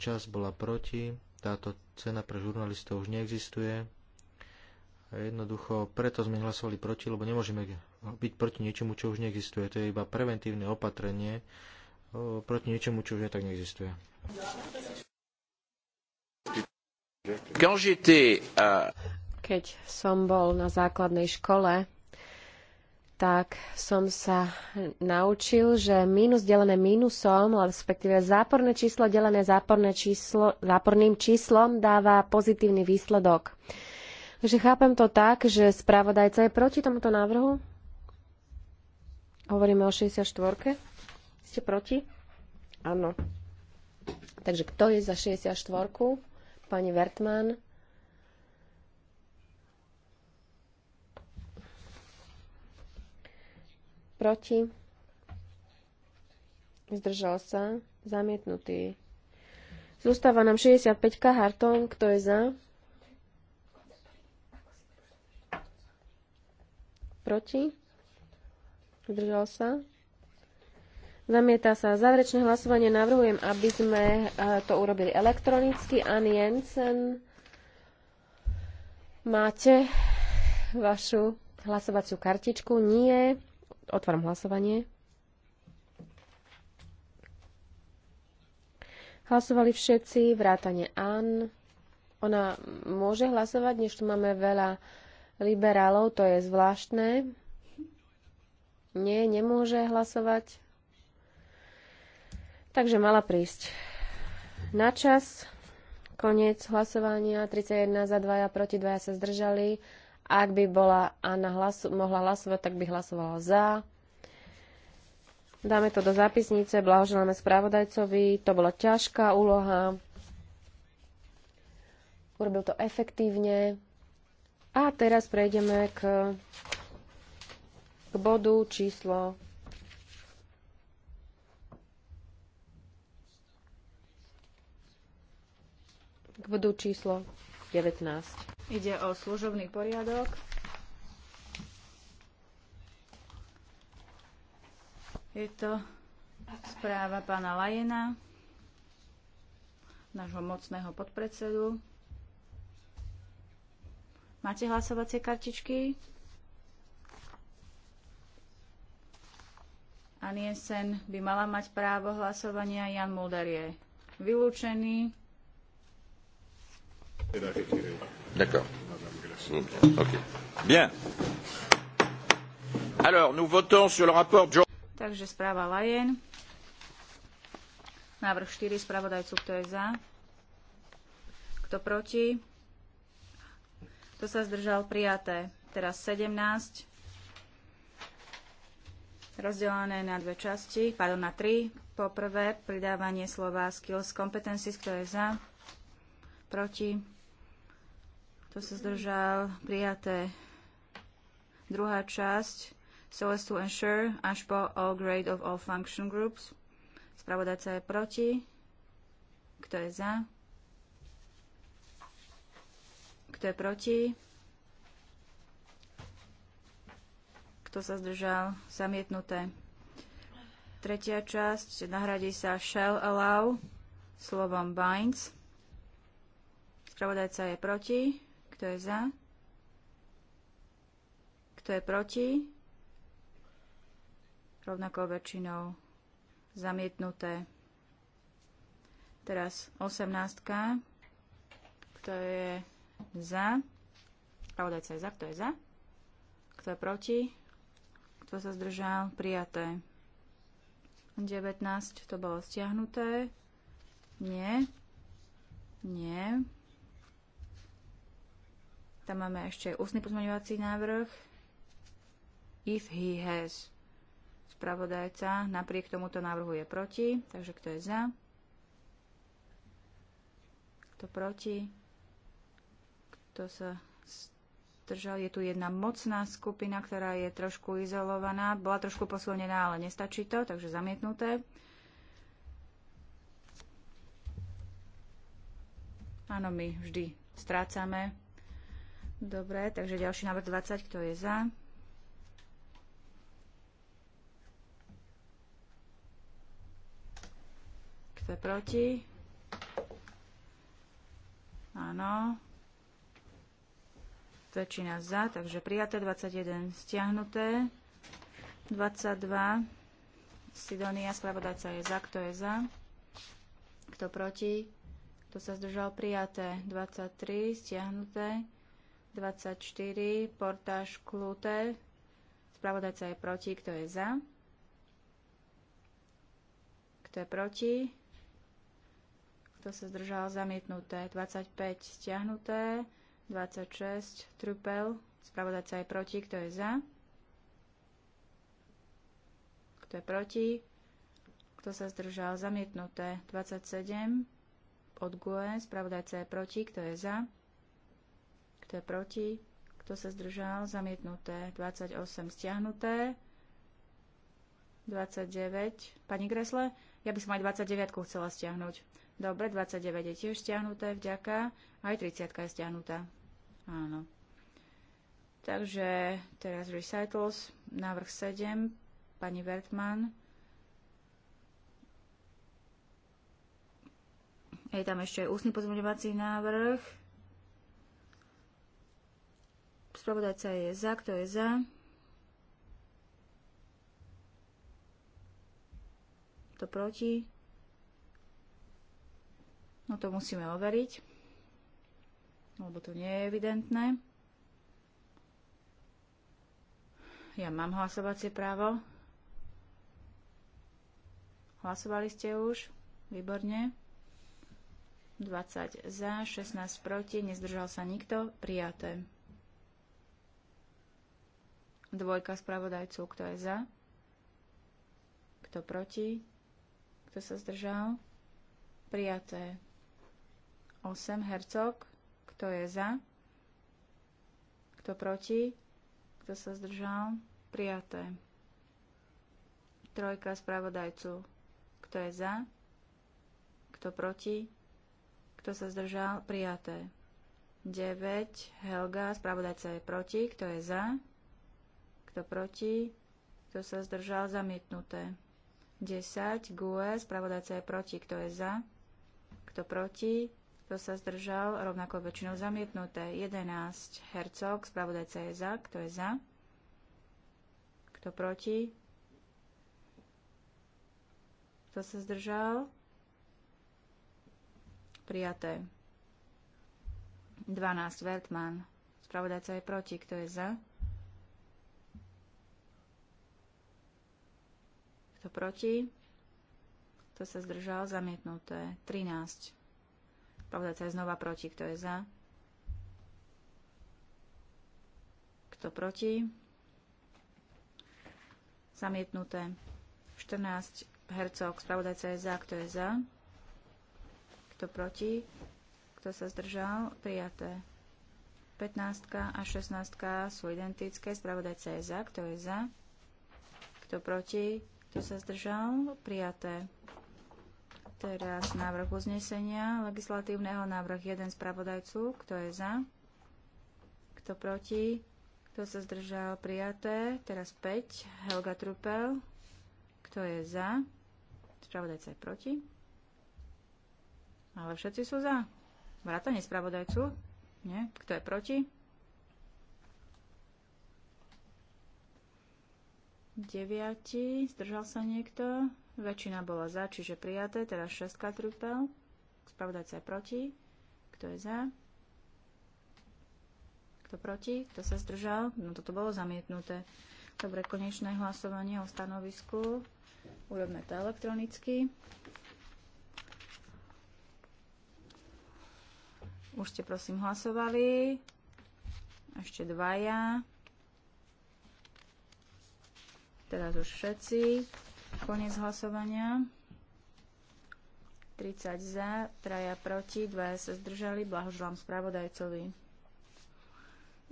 Speaker 4: čas bola proti, táto cena pre žurnalistov už neexistuje, Jednoducho, preto sme hlasovali proti, lebo nemôžeme byť proti niečomu, čo už neexistuje. To je iba preventívne opatrenie e, proti niečomu, čo už tak neexistuje.
Speaker 1: Euh,
Speaker 2: Keď som bol na základnej škole, tak som sa naučil, že mínus delené mínusom, respektíve záporné číslo delené záporné číslo, záporným číslom dáva pozitívny výsledok. Takže chápem to tak, že správodajca je proti tomuto návrhu? Hovoríme o 64. -ke. Ste proti? Áno. Takže kto je za 64? -ku? Pani Vertman. Proti? Zdržal sa. Zamietnutý. Zostáva nám 65 Harton. Kto je za? proti, zdržal sa. Zamieta sa. Záverečné hlasovanie navrhujem, aby sme e, to urobili elektronicky. Ann Jensen, máte vašu hlasovaciu kartičku? Nie. Otváram hlasovanie. Hlasovali všetci, vrátane Ann. Ona môže hlasovať, než tu máme veľa liberálov, to je zvláštne. Nie, nemôže hlasovať. Takže mala prísť na čas. Koniec hlasovania. 31 za 2 proti 2 sa zdržali. Ak by bola Anna hlasu- mohla hlasovať, tak by hlasovala za. Dáme to do zápisnice. Blahoželáme spravodajcovi. To bola ťažká úloha. Urobil to efektívne. A teraz prejdeme k, k bodu číslo 19. bodu číslo 19.
Speaker 3: Ide o služobný poriadok. Je to správa pána Lajena, nášho mocného podpredsedu. Máte hlasovacie kartičky? Aniesen by mala mať právo hlasovania, Jan Mulder je vylúčený. Takže správa Lajen. Návrh 4, spravodajcu, kto je za? Kto proti? Kto sa zdržal? Prijaté. Teraz 17. Rozdelené na dve časti, pardon, na tri. Poprvé pridávanie slova skills competencies, kto je za, proti, kto sa zdržal, prijaté. Druhá časť, so as to ensure, až po all grade of all function groups. Spravodajca je proti, kto je za, kto je proti? Kto sa zdržal? Zamietnuté. Tretia časť. Nahradí sa shall allow slovom binds. Spravodajca je proti. Kto je za? Kto je proti? Rovnakou väčšinou zamietnuté. Teraz 18. Kto je za. Spravodajca je za. Kto je za? Kto je proti? Kto sa zdržal? Prijaté. 19 to bolo stiahnuté. Nie. Nie. Tam máme ešte ústny pozmeňovací návrh. If he has. Spravodajca napriek tomuto návrhu je proti, takže kto je za? Kto proti? To sa zdržal. Je tu jedna mocná skupina, ktorá je trošku izolovaná. Bola trošku posilnená, ale nestačí to, takže zamietnuté. Áno, my vždy strácame. Dobre, takže ďalší návrh 20, kto je za? Kto je proti? Áno, väčšina za, takže prijaté 21 stiahnuté, 22 Sidonia, spravodajca je za, kto je za, kto proti, kto sa zdržal prijaté, 23 stiahnuté, 24 Portáž kľúte, spravodajca je proti, kto je za, kto je proti, kto sa zdržal zamietnuté, 25 stiahnuté, 26, Trupel, spravodajca je proti, kto je za, kto je proti, kto sa zdržal, zamietnuté 27, od GUE, spravodajca je proti, kto je za, kto je proti, kto sa zdržal, zamietnuté 28, stiahnuté 29, pani Gresle, ja by som aj 29 chcela stiahnuť. Dobre, 29 je tiež stiahnuté, vďaka. Aj 30 je stiahnutá. Áno. Takže teraz recitals, návrh 7, pani Wertmann. Je tam ešte aj ústny pozmeňovací návrh. Spravodajca je za, kto je za? Kto proti? No to musíme overiť, lebo to nie je evidentné. Ja mám hlasovacie právo. Hlasovali ste už? Výborne. 20 za, 16 proti, nezdržal sa nikto, prijaté. Dvojka spravodajcov, kto je za? Kto proti? Kto sa zdržal? Prijaté. 8 Hercog. Kto je za? Kto proti? Kto sa zdržal? Prijaté. Trojka spravodajcu. Kto je za? Kto proti? Kto sa zdržal? Prijaté. 9. Helga. Spravodajca je proti. Kto je za? Kto proti? Kto sa zdržal? Zamietnuté. 10. GUE. Spravodajca je proti. Kto je za? Kto proti? Kto sa zdržal? Rovnako väčšinou zamietnuté. 11. Hercog. Spravodajca je za. Kto je za? Kto proti? Kto sa zdržal? Prijaté. 12. Veltman. Spravodajca je proti. Kto je za? Kto proti? Kto sa zdržal? Zamietnuté. 13. Povedať sa znova proti. Kto je za? Kto proti? Zamietnuté. 14. Hercog. Spravodajca je za. Kto je za? Kto proti? Kto sa zdržal? Prijaté. 15 a 16 sú identické. Spravodajca je za. Kto je za? Kto proti? Kto sa zdržal? Prijaté. Teraz návrh uznesenia legislatívneho, návrh 1 spravodajcu. Kto je za? Kto proti? Kto sa zdržal? Prijaté. Teraz 5. Helga Trupel. Kto je za? Spravodajca je proti. Ale všetci sú za. Vrátanie spravodajcu. Nie? Kto je proti? 9. Zdržal sa niekto? Väčšina bola za, čiže prijaté. Teraz šestka trupel. Spravodajca je proti. Kto je za? Kto proti? Kto sa zdržal? No toto bolo zamietnuté. Dobre, konečné hlasovanie o stanovisku. Urobme to elektronicky. Už ste prosím hlasovali. Ešte dvaja. Teraz už všetci. Konec hlasovania. 30 za, 3 proti, 2 sa zdržali. Blahoželám spravodajcovi.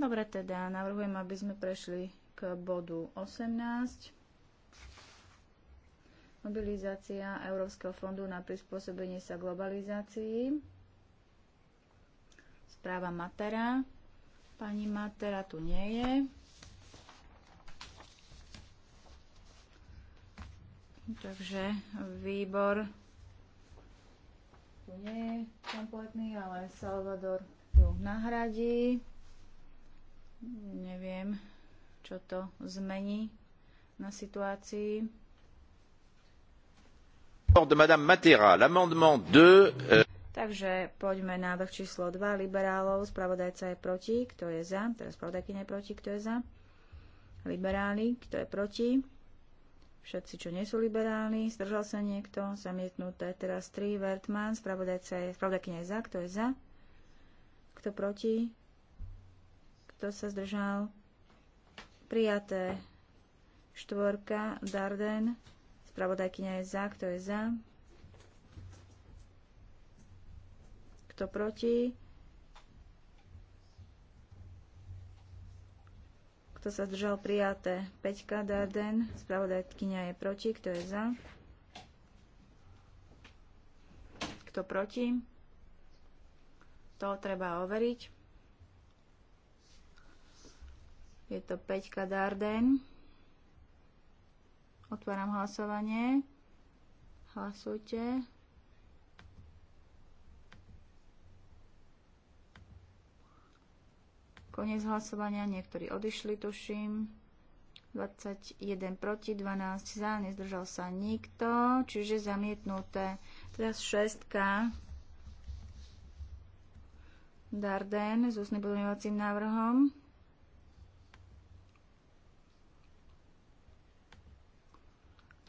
Speaker 3: Dobre teda, navrhujem, aby sme prešli k bodu 18. Mobilizácia Európskeho fondu na prispôsobenie sa globalizácii. Správa Matera. Pani Matera tu nie je. Takže výbor tu nie je kompletný, ale Salvador ju nahradí. Neviem, čo to zmení na situácii.
Speaker 1: De Madame Matera, l'amendement 2. Euh,
Speaker 3: Takže poďme na návrh číslo 2 liberálov. Spravodajca je proti, kto je za. Teraz spravodajky je proti, kto je za. Liberáli, kto je proti. Všetci, čo nie sú liberálni, zdržal sa niekto, zamietnuté. Teraz tri, Wertmann, spravodajca je, spravodajkyňa je za, kto je za? Kto proti? Kto sa zdržal? Prijaté. Štvorka, Darden, spravodajkyňa je za, kto je za? Kto proti? Kto sa zdržal prijaté? 5. Darden. Spravodajkynia je proti. Kto je za? Kto proti? To treba overiť. Je to 5. Darden. Otváram hlasovanie. Hlasujte. Koniec hlasovania, niektorí odišli, tuším. 21 proti, 12 za, nezdržal sa nikto, čiže zamietnuté. Teraz šestka. Darden s ústnym návrhom.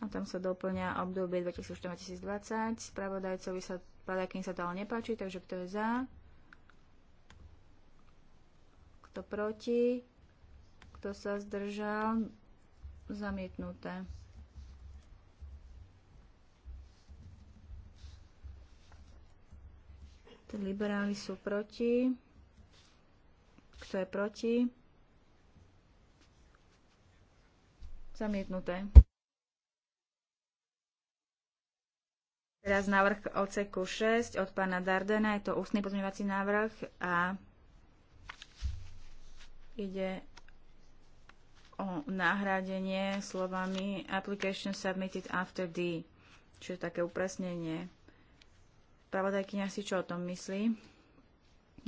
Speaker 3: A tam sa doplňa obdobie 2004-2020. Spravodajcovi sa, kým sa to ale nepáči, takže kto je za? Kto proti? Kto sa zdržal? Zamietnuté. Tí liberáli sú proti. Kto je proti? Zamietnuté. Teraz návrh oceku 6 od pána Dardena. Je to ústny pozmeňovací návrh a Ide o nahradenie slovami application submitted after D, čiže také upresnenie. Pravodajkyňa si čo o tom myslí?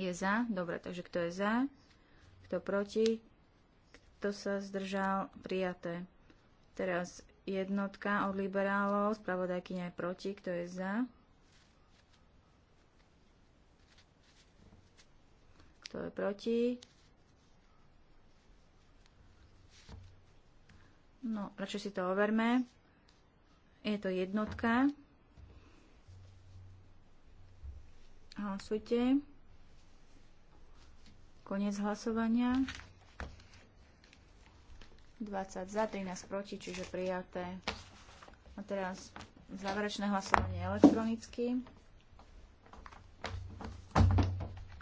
Speaker 3: Je za? Dobre, takže kto je za? Kto proti? Kto sa zdržal? Prijaté. Teraz jednotka od liberálov, spravodajkyňa je proti, kto je za? Kto je proti? No, radšej si to overme. Je to jednotka. Hlasujte. Konec hlasovania. 20 za, 13 proti, čiže prijaté. A teraz záverečné hlasovanie elektronicky.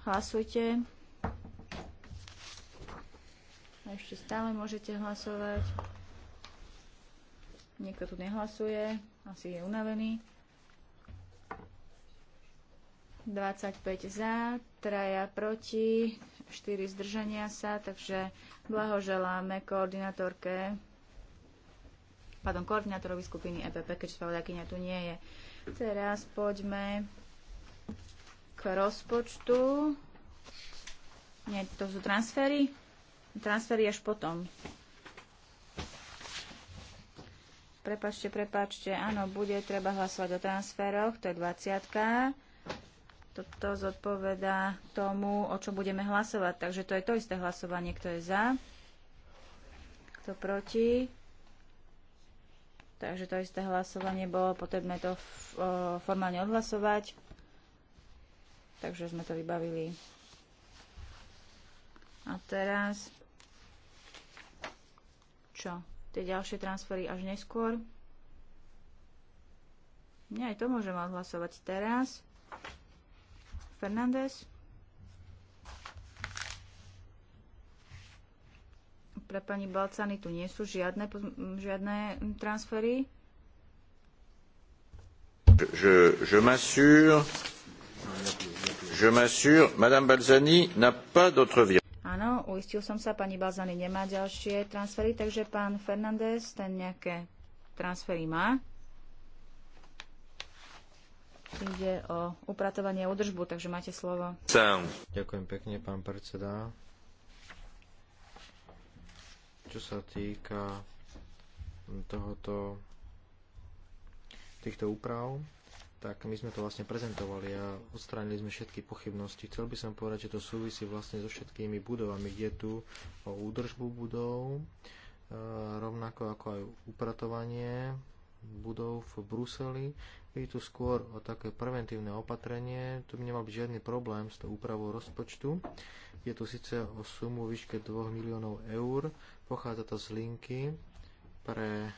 Speaker 3: Hlasujte. Ešte stále môžete hlasovať. Niekto tu nehlasuje, asi je unavený. 25 za, traja proti, 4 zdržania sa, takže blahoželáme koordinátorke, pardon, koordinátorovi skupiny EPP, keď spravodajkynia tu nie je. Teraz poďme k rozpočtu. Nie, to sú transfery? Transfery až potom. Prepačte, prepačte, áno, bude treba hlasovať o transferoch, to je 20. Toto zodpoveda tomu, o čom budeme hlasovať. Takže to je to isté hlasovanie, kto je za, kto proti. Takže to isté hlasovanie bolo potrebné to formálne odhlasovať. Takže sme to vybavili. A teraz čo? tie ďalšie transfery až neskôr. Nie, aj to môžem odhlasovať teraz. Fernández. Pre pani Balcany tu nie sú žiadne, žiadne transfery.
Speaker 1: Je, je m'assure, je m'assure, Madame Balzani n'a pas d'autre vie.
Speaker 3: Poistil som sa, pani Balzany nemá ďalšie transfery, takže pán Fernández, ten nejaké transfery má. Ide o upratovanie a udržbu, takže máte slovo.
Speaker 4: Sám. Ďakujem pekne, pán predseda. Čo sa týka tohoto, týchto úprav, tak my sme to vlastne prezentovali a odstránili sme všetky pochybnosti. Chcel by som povedať, že to súvisí vlastne so všetkými budovami. Ide tu o údržbu budov, e, rovnako ako aj upratovanie budov v Bruseli. Je tu skôr o také preventívne opatrenie. Tu by nemal byť žiadny problém s tou úpravou rozpočtu. Je tu síce o sumu výške 2 miliónov eur. Pochádza to z linky pre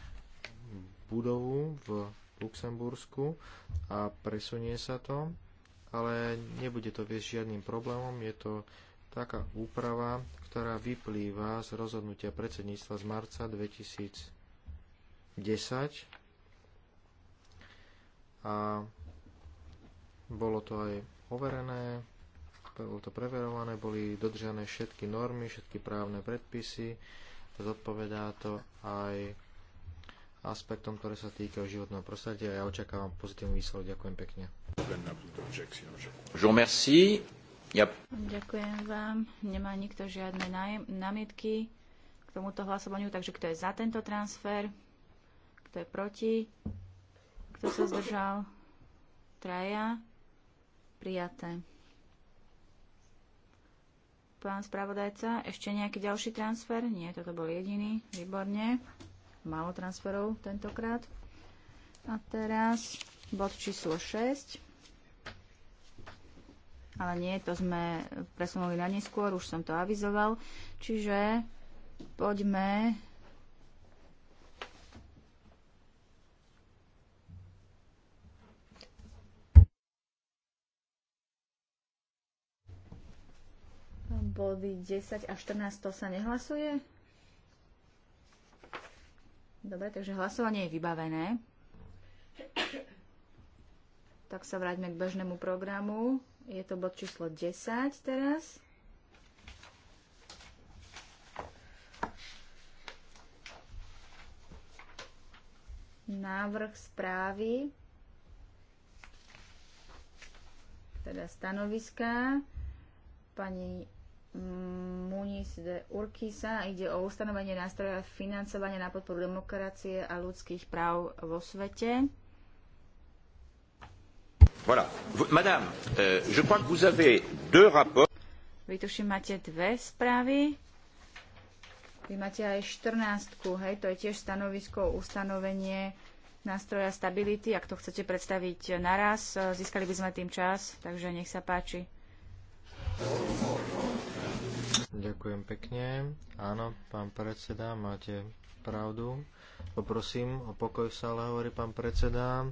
Speaker 4: budovu v Luxembursku a presunie sa to, ale nebude to viesť žiadnym problémom. Je to taká úprava, ktorá vyplýva z rozhodnutia predsedníctva z marca 2010 a bolo to aj overené, bolo to preverované, boli dodržané všetky normy, všetky právne predpisy, zodpovedá to aj aspektom, ktoré sa týkajú životného prostredia a ja očakávam pozitívny výsledok. Ďakujem pekne.
Speaker 3: Ďakujem vám. Nemá nikto žiadne námietky k tomuto hlasovaniu, takže kto je za tento transfer, kto je proti, kto sa zdržal, traja, prijaté. Pán spravodajca, ešte nejaký ďalší transfer? Nie, toto bol jediný. Výborne málo transferov tentokrát. A teraz bod číslo 6. Ale nie, to sme presunuli na neskôr, už som to avizoval. Čiže poďme body 10 a 14 to sa nehlasuje? Dobre, takže hlasovanie je vybavené. Tak sa vráťme k bežnému programu. Je to bod číslo 10 teraz. Návrh správy, teda stanoviska pani Muniz de Urquiza. Ide o ustanovenie nástroja financovania na podporu demokracie a ľudských práv vo svete.
Speaker 1: Voilà. Madame, euh, je crois que vous avez deux rapports.
Speaker 3: Vy tuším, máte dve správy. Vy máte aj 14, hej, to je tiež stanovisko, ustanovenie nástroja stability. Ak to chcete predstaviť naraz, získali by sme tým čas, takže nech sa páči.
Speaker 4: Ďakujem pekne. Áno, pán predseda, máte pravdu. Poprosím o pokoj v sále, hovorí pán predseda.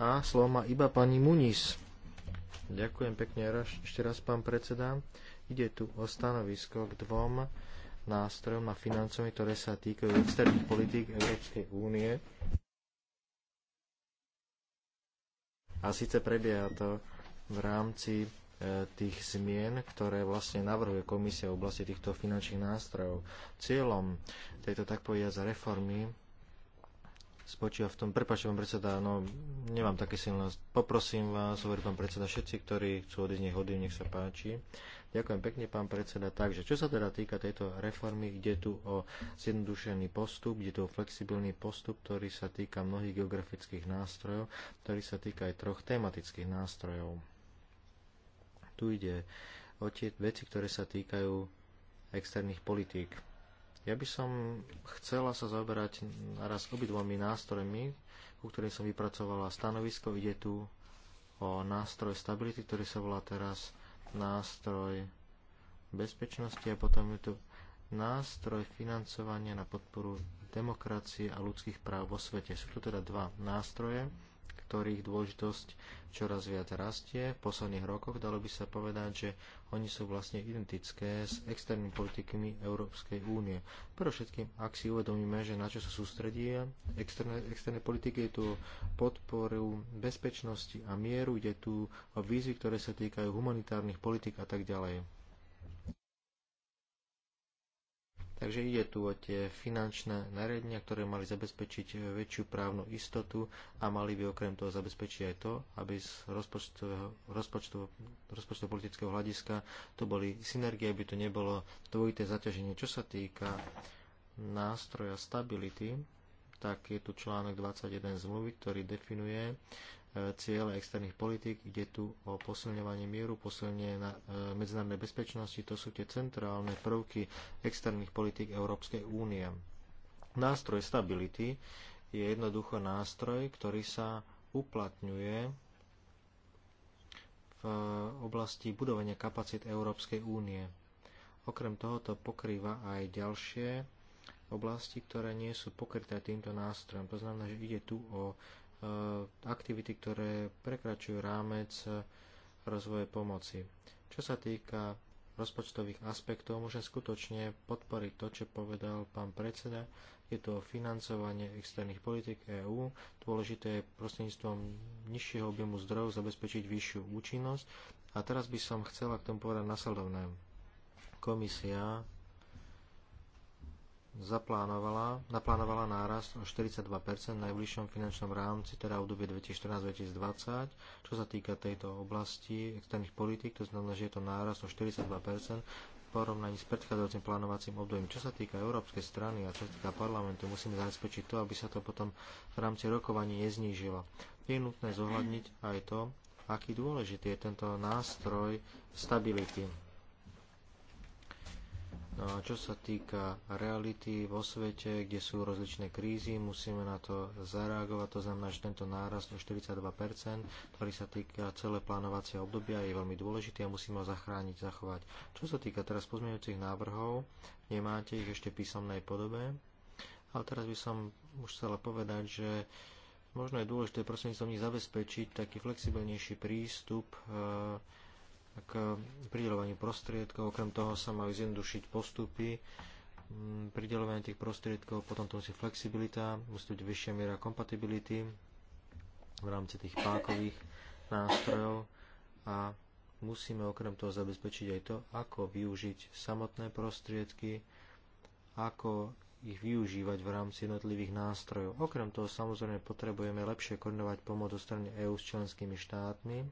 Speaker 4: A slovo má iba pani Muniz. Ďakujem pekne ešte raz, pán predseda. Ide tu o stanovisko k dvom nástrojom na financovanie, ktoré sa týkajú externých politík Európskej únie. A síce prebieha to v rámci E, tých zmien, ktoré vlastne navrhuje komisia v oblasti týchto finančných nástrojov. Cieľom tejto tak povediať reformy spočíva v tom, prepáčte pán predseda, no nemám také silné, poprosím vás, hovorí pán predseda, všetci, ktorí chcú odísť, nech odísť, nech sa páči. Ďakujem pekne, pán predseda. Takže, čo sa teda týka tejto reformy, ide tu o zjednodušený postup, ide tu o flexibilný postup, ktorý sa týka mnohých geografických nástrojov, ktorý sa týka aj troch tematických nástrojov. Tu ide o tie veci, ktoré sa týkajú externých politík. Ja by som chcela sa zaoberať naraz obidvomi nástrojmi, ku ktorým som vypracovala stanovisko. Ide tu o nástroj stability, ktorý sa volá teraz nástroj bezpečnosti a potom je tu nástroj financovania na podporu demokracie a ľudských práv vo svete. Sú tu teda dva nástroje ktorých dôležitosť čoraz viac rastie. V posledných rokoch dalo by sa povedať, že oni sú vlastne identické s externými politikami Európskej únie. Pre všetkým, ak si uvedomíme, že na čo sa sústredí externé, externé politiky, je tu podporu bezpečnosti a mieru, ide tu o výzvy, ktoré sa týkajú humanitárnych politik a tak ďalej Takže ide tu o tie finančné nariadenia, ktoré mali zabezpečiť väčšiu právnu istotu a mali by okrem toho zabezpečiť aj to, aby z rozpočtového politického hľadiska to boli synergie, aby to nebolo dvojité zaťaženie. Čo sa týka nástroja stability, tak je tu článok 21 zmluvy, ktorý definuje E, cieľ externých politik, ide tu o posilňovanie mieru, posilnenie e, medzinárodnej bezpečnosti, to sú tie centrálne prvky externých politik Európskej únie. Nástroj stability je jednoducho nástroj, ktorý sa uplatňuje v e, oblasti budovania kapacít Európskej únie. Okrem toho to pokrýva aj ďalšie oblasti, ktoré nie sú pokryté týmto nástrojom. To znamená, že ide tu o E, aktivity, ktoré prekračujú rámec rozvoje pomoci. Čo sa týka rozpočtových aspektov, môžem skutočne podporiť to, čo povedal pán predseda. Je to financovanie externých politik EÚ. Dôležité je prostredníctvom nižšieho objemu zdrojov zabezpečiť vyššiu účinnosť. A teraz by som chcela k tomu povedať nasledovné. Komisia zaplánovala, naplánovala nárast o 42% v najbližšom finančnom rámci, teda v období 2014-2020. Čo sa týka tejto oblasti externých politik, to znamená, že je to nárast o 42% v porovnaní s predchádzajúcim plánovacím obdobím. Čo sa týka európskej strany a čo sa týka parlamentu, musíme zabezpečiť to, aby sa to potom v rámci rokovaní neznížilo. Je nutné zohľadniť aj to, aký dôležitý je tento nástroj stability No a čo sa týka reality vo svete, kde sú rozličné krízy, musíme na to zareagovať. To znamená, že tento nárast o 42%, ktorý sa týka celé plánovacie obdobia, je veľmi dôležitý a musíme ho zachrániť, zachovať. Čo sa týka teraz pozmeňujúcich návrhov, nemáte ich ešte v písomnej podobe, ale teraz by som už chcela povedať, že možno je dôležité prostredníctvom nich zabezpečiť taký flexibilnejší prístup e, k pridelovaniu prostriedkov. Okrem toho sa majú zjednodušiť postupy mm, pridelovania tých prostriedkov, potom to musí flexibilita, musí byť vyššia miera kompatibility v rámci tých pákových nástrojov a musíme okrem toho zabezpečiť aj to, ako využiť samotné prostriedky, ako ich využívať v rámci jednotlivých nástrojov. Okrem toho samozrejme potrebujeme lepšie koordinovať pomoc zo strany EÚ s členskými štátmi,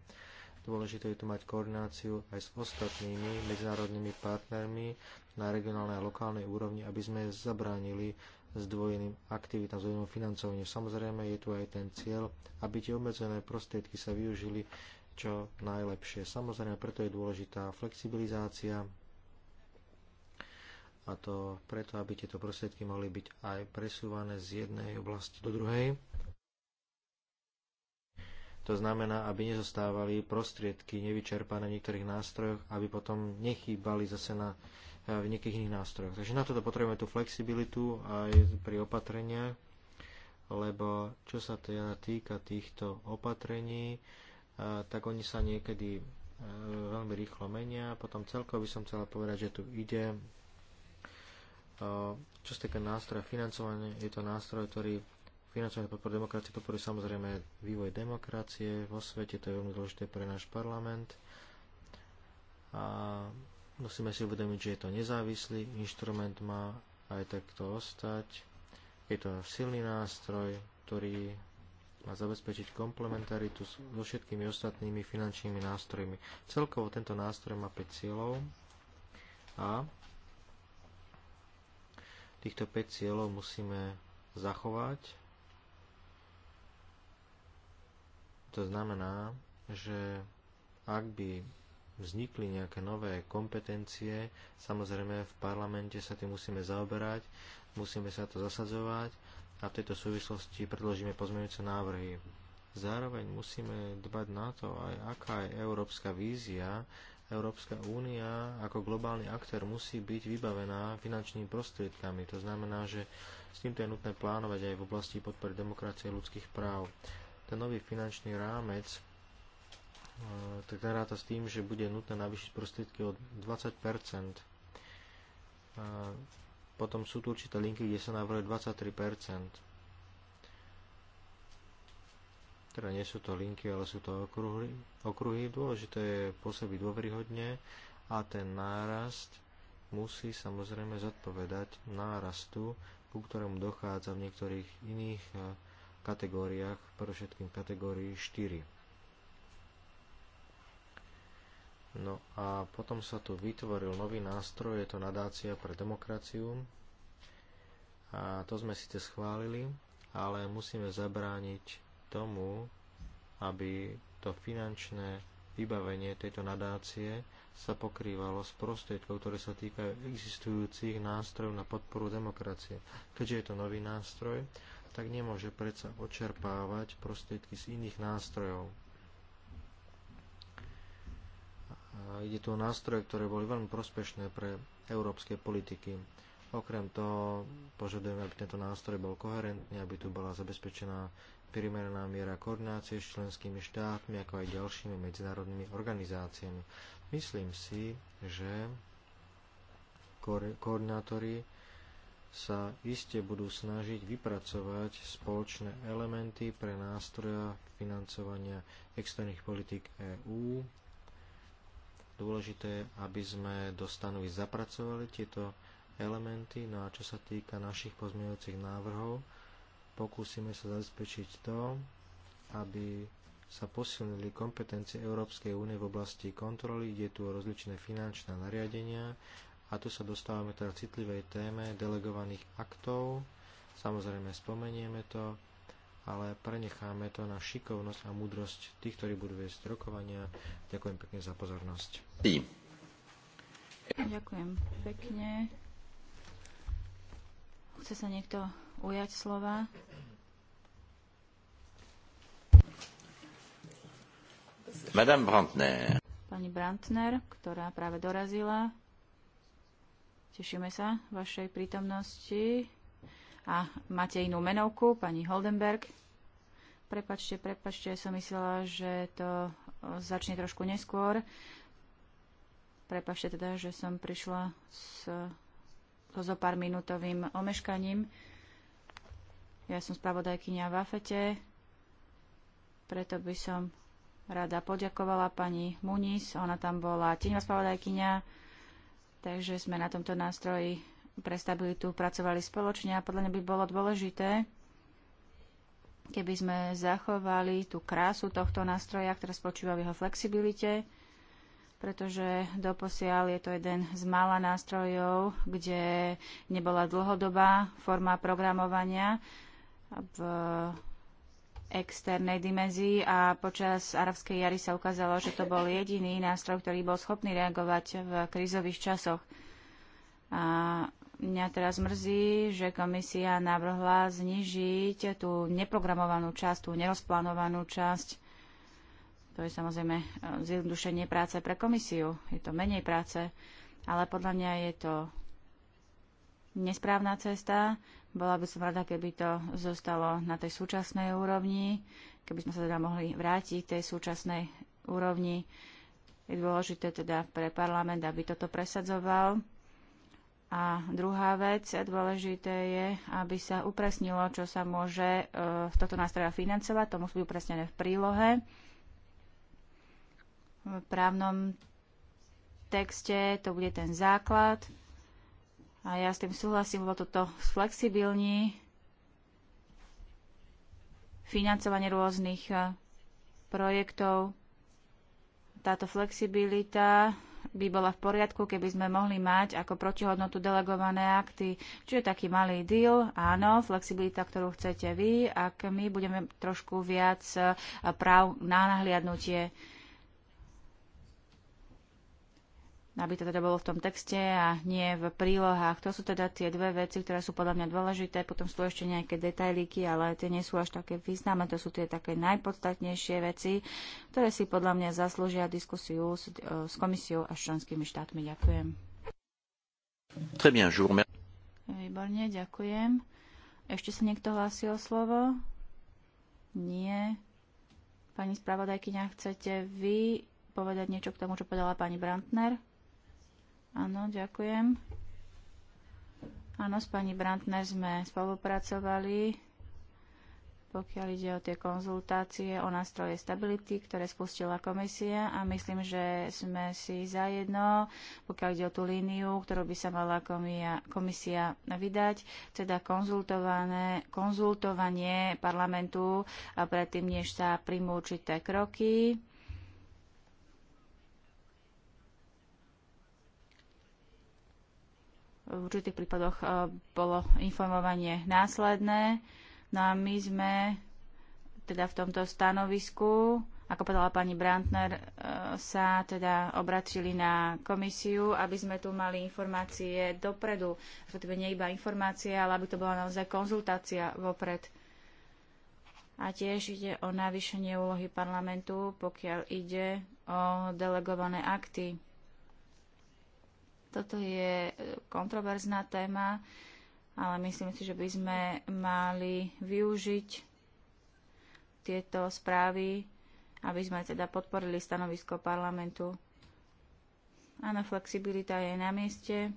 Speaker 4: Dôležité je tu mať koordináciu aj s ostatnými medzinárodnými partnermi na regionálnej a lokálnej úrovni, aby sme zabránili zdvojeným aktivitám, zdvojenému financovaniu. Samozrejme je tu aj ten cieľ, aby tie obmedzené prostriedky sa využili čo najlepšie. Samozrejme preto je dôležitá flexibilizácia a to preto, aby tieto prostriedky mohli byť aj presúvané z jednej oblasti do druhej. To znamená, aby nezostávali prostriedky nevyčerpané v niektorých nástrojoch, aby potom nechýbali zase na, e, v nejakých iných nástrojoch. Takže na toto potrebujeme tú flexibilitu aj pri opatreniach, lebo čo sa teda týka týchto opatrení, e, tak oni sa niekedy e, veľmi rýchlo menia. Potom celkovo by som chcela povedať, že tu ide čo sa týka nástroja financovania, je to nástroj, ktorý Financovanie podpory demokracie podporuje samozrejme vývoj demokracie vo svete, to je veľmi dôležité pre náš parlament. A musíme si uvedomiť, že je to nezávislý inštrument, má aj takto ostať. Je to silný nástroj, ktorý má zabezpečiť komplementaritu so všetkými ostatnými finančnými nástrojmi. Celkovo tento nástroj má 5 cieľov a týchto 5 cieľov musíme zachovať To znamená, že ak by vznikli nejaké nové kompetencie, samozrejme v parlamente sa tým musíme zaoberať, musíme sa to zasadzovať a v tejto súvislosti predložíme pozmeňujúce návrhy. Zároveň musíme dbať na to, aj aká je európska vízia. Európska únia ako globálny aktér musí byť vybavená finančnými prostriedkami. To znamená, že s týmto je nutné plánovať aj v oblasti podpory demokracie a ľudských práv ten nový finančný rámec e, tak naráta s tým, že bude nutné navýšiť prostriedky o 20 a Potom sú tu určité linky, kde sa navrhuje 23 Teda nie sú to linky, ale sú to okruhy. okruhy. Dôležité je pôsobiť dôveryhodne a ten nárast musí samozrejme zodpovedať nárastu, ku ktorému dochádza v niektorých iných e, kategóriách, pre všetkým kategórii 4. No a potom sa tu vytvoril nový nástroj, je to nadácia pre demokraciu. A to sme síce schválili, ale musíme zabrániť tomu, aby to finančné vybavenie tejto nadácie sa pokrývalo z prostriedkou, ktoré sa týkajú existujúcich nástrojov na podporu demokracie. Keďže je to nový nástroj, tak nemôže predsa očerpávať prostriedky z iných nástrojov. ide tu o nástroje, ktoré boli veľmi prospešné pre európske politiky. Okrem toho požadujeme, aby tento nástroj bol koherentný, aby tu bola zabezpečená primeraná miera koordinácie s členskými štátmi, ako aj ďalšími medzinárodnými organizáciami. Myslím si, že koordinátori sa iste budú snažiť vypracovať spoločné elementy pre nástroja financovania externých politik EÚ. Dôležité je, aby sme do stanovy zapracovali tieto elementy. No a čo sa týka našich pozmeňujúcich návrhov, pokúsime sa zabezpečiť to, aby sa posilnili kompetencie Európskej únie v oblasti kontroly, ide tu o rozličné finančné nariadenia a tu sa dostávame teda citlivej téme delegovaných aktov. Samozrejme spomenieme to, ale prenecháme to na šikovnosť a múdrosť tých, ktorí budú viesť rokovania. Ďakujem pekne za pozornosť.
Speaker 3: Ďakujem pekne. Chce sa niekto ujať slova?
Speaker 1: Madame Brantner.
Speaker 3: Pani Brantner, ktorá práve dorazila. Tešíme sa vašej prítomnosti. A máte inú menovku, pani Holdenberg. Prepačte, prepačte, som myslela, že to začne trošku neskôr. Prepačte teda, že som prišla s, so, zo pár minútovým omeškaním. Ja som spravodajkynia v Afete, preto by som rada poďakovala pani Muniz, ona tam bola tieňová spravodajkynia Takže sme na tomto nástroji pre stabilitu pracovali spoločne a podľa mňa by bolo dôležité, keby sme zachovali tú krásu tohto nástroja, ktorá spočíva v jeho flexibilite, pretože doposiaľ je to jeden z mála nástrojov, kde nebola dlhodobá forma programovania v externej dimenzii a počas arabskej jary sa ukázalo, že to bol jediný nástroj, ktorý bol schopný reagovať v krízových časoch. A mňa teraz mrzí, že komisia navrhla znižiť tú neprogramovanú časť, tú nerozplánovanú časť. To je samozrejme eh, zjednodušenie práce pre komisiu. Je to menej práce, ale podľa mňa je to nesprávna cesta. Bola by som rada, keby to zostalo na tej súčasnej úrovni, keby sme sa teda mohli vrátiť k tej súčasnej úrovni. Je dôležité teda pre parlament, aby toto presadzoval. A druhá vec, dôležité je, aby sa upresnilo, čo sa môže e, v e, tohto nástroja financovať. To musí byť upresnené v prílohe. V právnom texte to bude ten základ. A ja s tým súhlasím, lebo toto flexibilní financovanie rôznych e, projektov. Táto flexibilita by bola v poriadku, keby sme mohli mať ako protihodnotu delegované akty. čo je taký malý deal, áno, flexibilita, ktorú chcete vy, ak my budeme trošku viac e, práv na nahliadnutie aby to teda bolo v tom texte a nie v prílohách. To sú teda tie dve veci, ktoré sú podľa mňa dôležité. Potom sú ešte nejaké detailíky, ale tie nie sú až také významné. To sú tie také najpodstatnejšie veci, ktoré si podľa mňa zaslúžia diskusiu s, e, s komisiou a s členskými štátmi. Ďakujem. Výborne, ďakujem. Ešte sa niekto hlási o slovo? Nie. Pani spravodajkyňa, chcete vy povedať niečo k tomu, čo povedala pani Brantner? Áno, ďakujem. Áno, s pani Brantner sme spolupracovali, pokiaľ ide o tie konzultácie o nástroje stability, ktoré spustila komisia a myslím, že sme si zajedno, pokiaľ ide o tú líniu, ktorú by sa mala komia, komisia vydať, teda konzultované, konzultovanie parlamentu a predtým, než sa príjmú určité kroky v určitých prípadoch eh, bolo informovanie následné. No a my sme teda v tomto stanovisku, ako povedala pani Brantner, eh, sa teda obratili na komisiu, aby sme tu mali informácie dopredu, respektíve nie iba informácie, ale aby to bola naozaj konzultácia vopred. A tiež ide o navýšenie úlohy parlamentu, pokiaľ ide o delegované akty. Toto je e, kontroverzná téma, ale myslím si, že by sme mali využiť tieto správy, aby sme teda podporili stanovisko parlamentu. Áno, flexibilita je na mieste.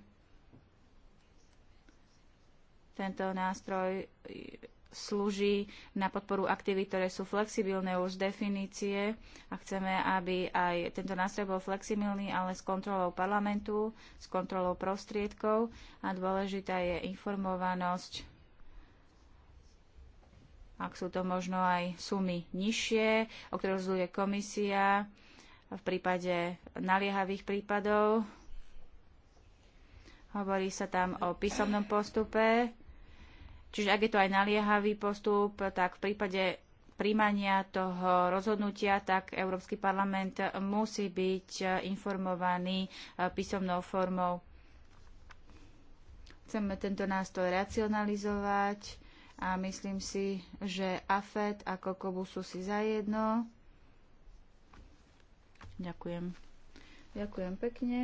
Speaker 3: Tento nástroj slúži na podporu aktivít, ktoré sú flexibilné už z definície a chceme, aby aj tento nástroj bol flexibilný, ale s kontrolou parlamentu, s kontrolou prostriedkov a dôležitá je informovanosť, ak sú to možno aj sumy nižšie, o ktoré rozhoduje komisia v prípade naliehavých prípadov. Hovorí sa tam o písomnom postupe Čiže ak je to aj naliehavý postup, tak v prípade príjmania toho rozhodnutia, tak Európsky parlament musí byť e, informovaný e, písomnou formou. Chceme tento nástroj racionalizovať a myslím si, že AFED a Kokobu sú si zajedno. Ďakujem. Ďakujem pekne.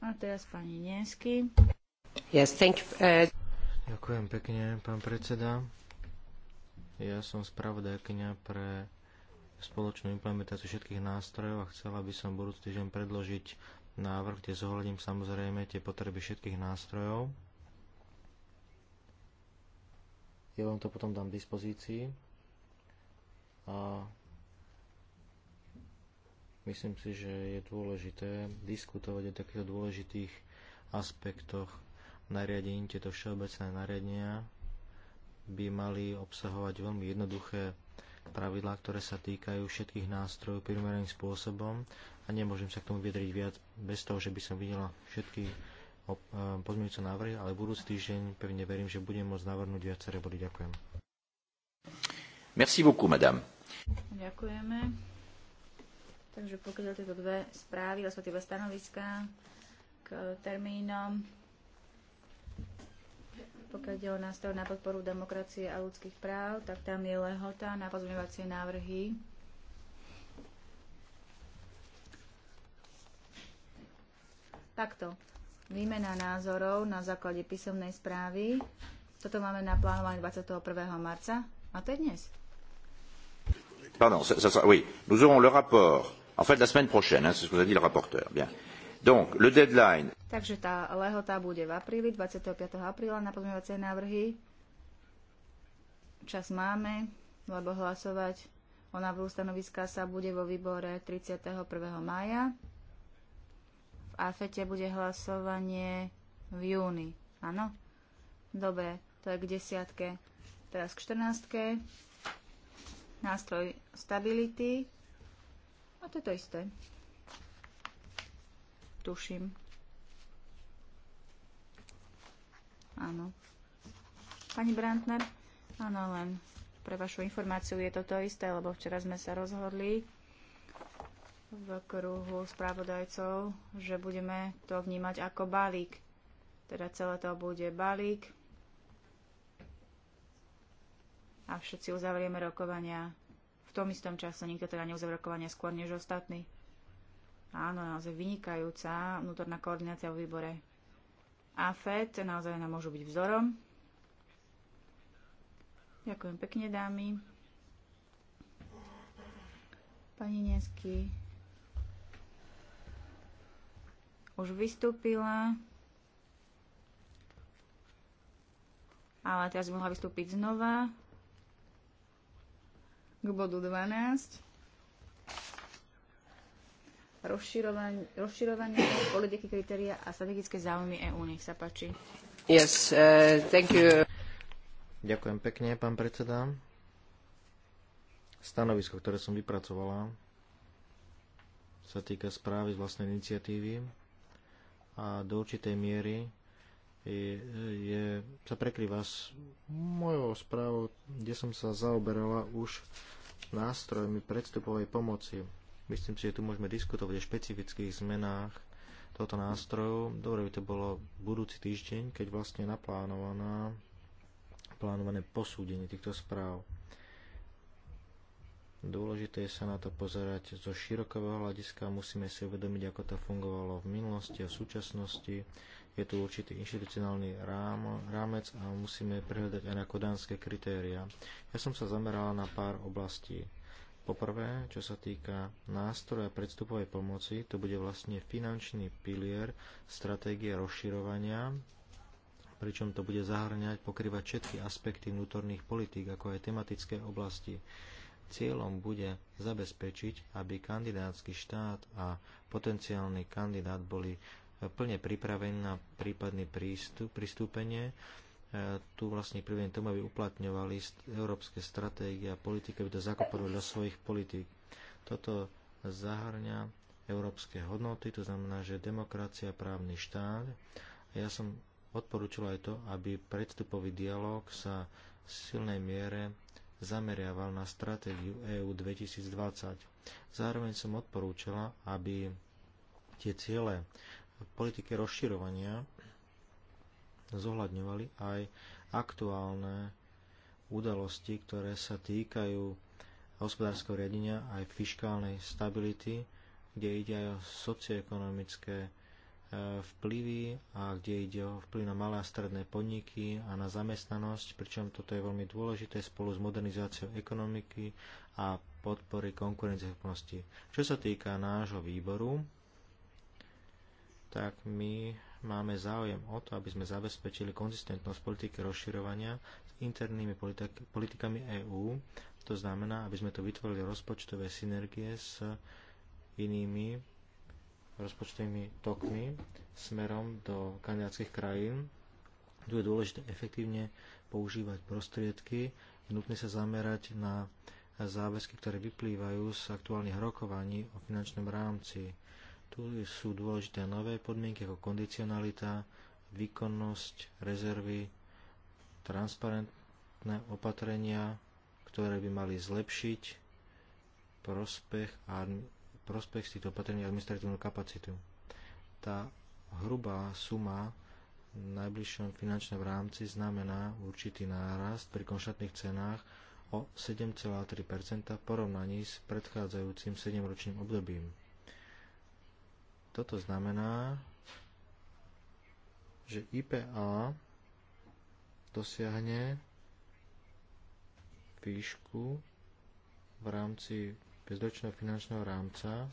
Speaker 3: A teraz pani Niesky. Yes, thank you.
Speaker 4: Uh... Ďakujem pekne, pán predseda. Ja som spravodajkňa pre spoločnú implementáciu všetkých nástrojov a chcela by som budúci týždeň predložiť návrh, kde zohľadím samozrejme tie potreby všetkých nástrojov. Ja vám to potom dám k dispozícii. A myslím si, že je dôležité diskutovať o takýchto dôležitých aspektoch nariadení, tieto všeobecné nariadenia by mali obsahovať veľmi jednoduché pravidlá, ktoré sa týkajú všetkých nástrojov primeraným spôsobom a nemôžem sa k tomu vyjadriť viac bez toho, že by som videla všetky e, pozmeňujúce návrhy, ale budúci týždeň pevne verím, že budem môcť navrhnúť viaceré
Speaker 1: body. Ďakujem. Merci beaucoup, madame.
Speaker 3: Ďakujeme. Takže pokiaľ tieto dve správy, respektíve stanoviska k termínom pokiaľ ide o nástroj na podporu demokracie a ľudských práv, tak tam je lehota na pozmeňovacie návrhy. Takto. Výmena názorov na základe písomnej správy. Toto máme na naplánované 21. marca. A to je dnes.
Speaker 1: Pardon, ça, ça, oui. Nous aurons le rapport, en fait la semaine prochaine, hein, c'est ce que vous a dit le rapporteur. Bien. Euh, Donc, le deadline.
Speaker 3: Takže tá lehota bude v apríli, 25. apríla na pozmeňovacie návrhy. Čas máme, lebo hlasovať o návrhu stanoviska sa bude vo výbore 31. mája. V AFETE bude hlasovanie v júni. Áno? Dobre, to je k desiatke. Teraz k 14. Nástroj stability. A to je to isté tuším. Áno. Pani Brantner? Áno, len pre vašu informáciu je to to isté, lebo včera sme sa rozhodli v kruhu spravodajcov, že budeme to vnímať ako balík. Teda celé to bude balík a všetci uzavrieme rokovania v tom istom čase. Nikto teda neuzavrie rokovania skôr než ostatní. Áno, naozaj vynikajúca vnútorná koordinácia v výbore AFET. Naozaj nám môžu byť vzorom. Ďakujem pekne, dámy. Pani Nesky už vystúpila, ale teraz by mohla vystúpiť znova k bodu 12 rozširovania politiky kritéria a strategické záujmy EÚ. Nech sa páči. Yes, uh, thank you.
Speaker 4: Ďakujem pekne, pán predseda. Stanovisko, ktoré som vypracovala, sa týka správy z vlastnej iniciatívy a do určitej miery je, je, sa prekrýva s mojou správou, kde som sa zaoberala už nástrojmi predstupovej pomoci Myslím si, že tu môžeme diskutovať o špecifických zmenách tohoto nástroju. Dobre by to bolo budúci týždeň, keď vlastne naplánovaná plánované posúdenie týchto správ. Dôležité je sa na to pozerať zo širokého hľadiska, musíme si uvedomiť, ako to fungovalo v minulosti a v súčasnosti. Je tu určitý inštitucionálny rám, rámec a musíme prehľadať aj na kodanské kritéria. Ja som sa zamerala na pár oblastí. Poprvé, čo sa týka nástroja predstupovej pomoci, to bude vlastne finančný pilier stratégie rozširovania, pričom to bude zahrňať, pokrývať všetky aspekty vnútorných politík, ako aj tematické oblasti. Cieľom bude zabezpečiť, aby kandidátsky štát a potenciálny kandidát boli plne pripravení na prípadný prístup, pristúpenie, tu vlastne priviem tomu, aby uplatňovali európske stratégie a politiky, aby to zakopovali do svojich politík. Toto zahrňa európske hodnoty, to znamená, že demokracia, právny štát. A ja som odporúčil aj to, aby predstupový dialog sa v silnej miere zameriaval na stratégiu EU 2020. Zároveň som odporúčala, aby tie ciele politiky rozširovania zohľadňovali aj aktuálne udalosti, ktoré sa týkajú hospodárskeho riadenia aj fiskálnej stability, kde ide aj o socioekonomické e, vplyvy a kde ide o vplyv na malé a stredné podniky a na zamestnanosť, pričom toto je veľmi dôležité spolu s modernizáciou ekonomiky a podpory konkurencieschopnosti. Čo sa týka nášho výboru, tak my máme záujem o to, aby sme zabezpečili konzistentnosť politiky rozširovania s internými politikami EÚ. To znamená, aby sme tu vytvorili rozpočtové synergie s inými rozpočtovými tokmi smerom do kandidátskych krajín. Tu je dôležité efektívne používať prostriedky, nutné sa zamerať na záväzky, ktoré vyplývajú z aktuálnych rokovaní o finančnom rámci. Tu sú dôležité nové podmienky ako kondicionalita, výkonnosť, rezervy, transparentné opatrenia, ktoré by mali zlepšiť prospech, a, prospech z týchto opatrení administratívnu kapacitu. Tá hrubá suma v najbližšom finančnom rámci znamená určitý nárast pri konštantných cenách o 7,3 v porovnaní s predchádzajúcim 7-ročným obdobím. Toto znamená, že IPA dosiahne výšku v rámci bezdočného finančného rámca,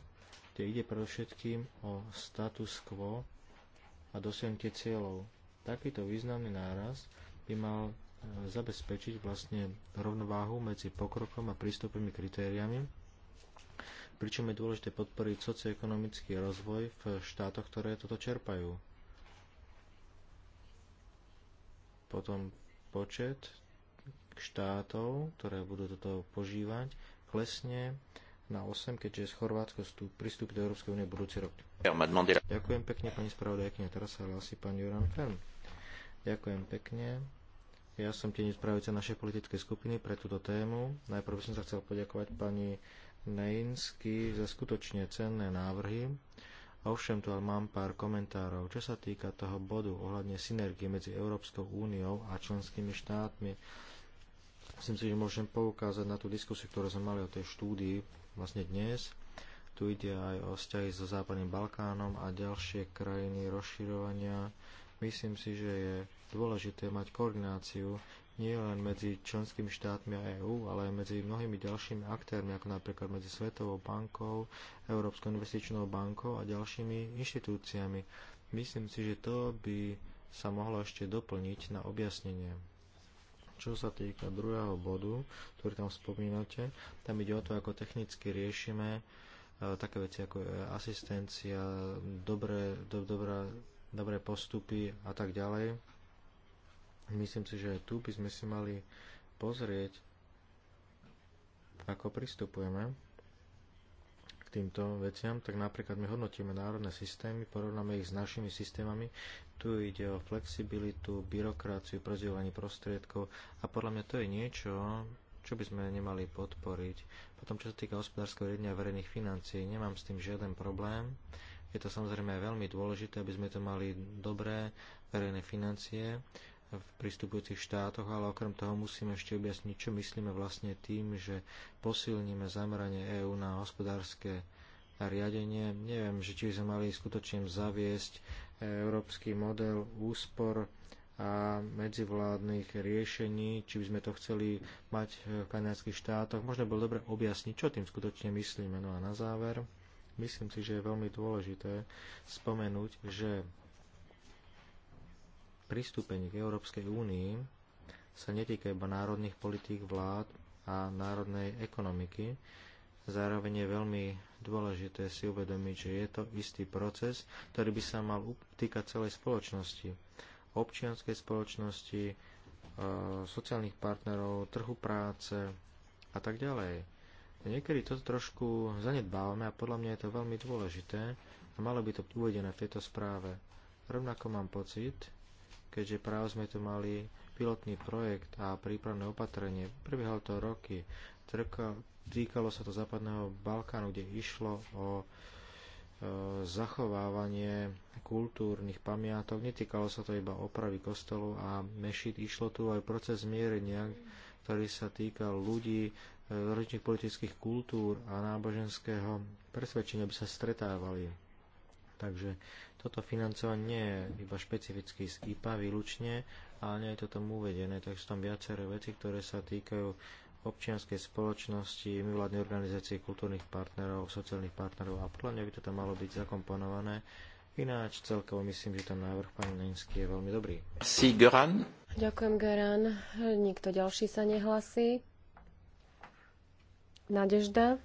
Speaker 4: kde ide predovšetkým o status quo a dosiahnutie cieľov. Takýto významný náraz by mal e, zabezpečiť vlastne rovnováhu medzi pokrokom a prístupnými kritériami, pričom je dôležité podporiť socioekonomický rozvoj v štátoch, ktoré toto čerpajú. Potom počet štátov, ktoré budú toto požívať, klesne na 8, keďže z Chorvátsko pristúpi do Európskej únie budúci rok.
Speaker 1: Ďakujem
Speaker 4: pekne, pani spravodajkyňa. Teraz sa hlási pán Juran Fern. Ďakujem pekne. Ja som tiež spravica našej politickej skupiny pre túto tému. Najprv by som sa chcel poďakovať pani Neinsky za skutočne cenné návrhy. Ovšem tu ale mám pár komentárov. Čo sa týka toho bodu ohľadne synergie medzi Európskou úniou a členskými štátmi, myslím si, že môžem poukázať na tú diskusiu, ktorú sme mali o tej štúdii vlastne dnes. Tu ide aj o vzťahy so Západným Balkánom a ďalšie krajiny rozširovania. Myslím si, že je dôležité mať koordináciu nie len medzi členskými štátmi a EÚ, ale aj medzi mnohými ďalšími aktérmi, ako napríklad medzi Svetovou bankou, Európskou investičnou bankou a ďalšími inštitúciami. Myslím si, že to by sa mohlo ešte doplniť na objasnenie. Čo sa týka druhého bodu, ktorý tam spomínate, tam ide o to, ako technicky riešime e, také veci ako e, asistencia, dobré, do, dobrá, dobré postupy a tak ďalej Myslím si, že aj tu by sme si mali pozrieť, ako pristupujeme k týmto veciam, tak napríklad my hodnotíme národné systémy, porovnáme ich s našimi systémami. Tu ide o flexibilitu, byrokraciu, prezdielanie prostriedkov a podľa mňa to je niečo, čo by sme nemali podporiť. Potom, čo sa týka hospodárskeho riadenia a verejných financií, nemám s tým žiaden problém. Je to samozrejme veľmi dôležité, aby sme to mali dobré verejné financie, v pristupujúcich štátoch, ale okrem toho musíme ešte objasniť, čo myslíme vlastne tým, že posilníme zameranie EÚ na hospodárske riadenie. Neviem, že či by sme mali skutočne zaviesť európsky model úspor a medzivládnych riešení, či by sme to chceli mať v kanadských štátoch. Možno bolo dobre objasniť, čo tým skutočne myslíme. No a na záver, myslím si, že je veľmi dôležité spomenúť, že pristúpenie k Európskej únii sa netýka iba národných politík vlád a národnej ekonomiky. Zároveň je veľmi dôležité si uvedomiť, že je to istý proces, ktorý by sa mal týkať celej spoločnosti, občianskej spoločnosti, e, sociálnych partnerov, trhu práce a tak ďalej. Niekedy to trošku zanedbávame a podľa mňa je to veľmi dôležité a malo by to byť uvedené v tejto správe. Rovnako mám pocit, keďže práve sme tu mali pilotný projekt a prípravné opatrenie. Prebiehalo to roky. Týkalo sa to západného Balkánu, kde išlo o e, zachovávanie kultúrnych pamiatok. Netýkalo sa to iba opravy kostolov a mešit. Išlo tu aj proces zmierenia, ktorý sa týkal ľudí e, rodičných politických kultúr a náboženského presvedčenia, aby sa stretávali. Takže toto financovanie nie je iba špecificky z IPA výlučne, ale nie je to tomu uvedené, takže sú tam viaceré veci, ktoré sa týkajú občianskej spoločnosti, mimovládnej organizácie, kultúrnych partnerov, sociálnych partnerov a podľa mňa by to tam malo byť zakomponované. Ináč celkovo myslím, že ten návrh
Speaker 1: pani Nenský je veľmi dobrý. Si Goran.
Speaker 2: Ďakujem, Goran. Nikto ďalší sa nehlasí. Nadežda.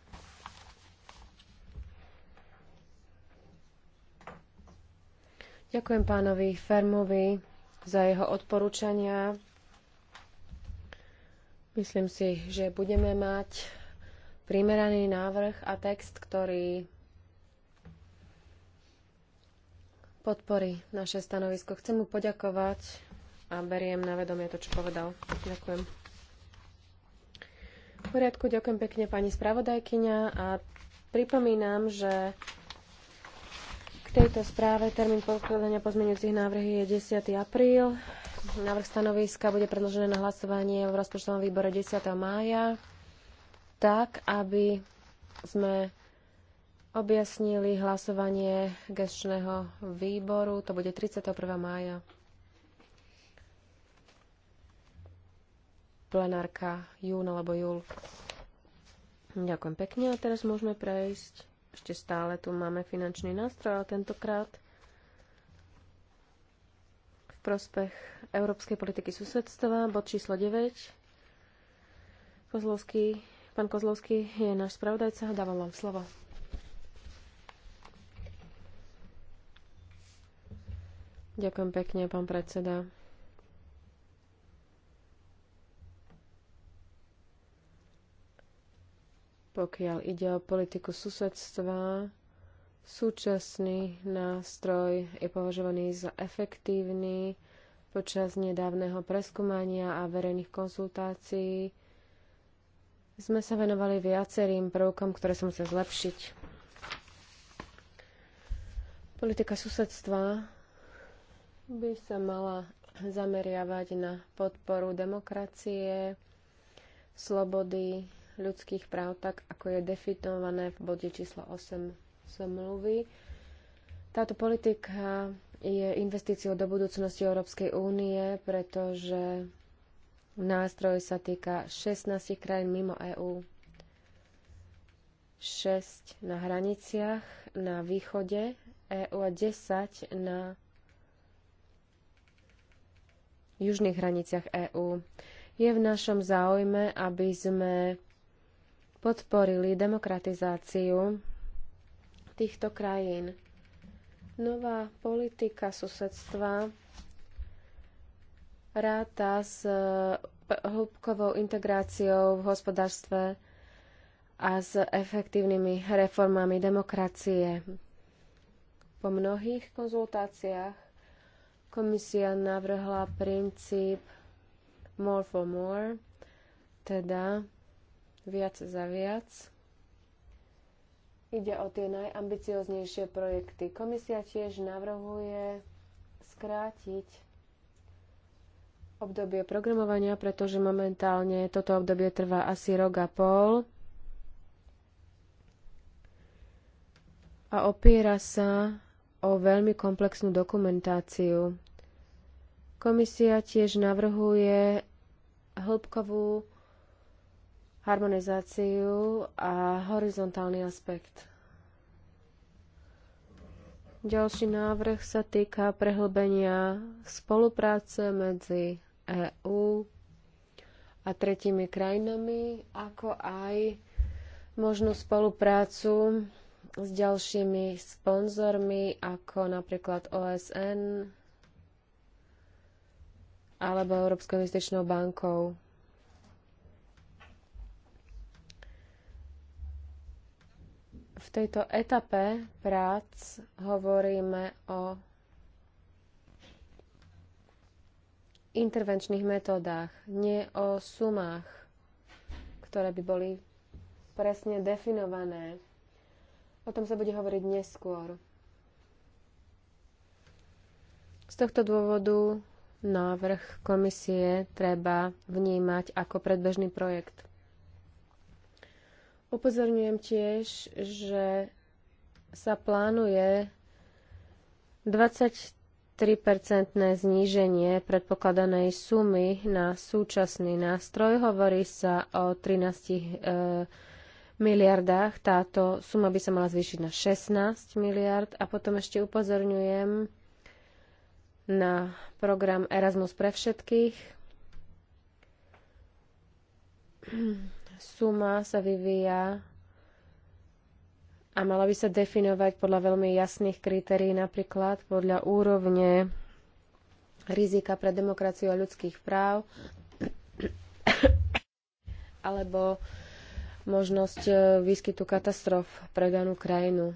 Speaker 2: Ďakujem pánovi Fermovi za jeho odporúčania. Myslím si, že budeme mať primeraný návrh a text, ktorý podporí naše stanovisko. Chcem mu poďakovať a beriem na vedomie to, čo povedal. Ďakujem. V poriadku, ďakujem pekne pani spravodajkyňa a pripomínam, že tejto správe termín podkladania pozmeňujúcich návrhy je 10. apríl. Návrh stanoviska bude predložené na hlasovanie v rozpočtovom výbore 10. mája, tak aby sme objasnili hlasovanie gestčného výboru. To bude 31. mája. Plenárka jún alebo júl. Ďakujem pekne a teraz môžeme prejsť ešte stále tu máme finančný nástroj, ale tentokrát v prospech európskej politiky susedstva, bod číslo 9. Kozlovský, pán Kozlovský je náš spravodajca, dávam vám slovo. Ďakujem pekne, pán predseda. Pokiaľ ide o politiku susedstva, súčasný nástroj je považovaný za efektívny. Počas nedávneho preskúmania a verejných konzultácií sme sa venovali viacerým prvkom, ktoré sa musia zlepšiť. Politika susedstva by sa mala zameriavať na podporu demokracie, slobody, ľudských práv, tak ako je definované v bode číslo 8 zmluvy. Táto politika je investíciou do budúcnosti Európskej únie, pretože nástroj sa týka 16 krajín mimo EÚ, 6 na hraniciach na východe EÚ a 10 na južných hraniciach EÚ. Je v našom záujme, aby sme podporili demokratizáciu týchto krajín. Nová politika susedstva ráta s e, hĺbkovou integráciou v hospodárstve a s efektívnymi reformami demokracie. Po mnohých konzultáciách komisia navrhla princíp more for more, teda viac za viac. Ide o tie najambicioznejšie projekty. Komisia tiež navrhuje skrátiť obdobie programovania, pretože momentálne toto obdobie trvá asi rok a pol. A opiera sa o veľmi komplexnú dokumentáciu. Komisia tiež navrhuje hĺbkovú harmonizáciu a horizontálny aspekt. Ďalší návrh sa týka prehlbenia spolupráce medzi EÚ a tretími krajinami, ako aj možnú spoluprácu s ďalšími sponzormi, ako napríklad OSN alebo Európskou investičnou bankou. V tejto etape prác hovoríme o intervenčných metódach, nie o sumách, ktoré by boli presne definované. O tom sa bude hovoriť neskôr. Z tohto dôvodu návrh komisie treba vnímať ako predbežný projekt. Upozorňujem tiež, že sa plánuje 23-percentné zníženie predpokladanej sumy na súčasný nástroj. Hovorí sa o 13 e, miliardách. Táto suma by sa mala zvýšiť na 16 miliard. A potom ešte upozorňujem na program Erasmus pre všetkých suma sa vyvíja a mala by sa definovať podľa veľmi jasných kritérií, napríklad podľa úrovne rizika pre demokraciu a ľudských práv alebo možnosť e, výskytu katastrof pre danú krajinu.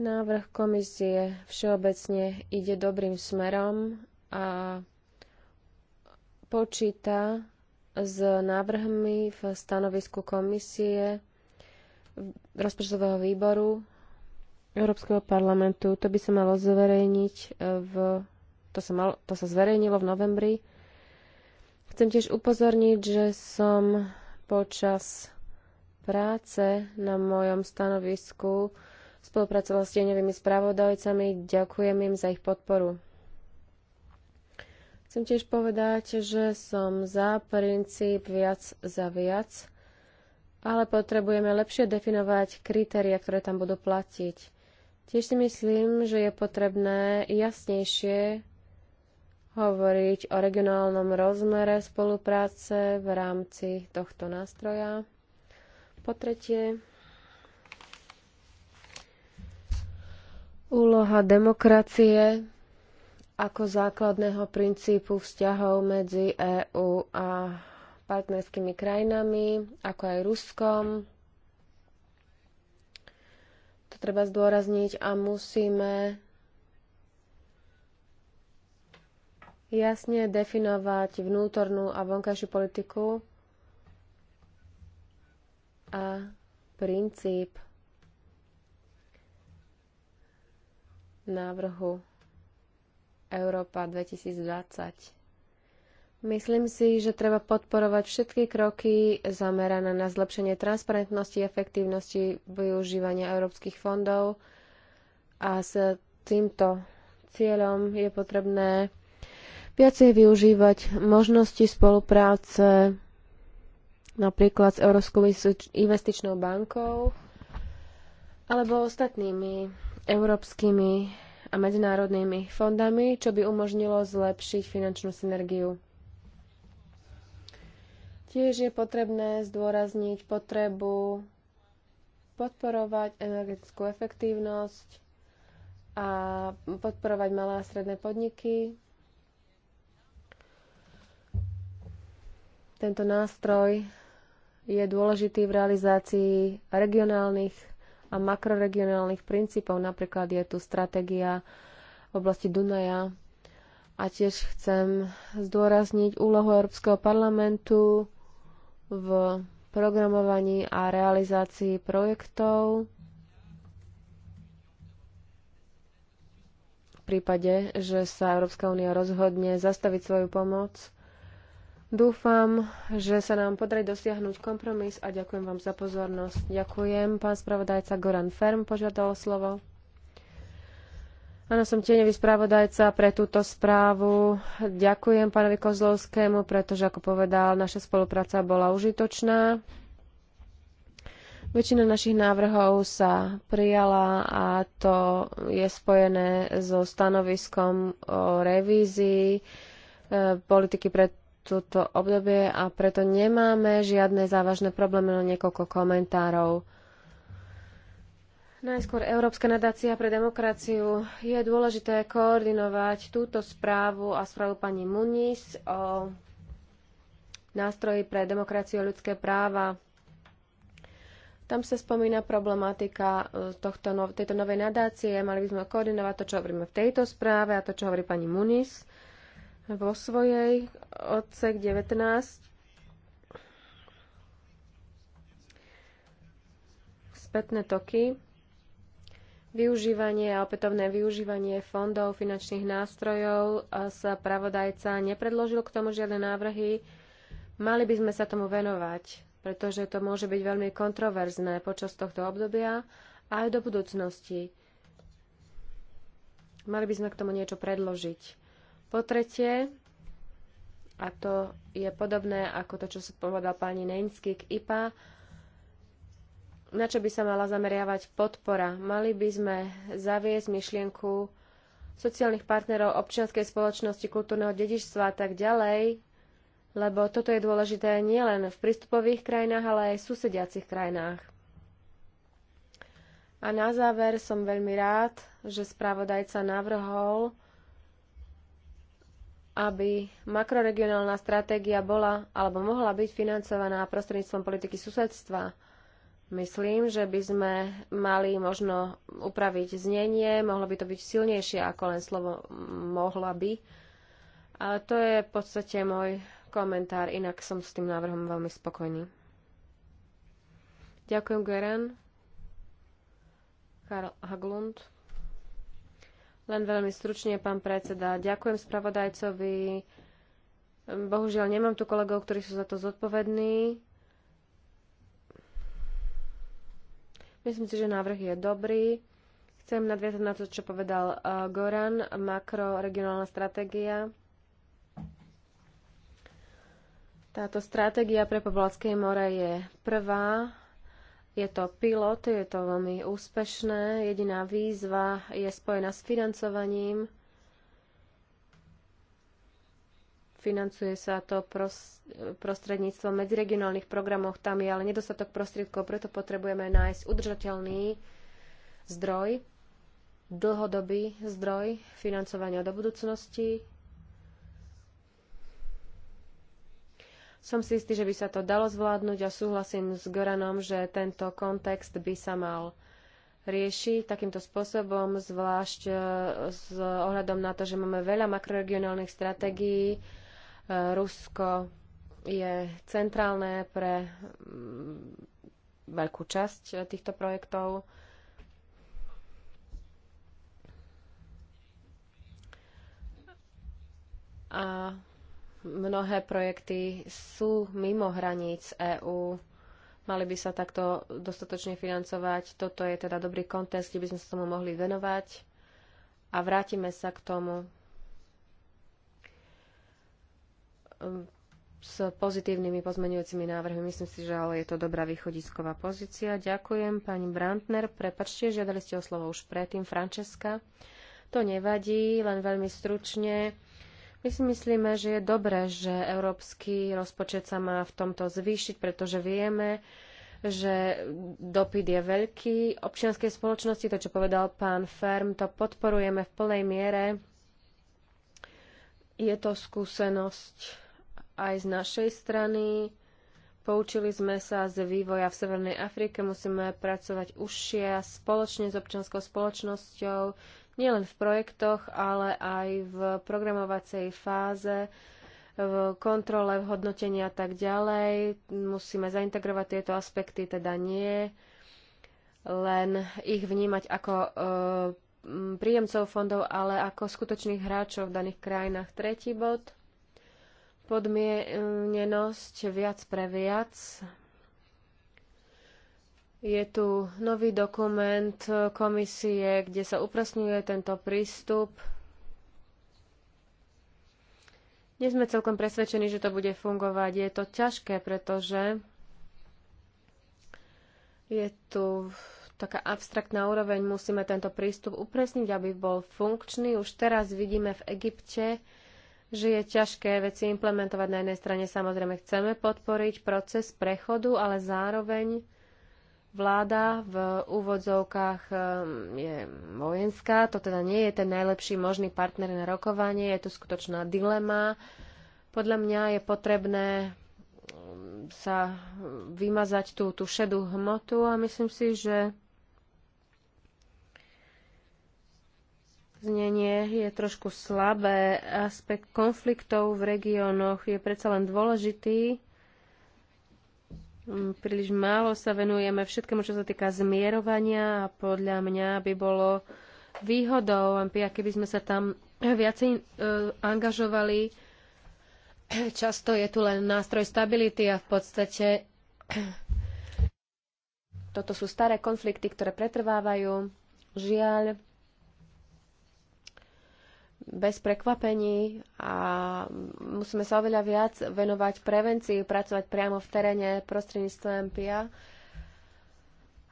Speaker 2: Návrh komisie všeobecne ide dobrým smerom a počíta s návrhmi v stanovisku komisie rozpočtového výboru Európskeho parlamentu. To by sa malo zverejniť e, v, to, sa malo, to sa zverejnilo v novembri. Chcem tiež upozorniť, že som počas práce na mojom stanovisku spolupracovala s tieňovými spravodajcami. Ďakujem im za ich podporu. Chcem tiež povedať, že som za princíp viac za viac, ale potrebujeme lepšie definovať kritéria, ktoré tam budú platiť. Tiež si myslím, že je potrebné jasnejšie hovoriť o regionálnom rozmere spolupráce v rámci tohto nástroja. Po tretie, úloha demokracie ako základného princípu vzťahov medzi EÚ a partnerskými krajinami, ako aj Ruskom. To treba zdôrazniť a musíme jasne definovať vnútornú a vonkajšiu politiku a princíp návrhu Európa 2020. Myslím si, že treba podporovať všetky kroky zamerané na zlepšenie transparentnosti, a efektívnosti využívania európskych fondov a s týmto cieľom je potrebné viacej využívať možnosti spolupráce napríklad s Európskou investičnou bankou alebo ostatnými európskymi a medzinárodnými fondami, čo by umožnilo zlepšiť finančnú synergiu. Tiež je potrebné zdôrazniť potrebu podporovať energetickú efektívnosť a podporovať malé a stredné podniky. Tento nástroj je dôležitý v realizácii regionálnych a makroregionálnych princípov. Napríklad je tu stratégia v oblasti Dunaja a tiež chcem zdôrazniť úlohu Európskeho parlamentu v programovaní a realizácii projektov. V prípade, že sa Európska únia rozhodne zastaviť svoju pomoc Dúfam, že sa nám podarí dosiahnuť kompromis a ďakujem vám za pozornosť. Ďakujem. Pán spravodajca Goran Ferm požiadal slovo. Áno, som tieňový spravodajca pre túto správu. Ďakujem pánovi Kozlovskému, pretože, ako povedal, naša spolupráca bola užitočná. Väčšina našich návrhov sa prijala a to je spojené so stanoviskom o revízii eh, politiky pred toto obdobie a preto nemáme žiadne závažné problémy, len niekoľko komentárov. Najskôr Európska nadácia pre demokraciu. Je dôležité koordinovať túto správu a správu pani Muniz o nástroji pre demokraciu a ľudské práva. Tam sa spomína problematika e, tohto, tejto novej nadácie. Mali by sme koordinovať to, čo hovoríme v tejto správe a to, čo hovorí pani Muniz vo svojej odsek 19 spätné toky, využívanie a opätovné využívanie fondov, finančných nástrojov sa pravodajca nepredložil k tomu žiadne návrhy. Mali by sme sa tomu venovať, pretože to môže byť veľmi kontroverzné počas tohto obdobia a aj do budúcnosti. Mali by sme k tomu niečo predložiť. Po tretie, a to je podobné ako to, čo sa povedal pani Neinsky k IPA, na čo by sa mala zameriavať podpora. Mali by sme zaviesť myšlienku sociálnych partnerov, občianskej spoločnosti, kultúrneho dedičstva a tak ďalej, lebo toto je dôležité nielen v prístupových krajinách, ale aj v susediacich krajinách. A na záver som veľmi rád, že spravodajca navrhol aby makroregionálna stratégia bola alebo mohla byť financovaná prostredníctvom politiky susedstva. Myslím, že by sme mali možno upraviť znenie, mohlo by to byť silnejšie ako len slovo mohla by. Ale to je v podstate môj komentár, inak som s tým návrhom veľmi spokojný. Ďakujem, Geren. Karl Haglund. Len veľmi stručne, pán predseda. Ďakujem spravodajcovi. Bohužiaľ, nemám tu kolegov, ktorí sú za to zodpovední. Myslím si, že návrh je dobrý. Chcem nadviazať na to, čo povedal uh, Goran, makroregionálna stratégia. Táto stratégia pre Pobalské more je prvá je to pilot, je to veľmi úspešné. Jediná výzva je spojená s financovaním. Financuje sa to prostredníctvom medziregionálnych programov. Tam je ale nedostatok prostriedkov, preto potrebujeme nájsť udržateľný zdroj, dlhodobý zdroj financovania do budúcnosti. Som si istý, že by sa to dalo zvládnuť a súhlasím s Goranom, že tento kontext by sa mal riešiť takýmto spôsobom, zvlášť e, s ohľadom na to, že máme veľa makroregionálnych stratégií. E, Rusko je centrálne pre mm, veľkú časť e, týchto projektov. A Mnohé projekty sú mimo hraníc EÚ, mali by sa takto dostatočne financovať. Toto je teda dobrý kontest, kde by sme sa tomu mohli venovať a vrátime sa k tomu ehm, s pozitívnymi pozmenujúcimi návrhmi. Myslím si, že ale je to dobrá východisková pozícia. Ďakujem, pani Brandner. Prepačte, žiadali ste o slovo už predtým. Frančeska. To nevadí, len veľmi stručne. My si myslíme, že je dobré, že európsky rozpočet sa má v tomto zvýšiť, pretože vieme, že dopyt je veľký. Občianskej spoločnosti, to čo povedal pán Ferm, to podporujeme v plnej miere. Je to skúsenosť aj z našej strany Poučili sme sa z vývoja v Severnej Afrike, musíme pracovať užšie spoločne s občianskou spoločnosťou, nielen v projektoch, ale aj v programovacej fáze, v kontrole, v hodnotení a tak ďalej. Musíme zaintegrovať tieto aspekty, teda nie len ich vnímať ako e, príjemcov fondov, ale ako skutočných hráčov v daných krajinách. Tretí bod – podmienenosť viac pre viac. Je tu nový dokument komisie, kde sa uprasňuje tento prístup. Nie sme celkom presvedčení, že to bude fungovať. Je to ťažké, pretože je tu taká abstraktná úroveň. Musíme tento prístup upresniť, aby bol funkčný. Už teraz vidíme v Egypte, že je ťažké veci implementovať. Na jednej strane samozrejme chceme podporiť proces prechodu, ale zároveň vláda v úvodzovkách ehm, je vojenská. To teda nie je ten najlepší možný partner na rokovanie. Je to skutočná dilema. Podľa mňa je potrebné ehm, sa vymazať tú, tú šedú hmotu a myslím si, že znenie je trošku slabé. Aspekt konfliktov v regiónoch je predsa len dôležitý. Mm, príliš málo sa venujeme všetkému, čo sa týka zmierovania a podľa mňa by bolo výhodou, keby sme sa tam viacej e, angažovali. Často je tu len nástroj stability a v podstate toto sú staré konflikty, ktoré pretrvávajú. Žiaľ, bez prekvapení a musíme sa oveľa viac venovať prevencii, pracovať priamo v teréne prostredníctvom MPA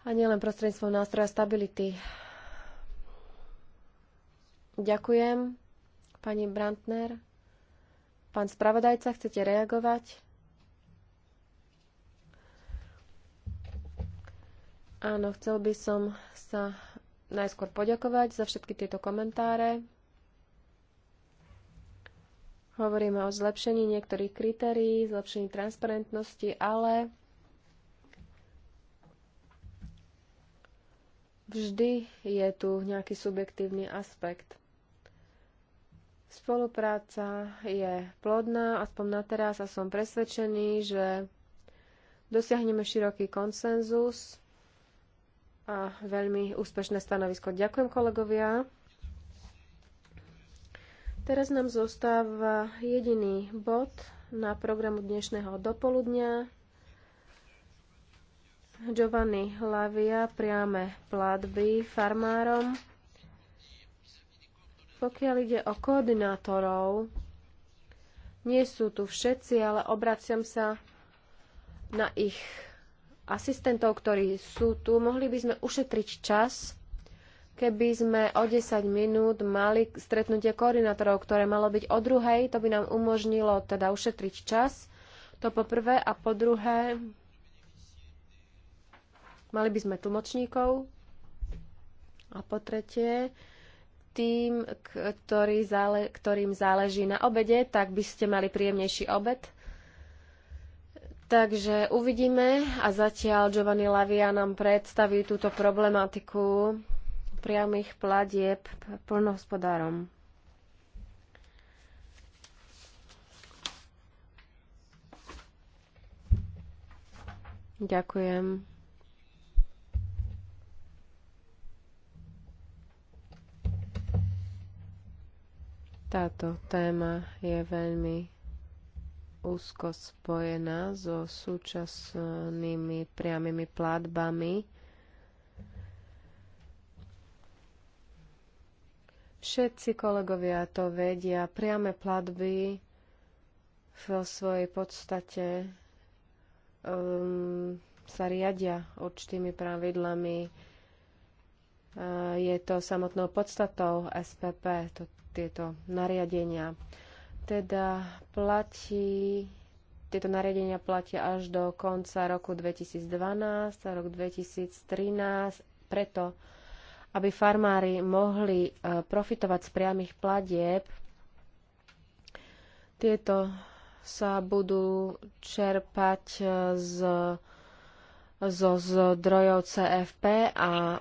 Speaker 2: a nielen prostredníctvom nástroja stability. Ďakujem, pani Brantner. Pán spravodajca, chcete reagovať? Áno, chcel by som sa najskôr poďakovať za všetky tieto komentáre. Hovoríme o zlepšení niektorých kritérií, zlepšení transparentnosti, ale vždy je tu nejaký subjektívny aspekt. Spolupráca je plodná, aspoň na teraz a som presvedčený, že dosiahneme široký konsenzus a veľmi úspešné stanovisko. Ďakujem kolegovia. Teraz nám zostáva jediný bod na programu dnešného dopoludnia. Giovanni Lavia, priame platby farmárom. Pokiaľ ide o koordinátorov, nie sú tu všetci, ale obraciam sa na ich asistentov, ktorí sú tu. Mohli by sme ušetriť čas keby sme o 10 minút mali stretnutie koordinátorov, ktoré malo byť o druhej, to by nám umožnilo teda ušetriť čas. To po prvé a po druhé mali by sme tlmočníkov a po tretie tým, ktorý zále, ktorým záleží na obede, tak by ste mali príjemnejší obed. Takže uvidíme a zatiaľ Giovanni Lavia nám predstaví túto problematiku priamých pladieb plnohospodárom. Ďakujem. Táto téma je veľmi úzko spojená so súčasnými priamými platbami Všetci kolegovia to vedia. Priame platby vo svojej podstate um, sa riadia určitými pravidlami. Uh, je to samotnou podstatou SPP, to, tieto nariadenia. Teda platí, tieto nariadenia platia až do konca roku 2012 a rok 2013, preto aby farmári mohli e, profitovať z priamých platieb. Tieto sa budú čerpať e, z, zo zdrojov CFP a e,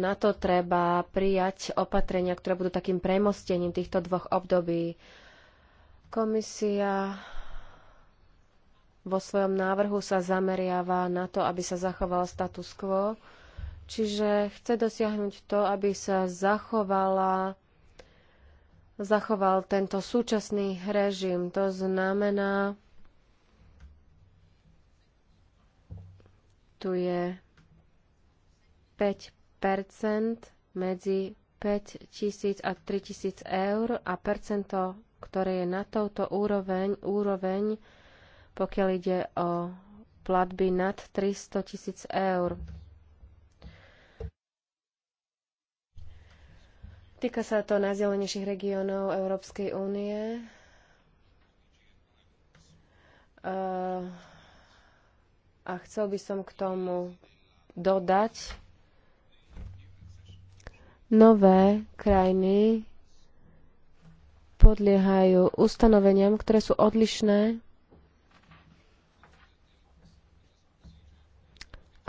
Speaker 2: na to treba prijať opatrenia, ktoré budú takým premostením týchto dvoch období. Komisia vo svojom návrhu sa zameriava na to, aby sa zachoval status quo Čiže chce dosiahnuť to, aby sa zachovala zachoval tento súčasný režim. To znamená, tu je 5 medzi 5000 a 3000 eur a percento, ktoré je na touto úroveň, úroveň pokiaľ ide o platby nad 300 tisíc eur. Týka sa to najzdelenejších regiónov Európskej únie. Eh, a chcel by som k tomu dodať nové krajiny podliehajú ustanoveniam, ktoré sú odlišné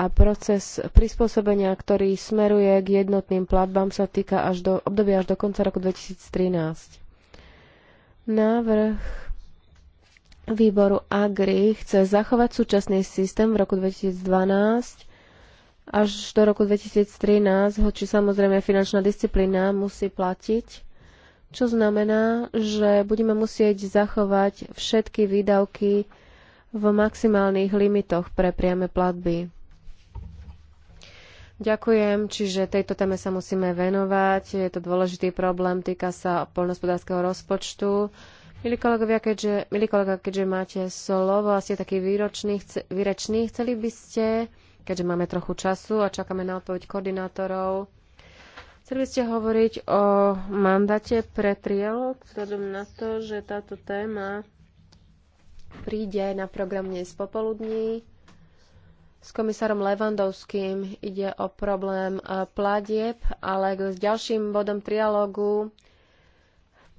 Speaker 2: a proces prispôsobenia, ktorý smeruje k jednotným platbám, sa týka až do, obdobia až do konca roku 2013. Návrh výboru AGRI chce zachovať súčasný systém v roku 2012 až do roku 2013, hoči samozrejme finančná disciplína musí platiť, čo znamená, že budeme musieť zachovať všetky výdavky v maximálnych limitoch pre priame platby. Ďakujem, čiže tejto téme sa musíme venovať. Je to dôležitý problém, týka sa poľnohospodárskeho rozpočtu. Milí kolegovia, keďže, milí kolega, keďže máte slovo a ste taký výročný, chce, výrečný, chceli by ste, keďže máme trochu času a čakáme na odpoveď koordinátorov, chceli by ste hovoriť o mandáte pre trialog, vzhľadom na to, že táto téma príde na program dnes popoludní s komisárom Levandovským. Ide o problém e, pladieb, ale s ďalším bodom trialógu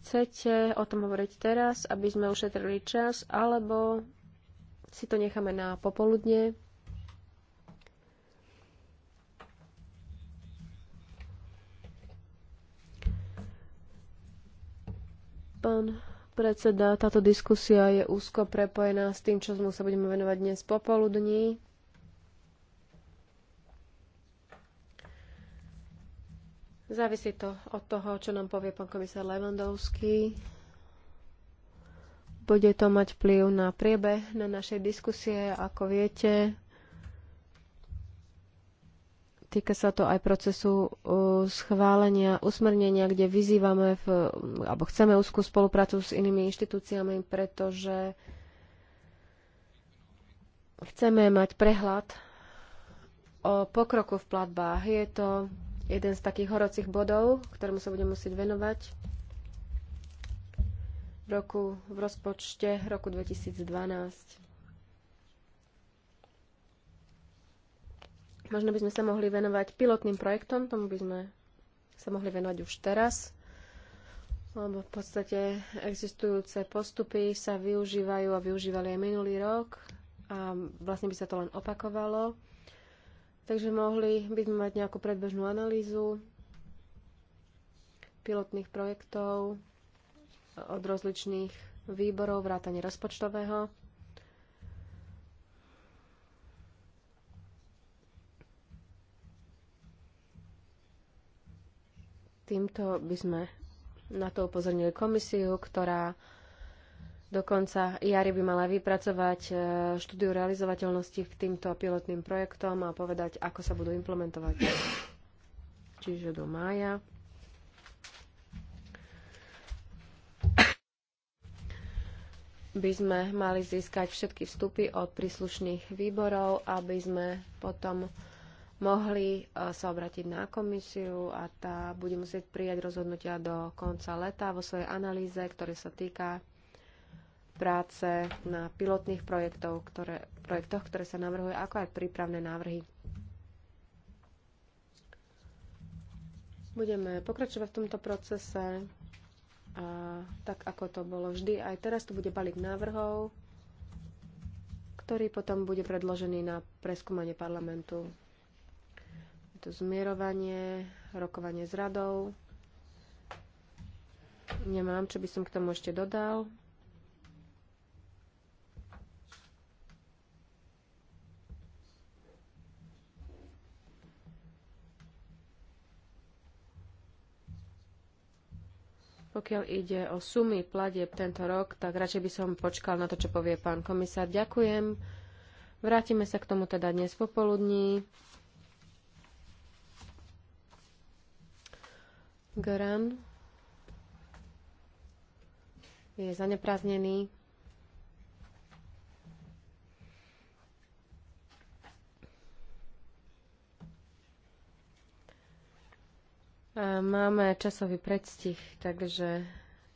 Speaker 2: chcete o tom hovoriť teraz, aby sme ušetrili čas, alebo si to necháme na popoludne? Pán predseda, táto diskusia je úzko prepojená s tým, čo sme sa budeme venovať dnes popoludní. Závisí to od toho, čo nám povie pán komisár Levandovský. Bude to mať vplyv na priebeh na našej diskusie, ako viete. Týka sa to aj procesu uh, schválenia usmernenia, kde vyzývame, v, alebo chceme úzkú spoluprácu s inými inštitúciami, pretože chceme mať prehľad o pokroku v platbách. Je to jeden z takých horocich bodov, ktorému sa budem musieť venovať v, roku, v rozpočte roku 2012. Možno by sme sa mohli venovať pilotným projektom, tomu by sme sa mohli venovať už teraz, lebo v podstate existujúce postupy sa využívajú a využívali aj minulý rok a vlastne by sa to len opakovalo. Takže mohli by sme mať nejakú predbežnú analýzu pilotných projektov od rozličných výborov, vrátane rozpočtového. Týmto by sme na to upozornili komisiu, ktorá do konca jary by mala vypracovať e, štúdiu realizovateľnosti k týmto pilotným projektom a povedať, ako sa budú implementovať. Čiže do mája. by sme mali získať všetky vstupy od príslušných výborov, aby sme potom mohli e, sa obratiť na komisiu a tá bude musieť prijať rozhodnutia do konca leta vo svojej analýze, ktoré sa týka práce na pilotných projektov, ktoré, projektoch, ktoré sa navrhujú, ako aj prípravné návrhy. Budeme pokračovať v tomto procese a tak, ako to bolo vždy. Aj teraz tu bude balík návrhov, ktorý potom bude predložený na preskúmanie parlamentu. Je to zmierovanie, rokovanie s radou. Nemám, čo by som k tomu ešte dodal. Pokiaľ ide o sumy platieb tento rok, tak radšej by som počkal na to, čo povie pán komisár. Ďakujem. Vrátime sa k tomu teda dnes popoludní. Goran je zaneprázdnený. Máme časový predstih, takže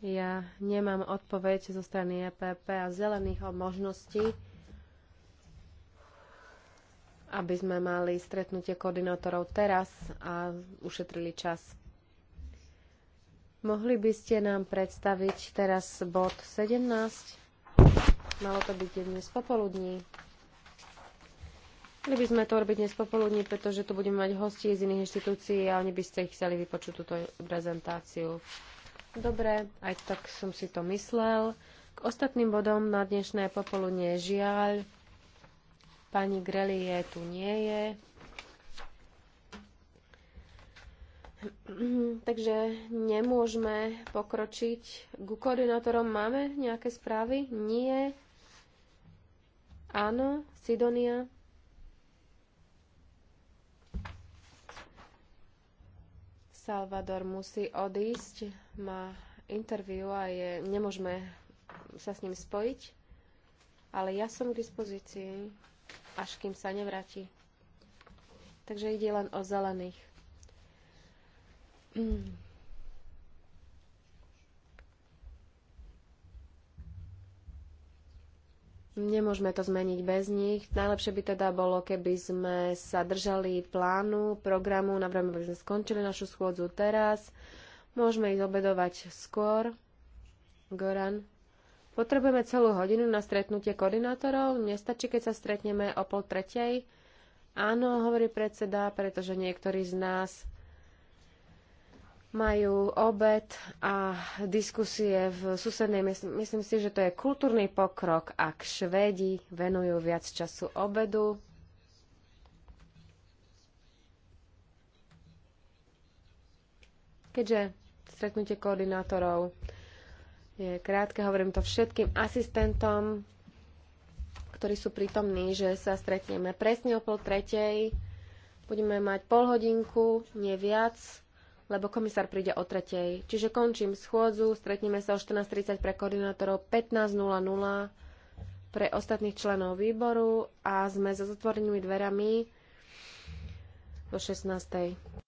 Speaker 2: ja nemám odpoveď zo strany EPP a zelených o možnosti, aby sme mali stretnutie koordinátorov teraz a ušetrili čas. Mohli by ste nám predstaviť teraz bod 17? Malo to byť dnes popoludní. Mali by sme to robiť dnes popoludní, pretože tu budeme mať hostí z iných inštitúcií a oni by ste chceli vypočuť túto prezentáciu. Dobre, aj tak som si to myslel. K ostatným bodom na dnešné popoludne žiaľ. Pani Grelie tu nie je. Takže nemôžeme pokročiť. Ku koordinátorom máme nejaké správy? Nie. Áno, Sidonia. Salvador musí odísť, má interviu a je, nemôžeme sa s ním spojiť, ale ja som k dispozícii, až kým sa nevráti. Takže ide len o zelených. Mm. Nemôžeme to zmeniť bez nich. Najlepšie by teda bolo, keby sme sa držali plánu, programu. napríklad aby sme skončili našu schôdzu teraz. Môžeme ísť obedovať skôr. Goran. Potrebujeme celú hodinu na stretnutie koordinátorov. Nestačí, keď sa stretneme o pol tretej. Áno, hovorí predseda, pretože niektorí z nás majú obed a diskusie v susednej. Myslím si, že to je kultúrny pokrok, ak Švédi venujú viac času obedu. Keďže stretnutie koordinátorov je krátke, hovorím to všetkým asistentom, ktorí sú prítomní, že sa stretneme presne o pol tretej. Budeme mať pol hodinku, nie viac lebo komisár príde o tretej. Čiže končím schôdzu, stretneme sa o 14.30 pre koordinátorov, 15.00 pre ostatných členov výboru a sme za zatvorenými dverami do 16.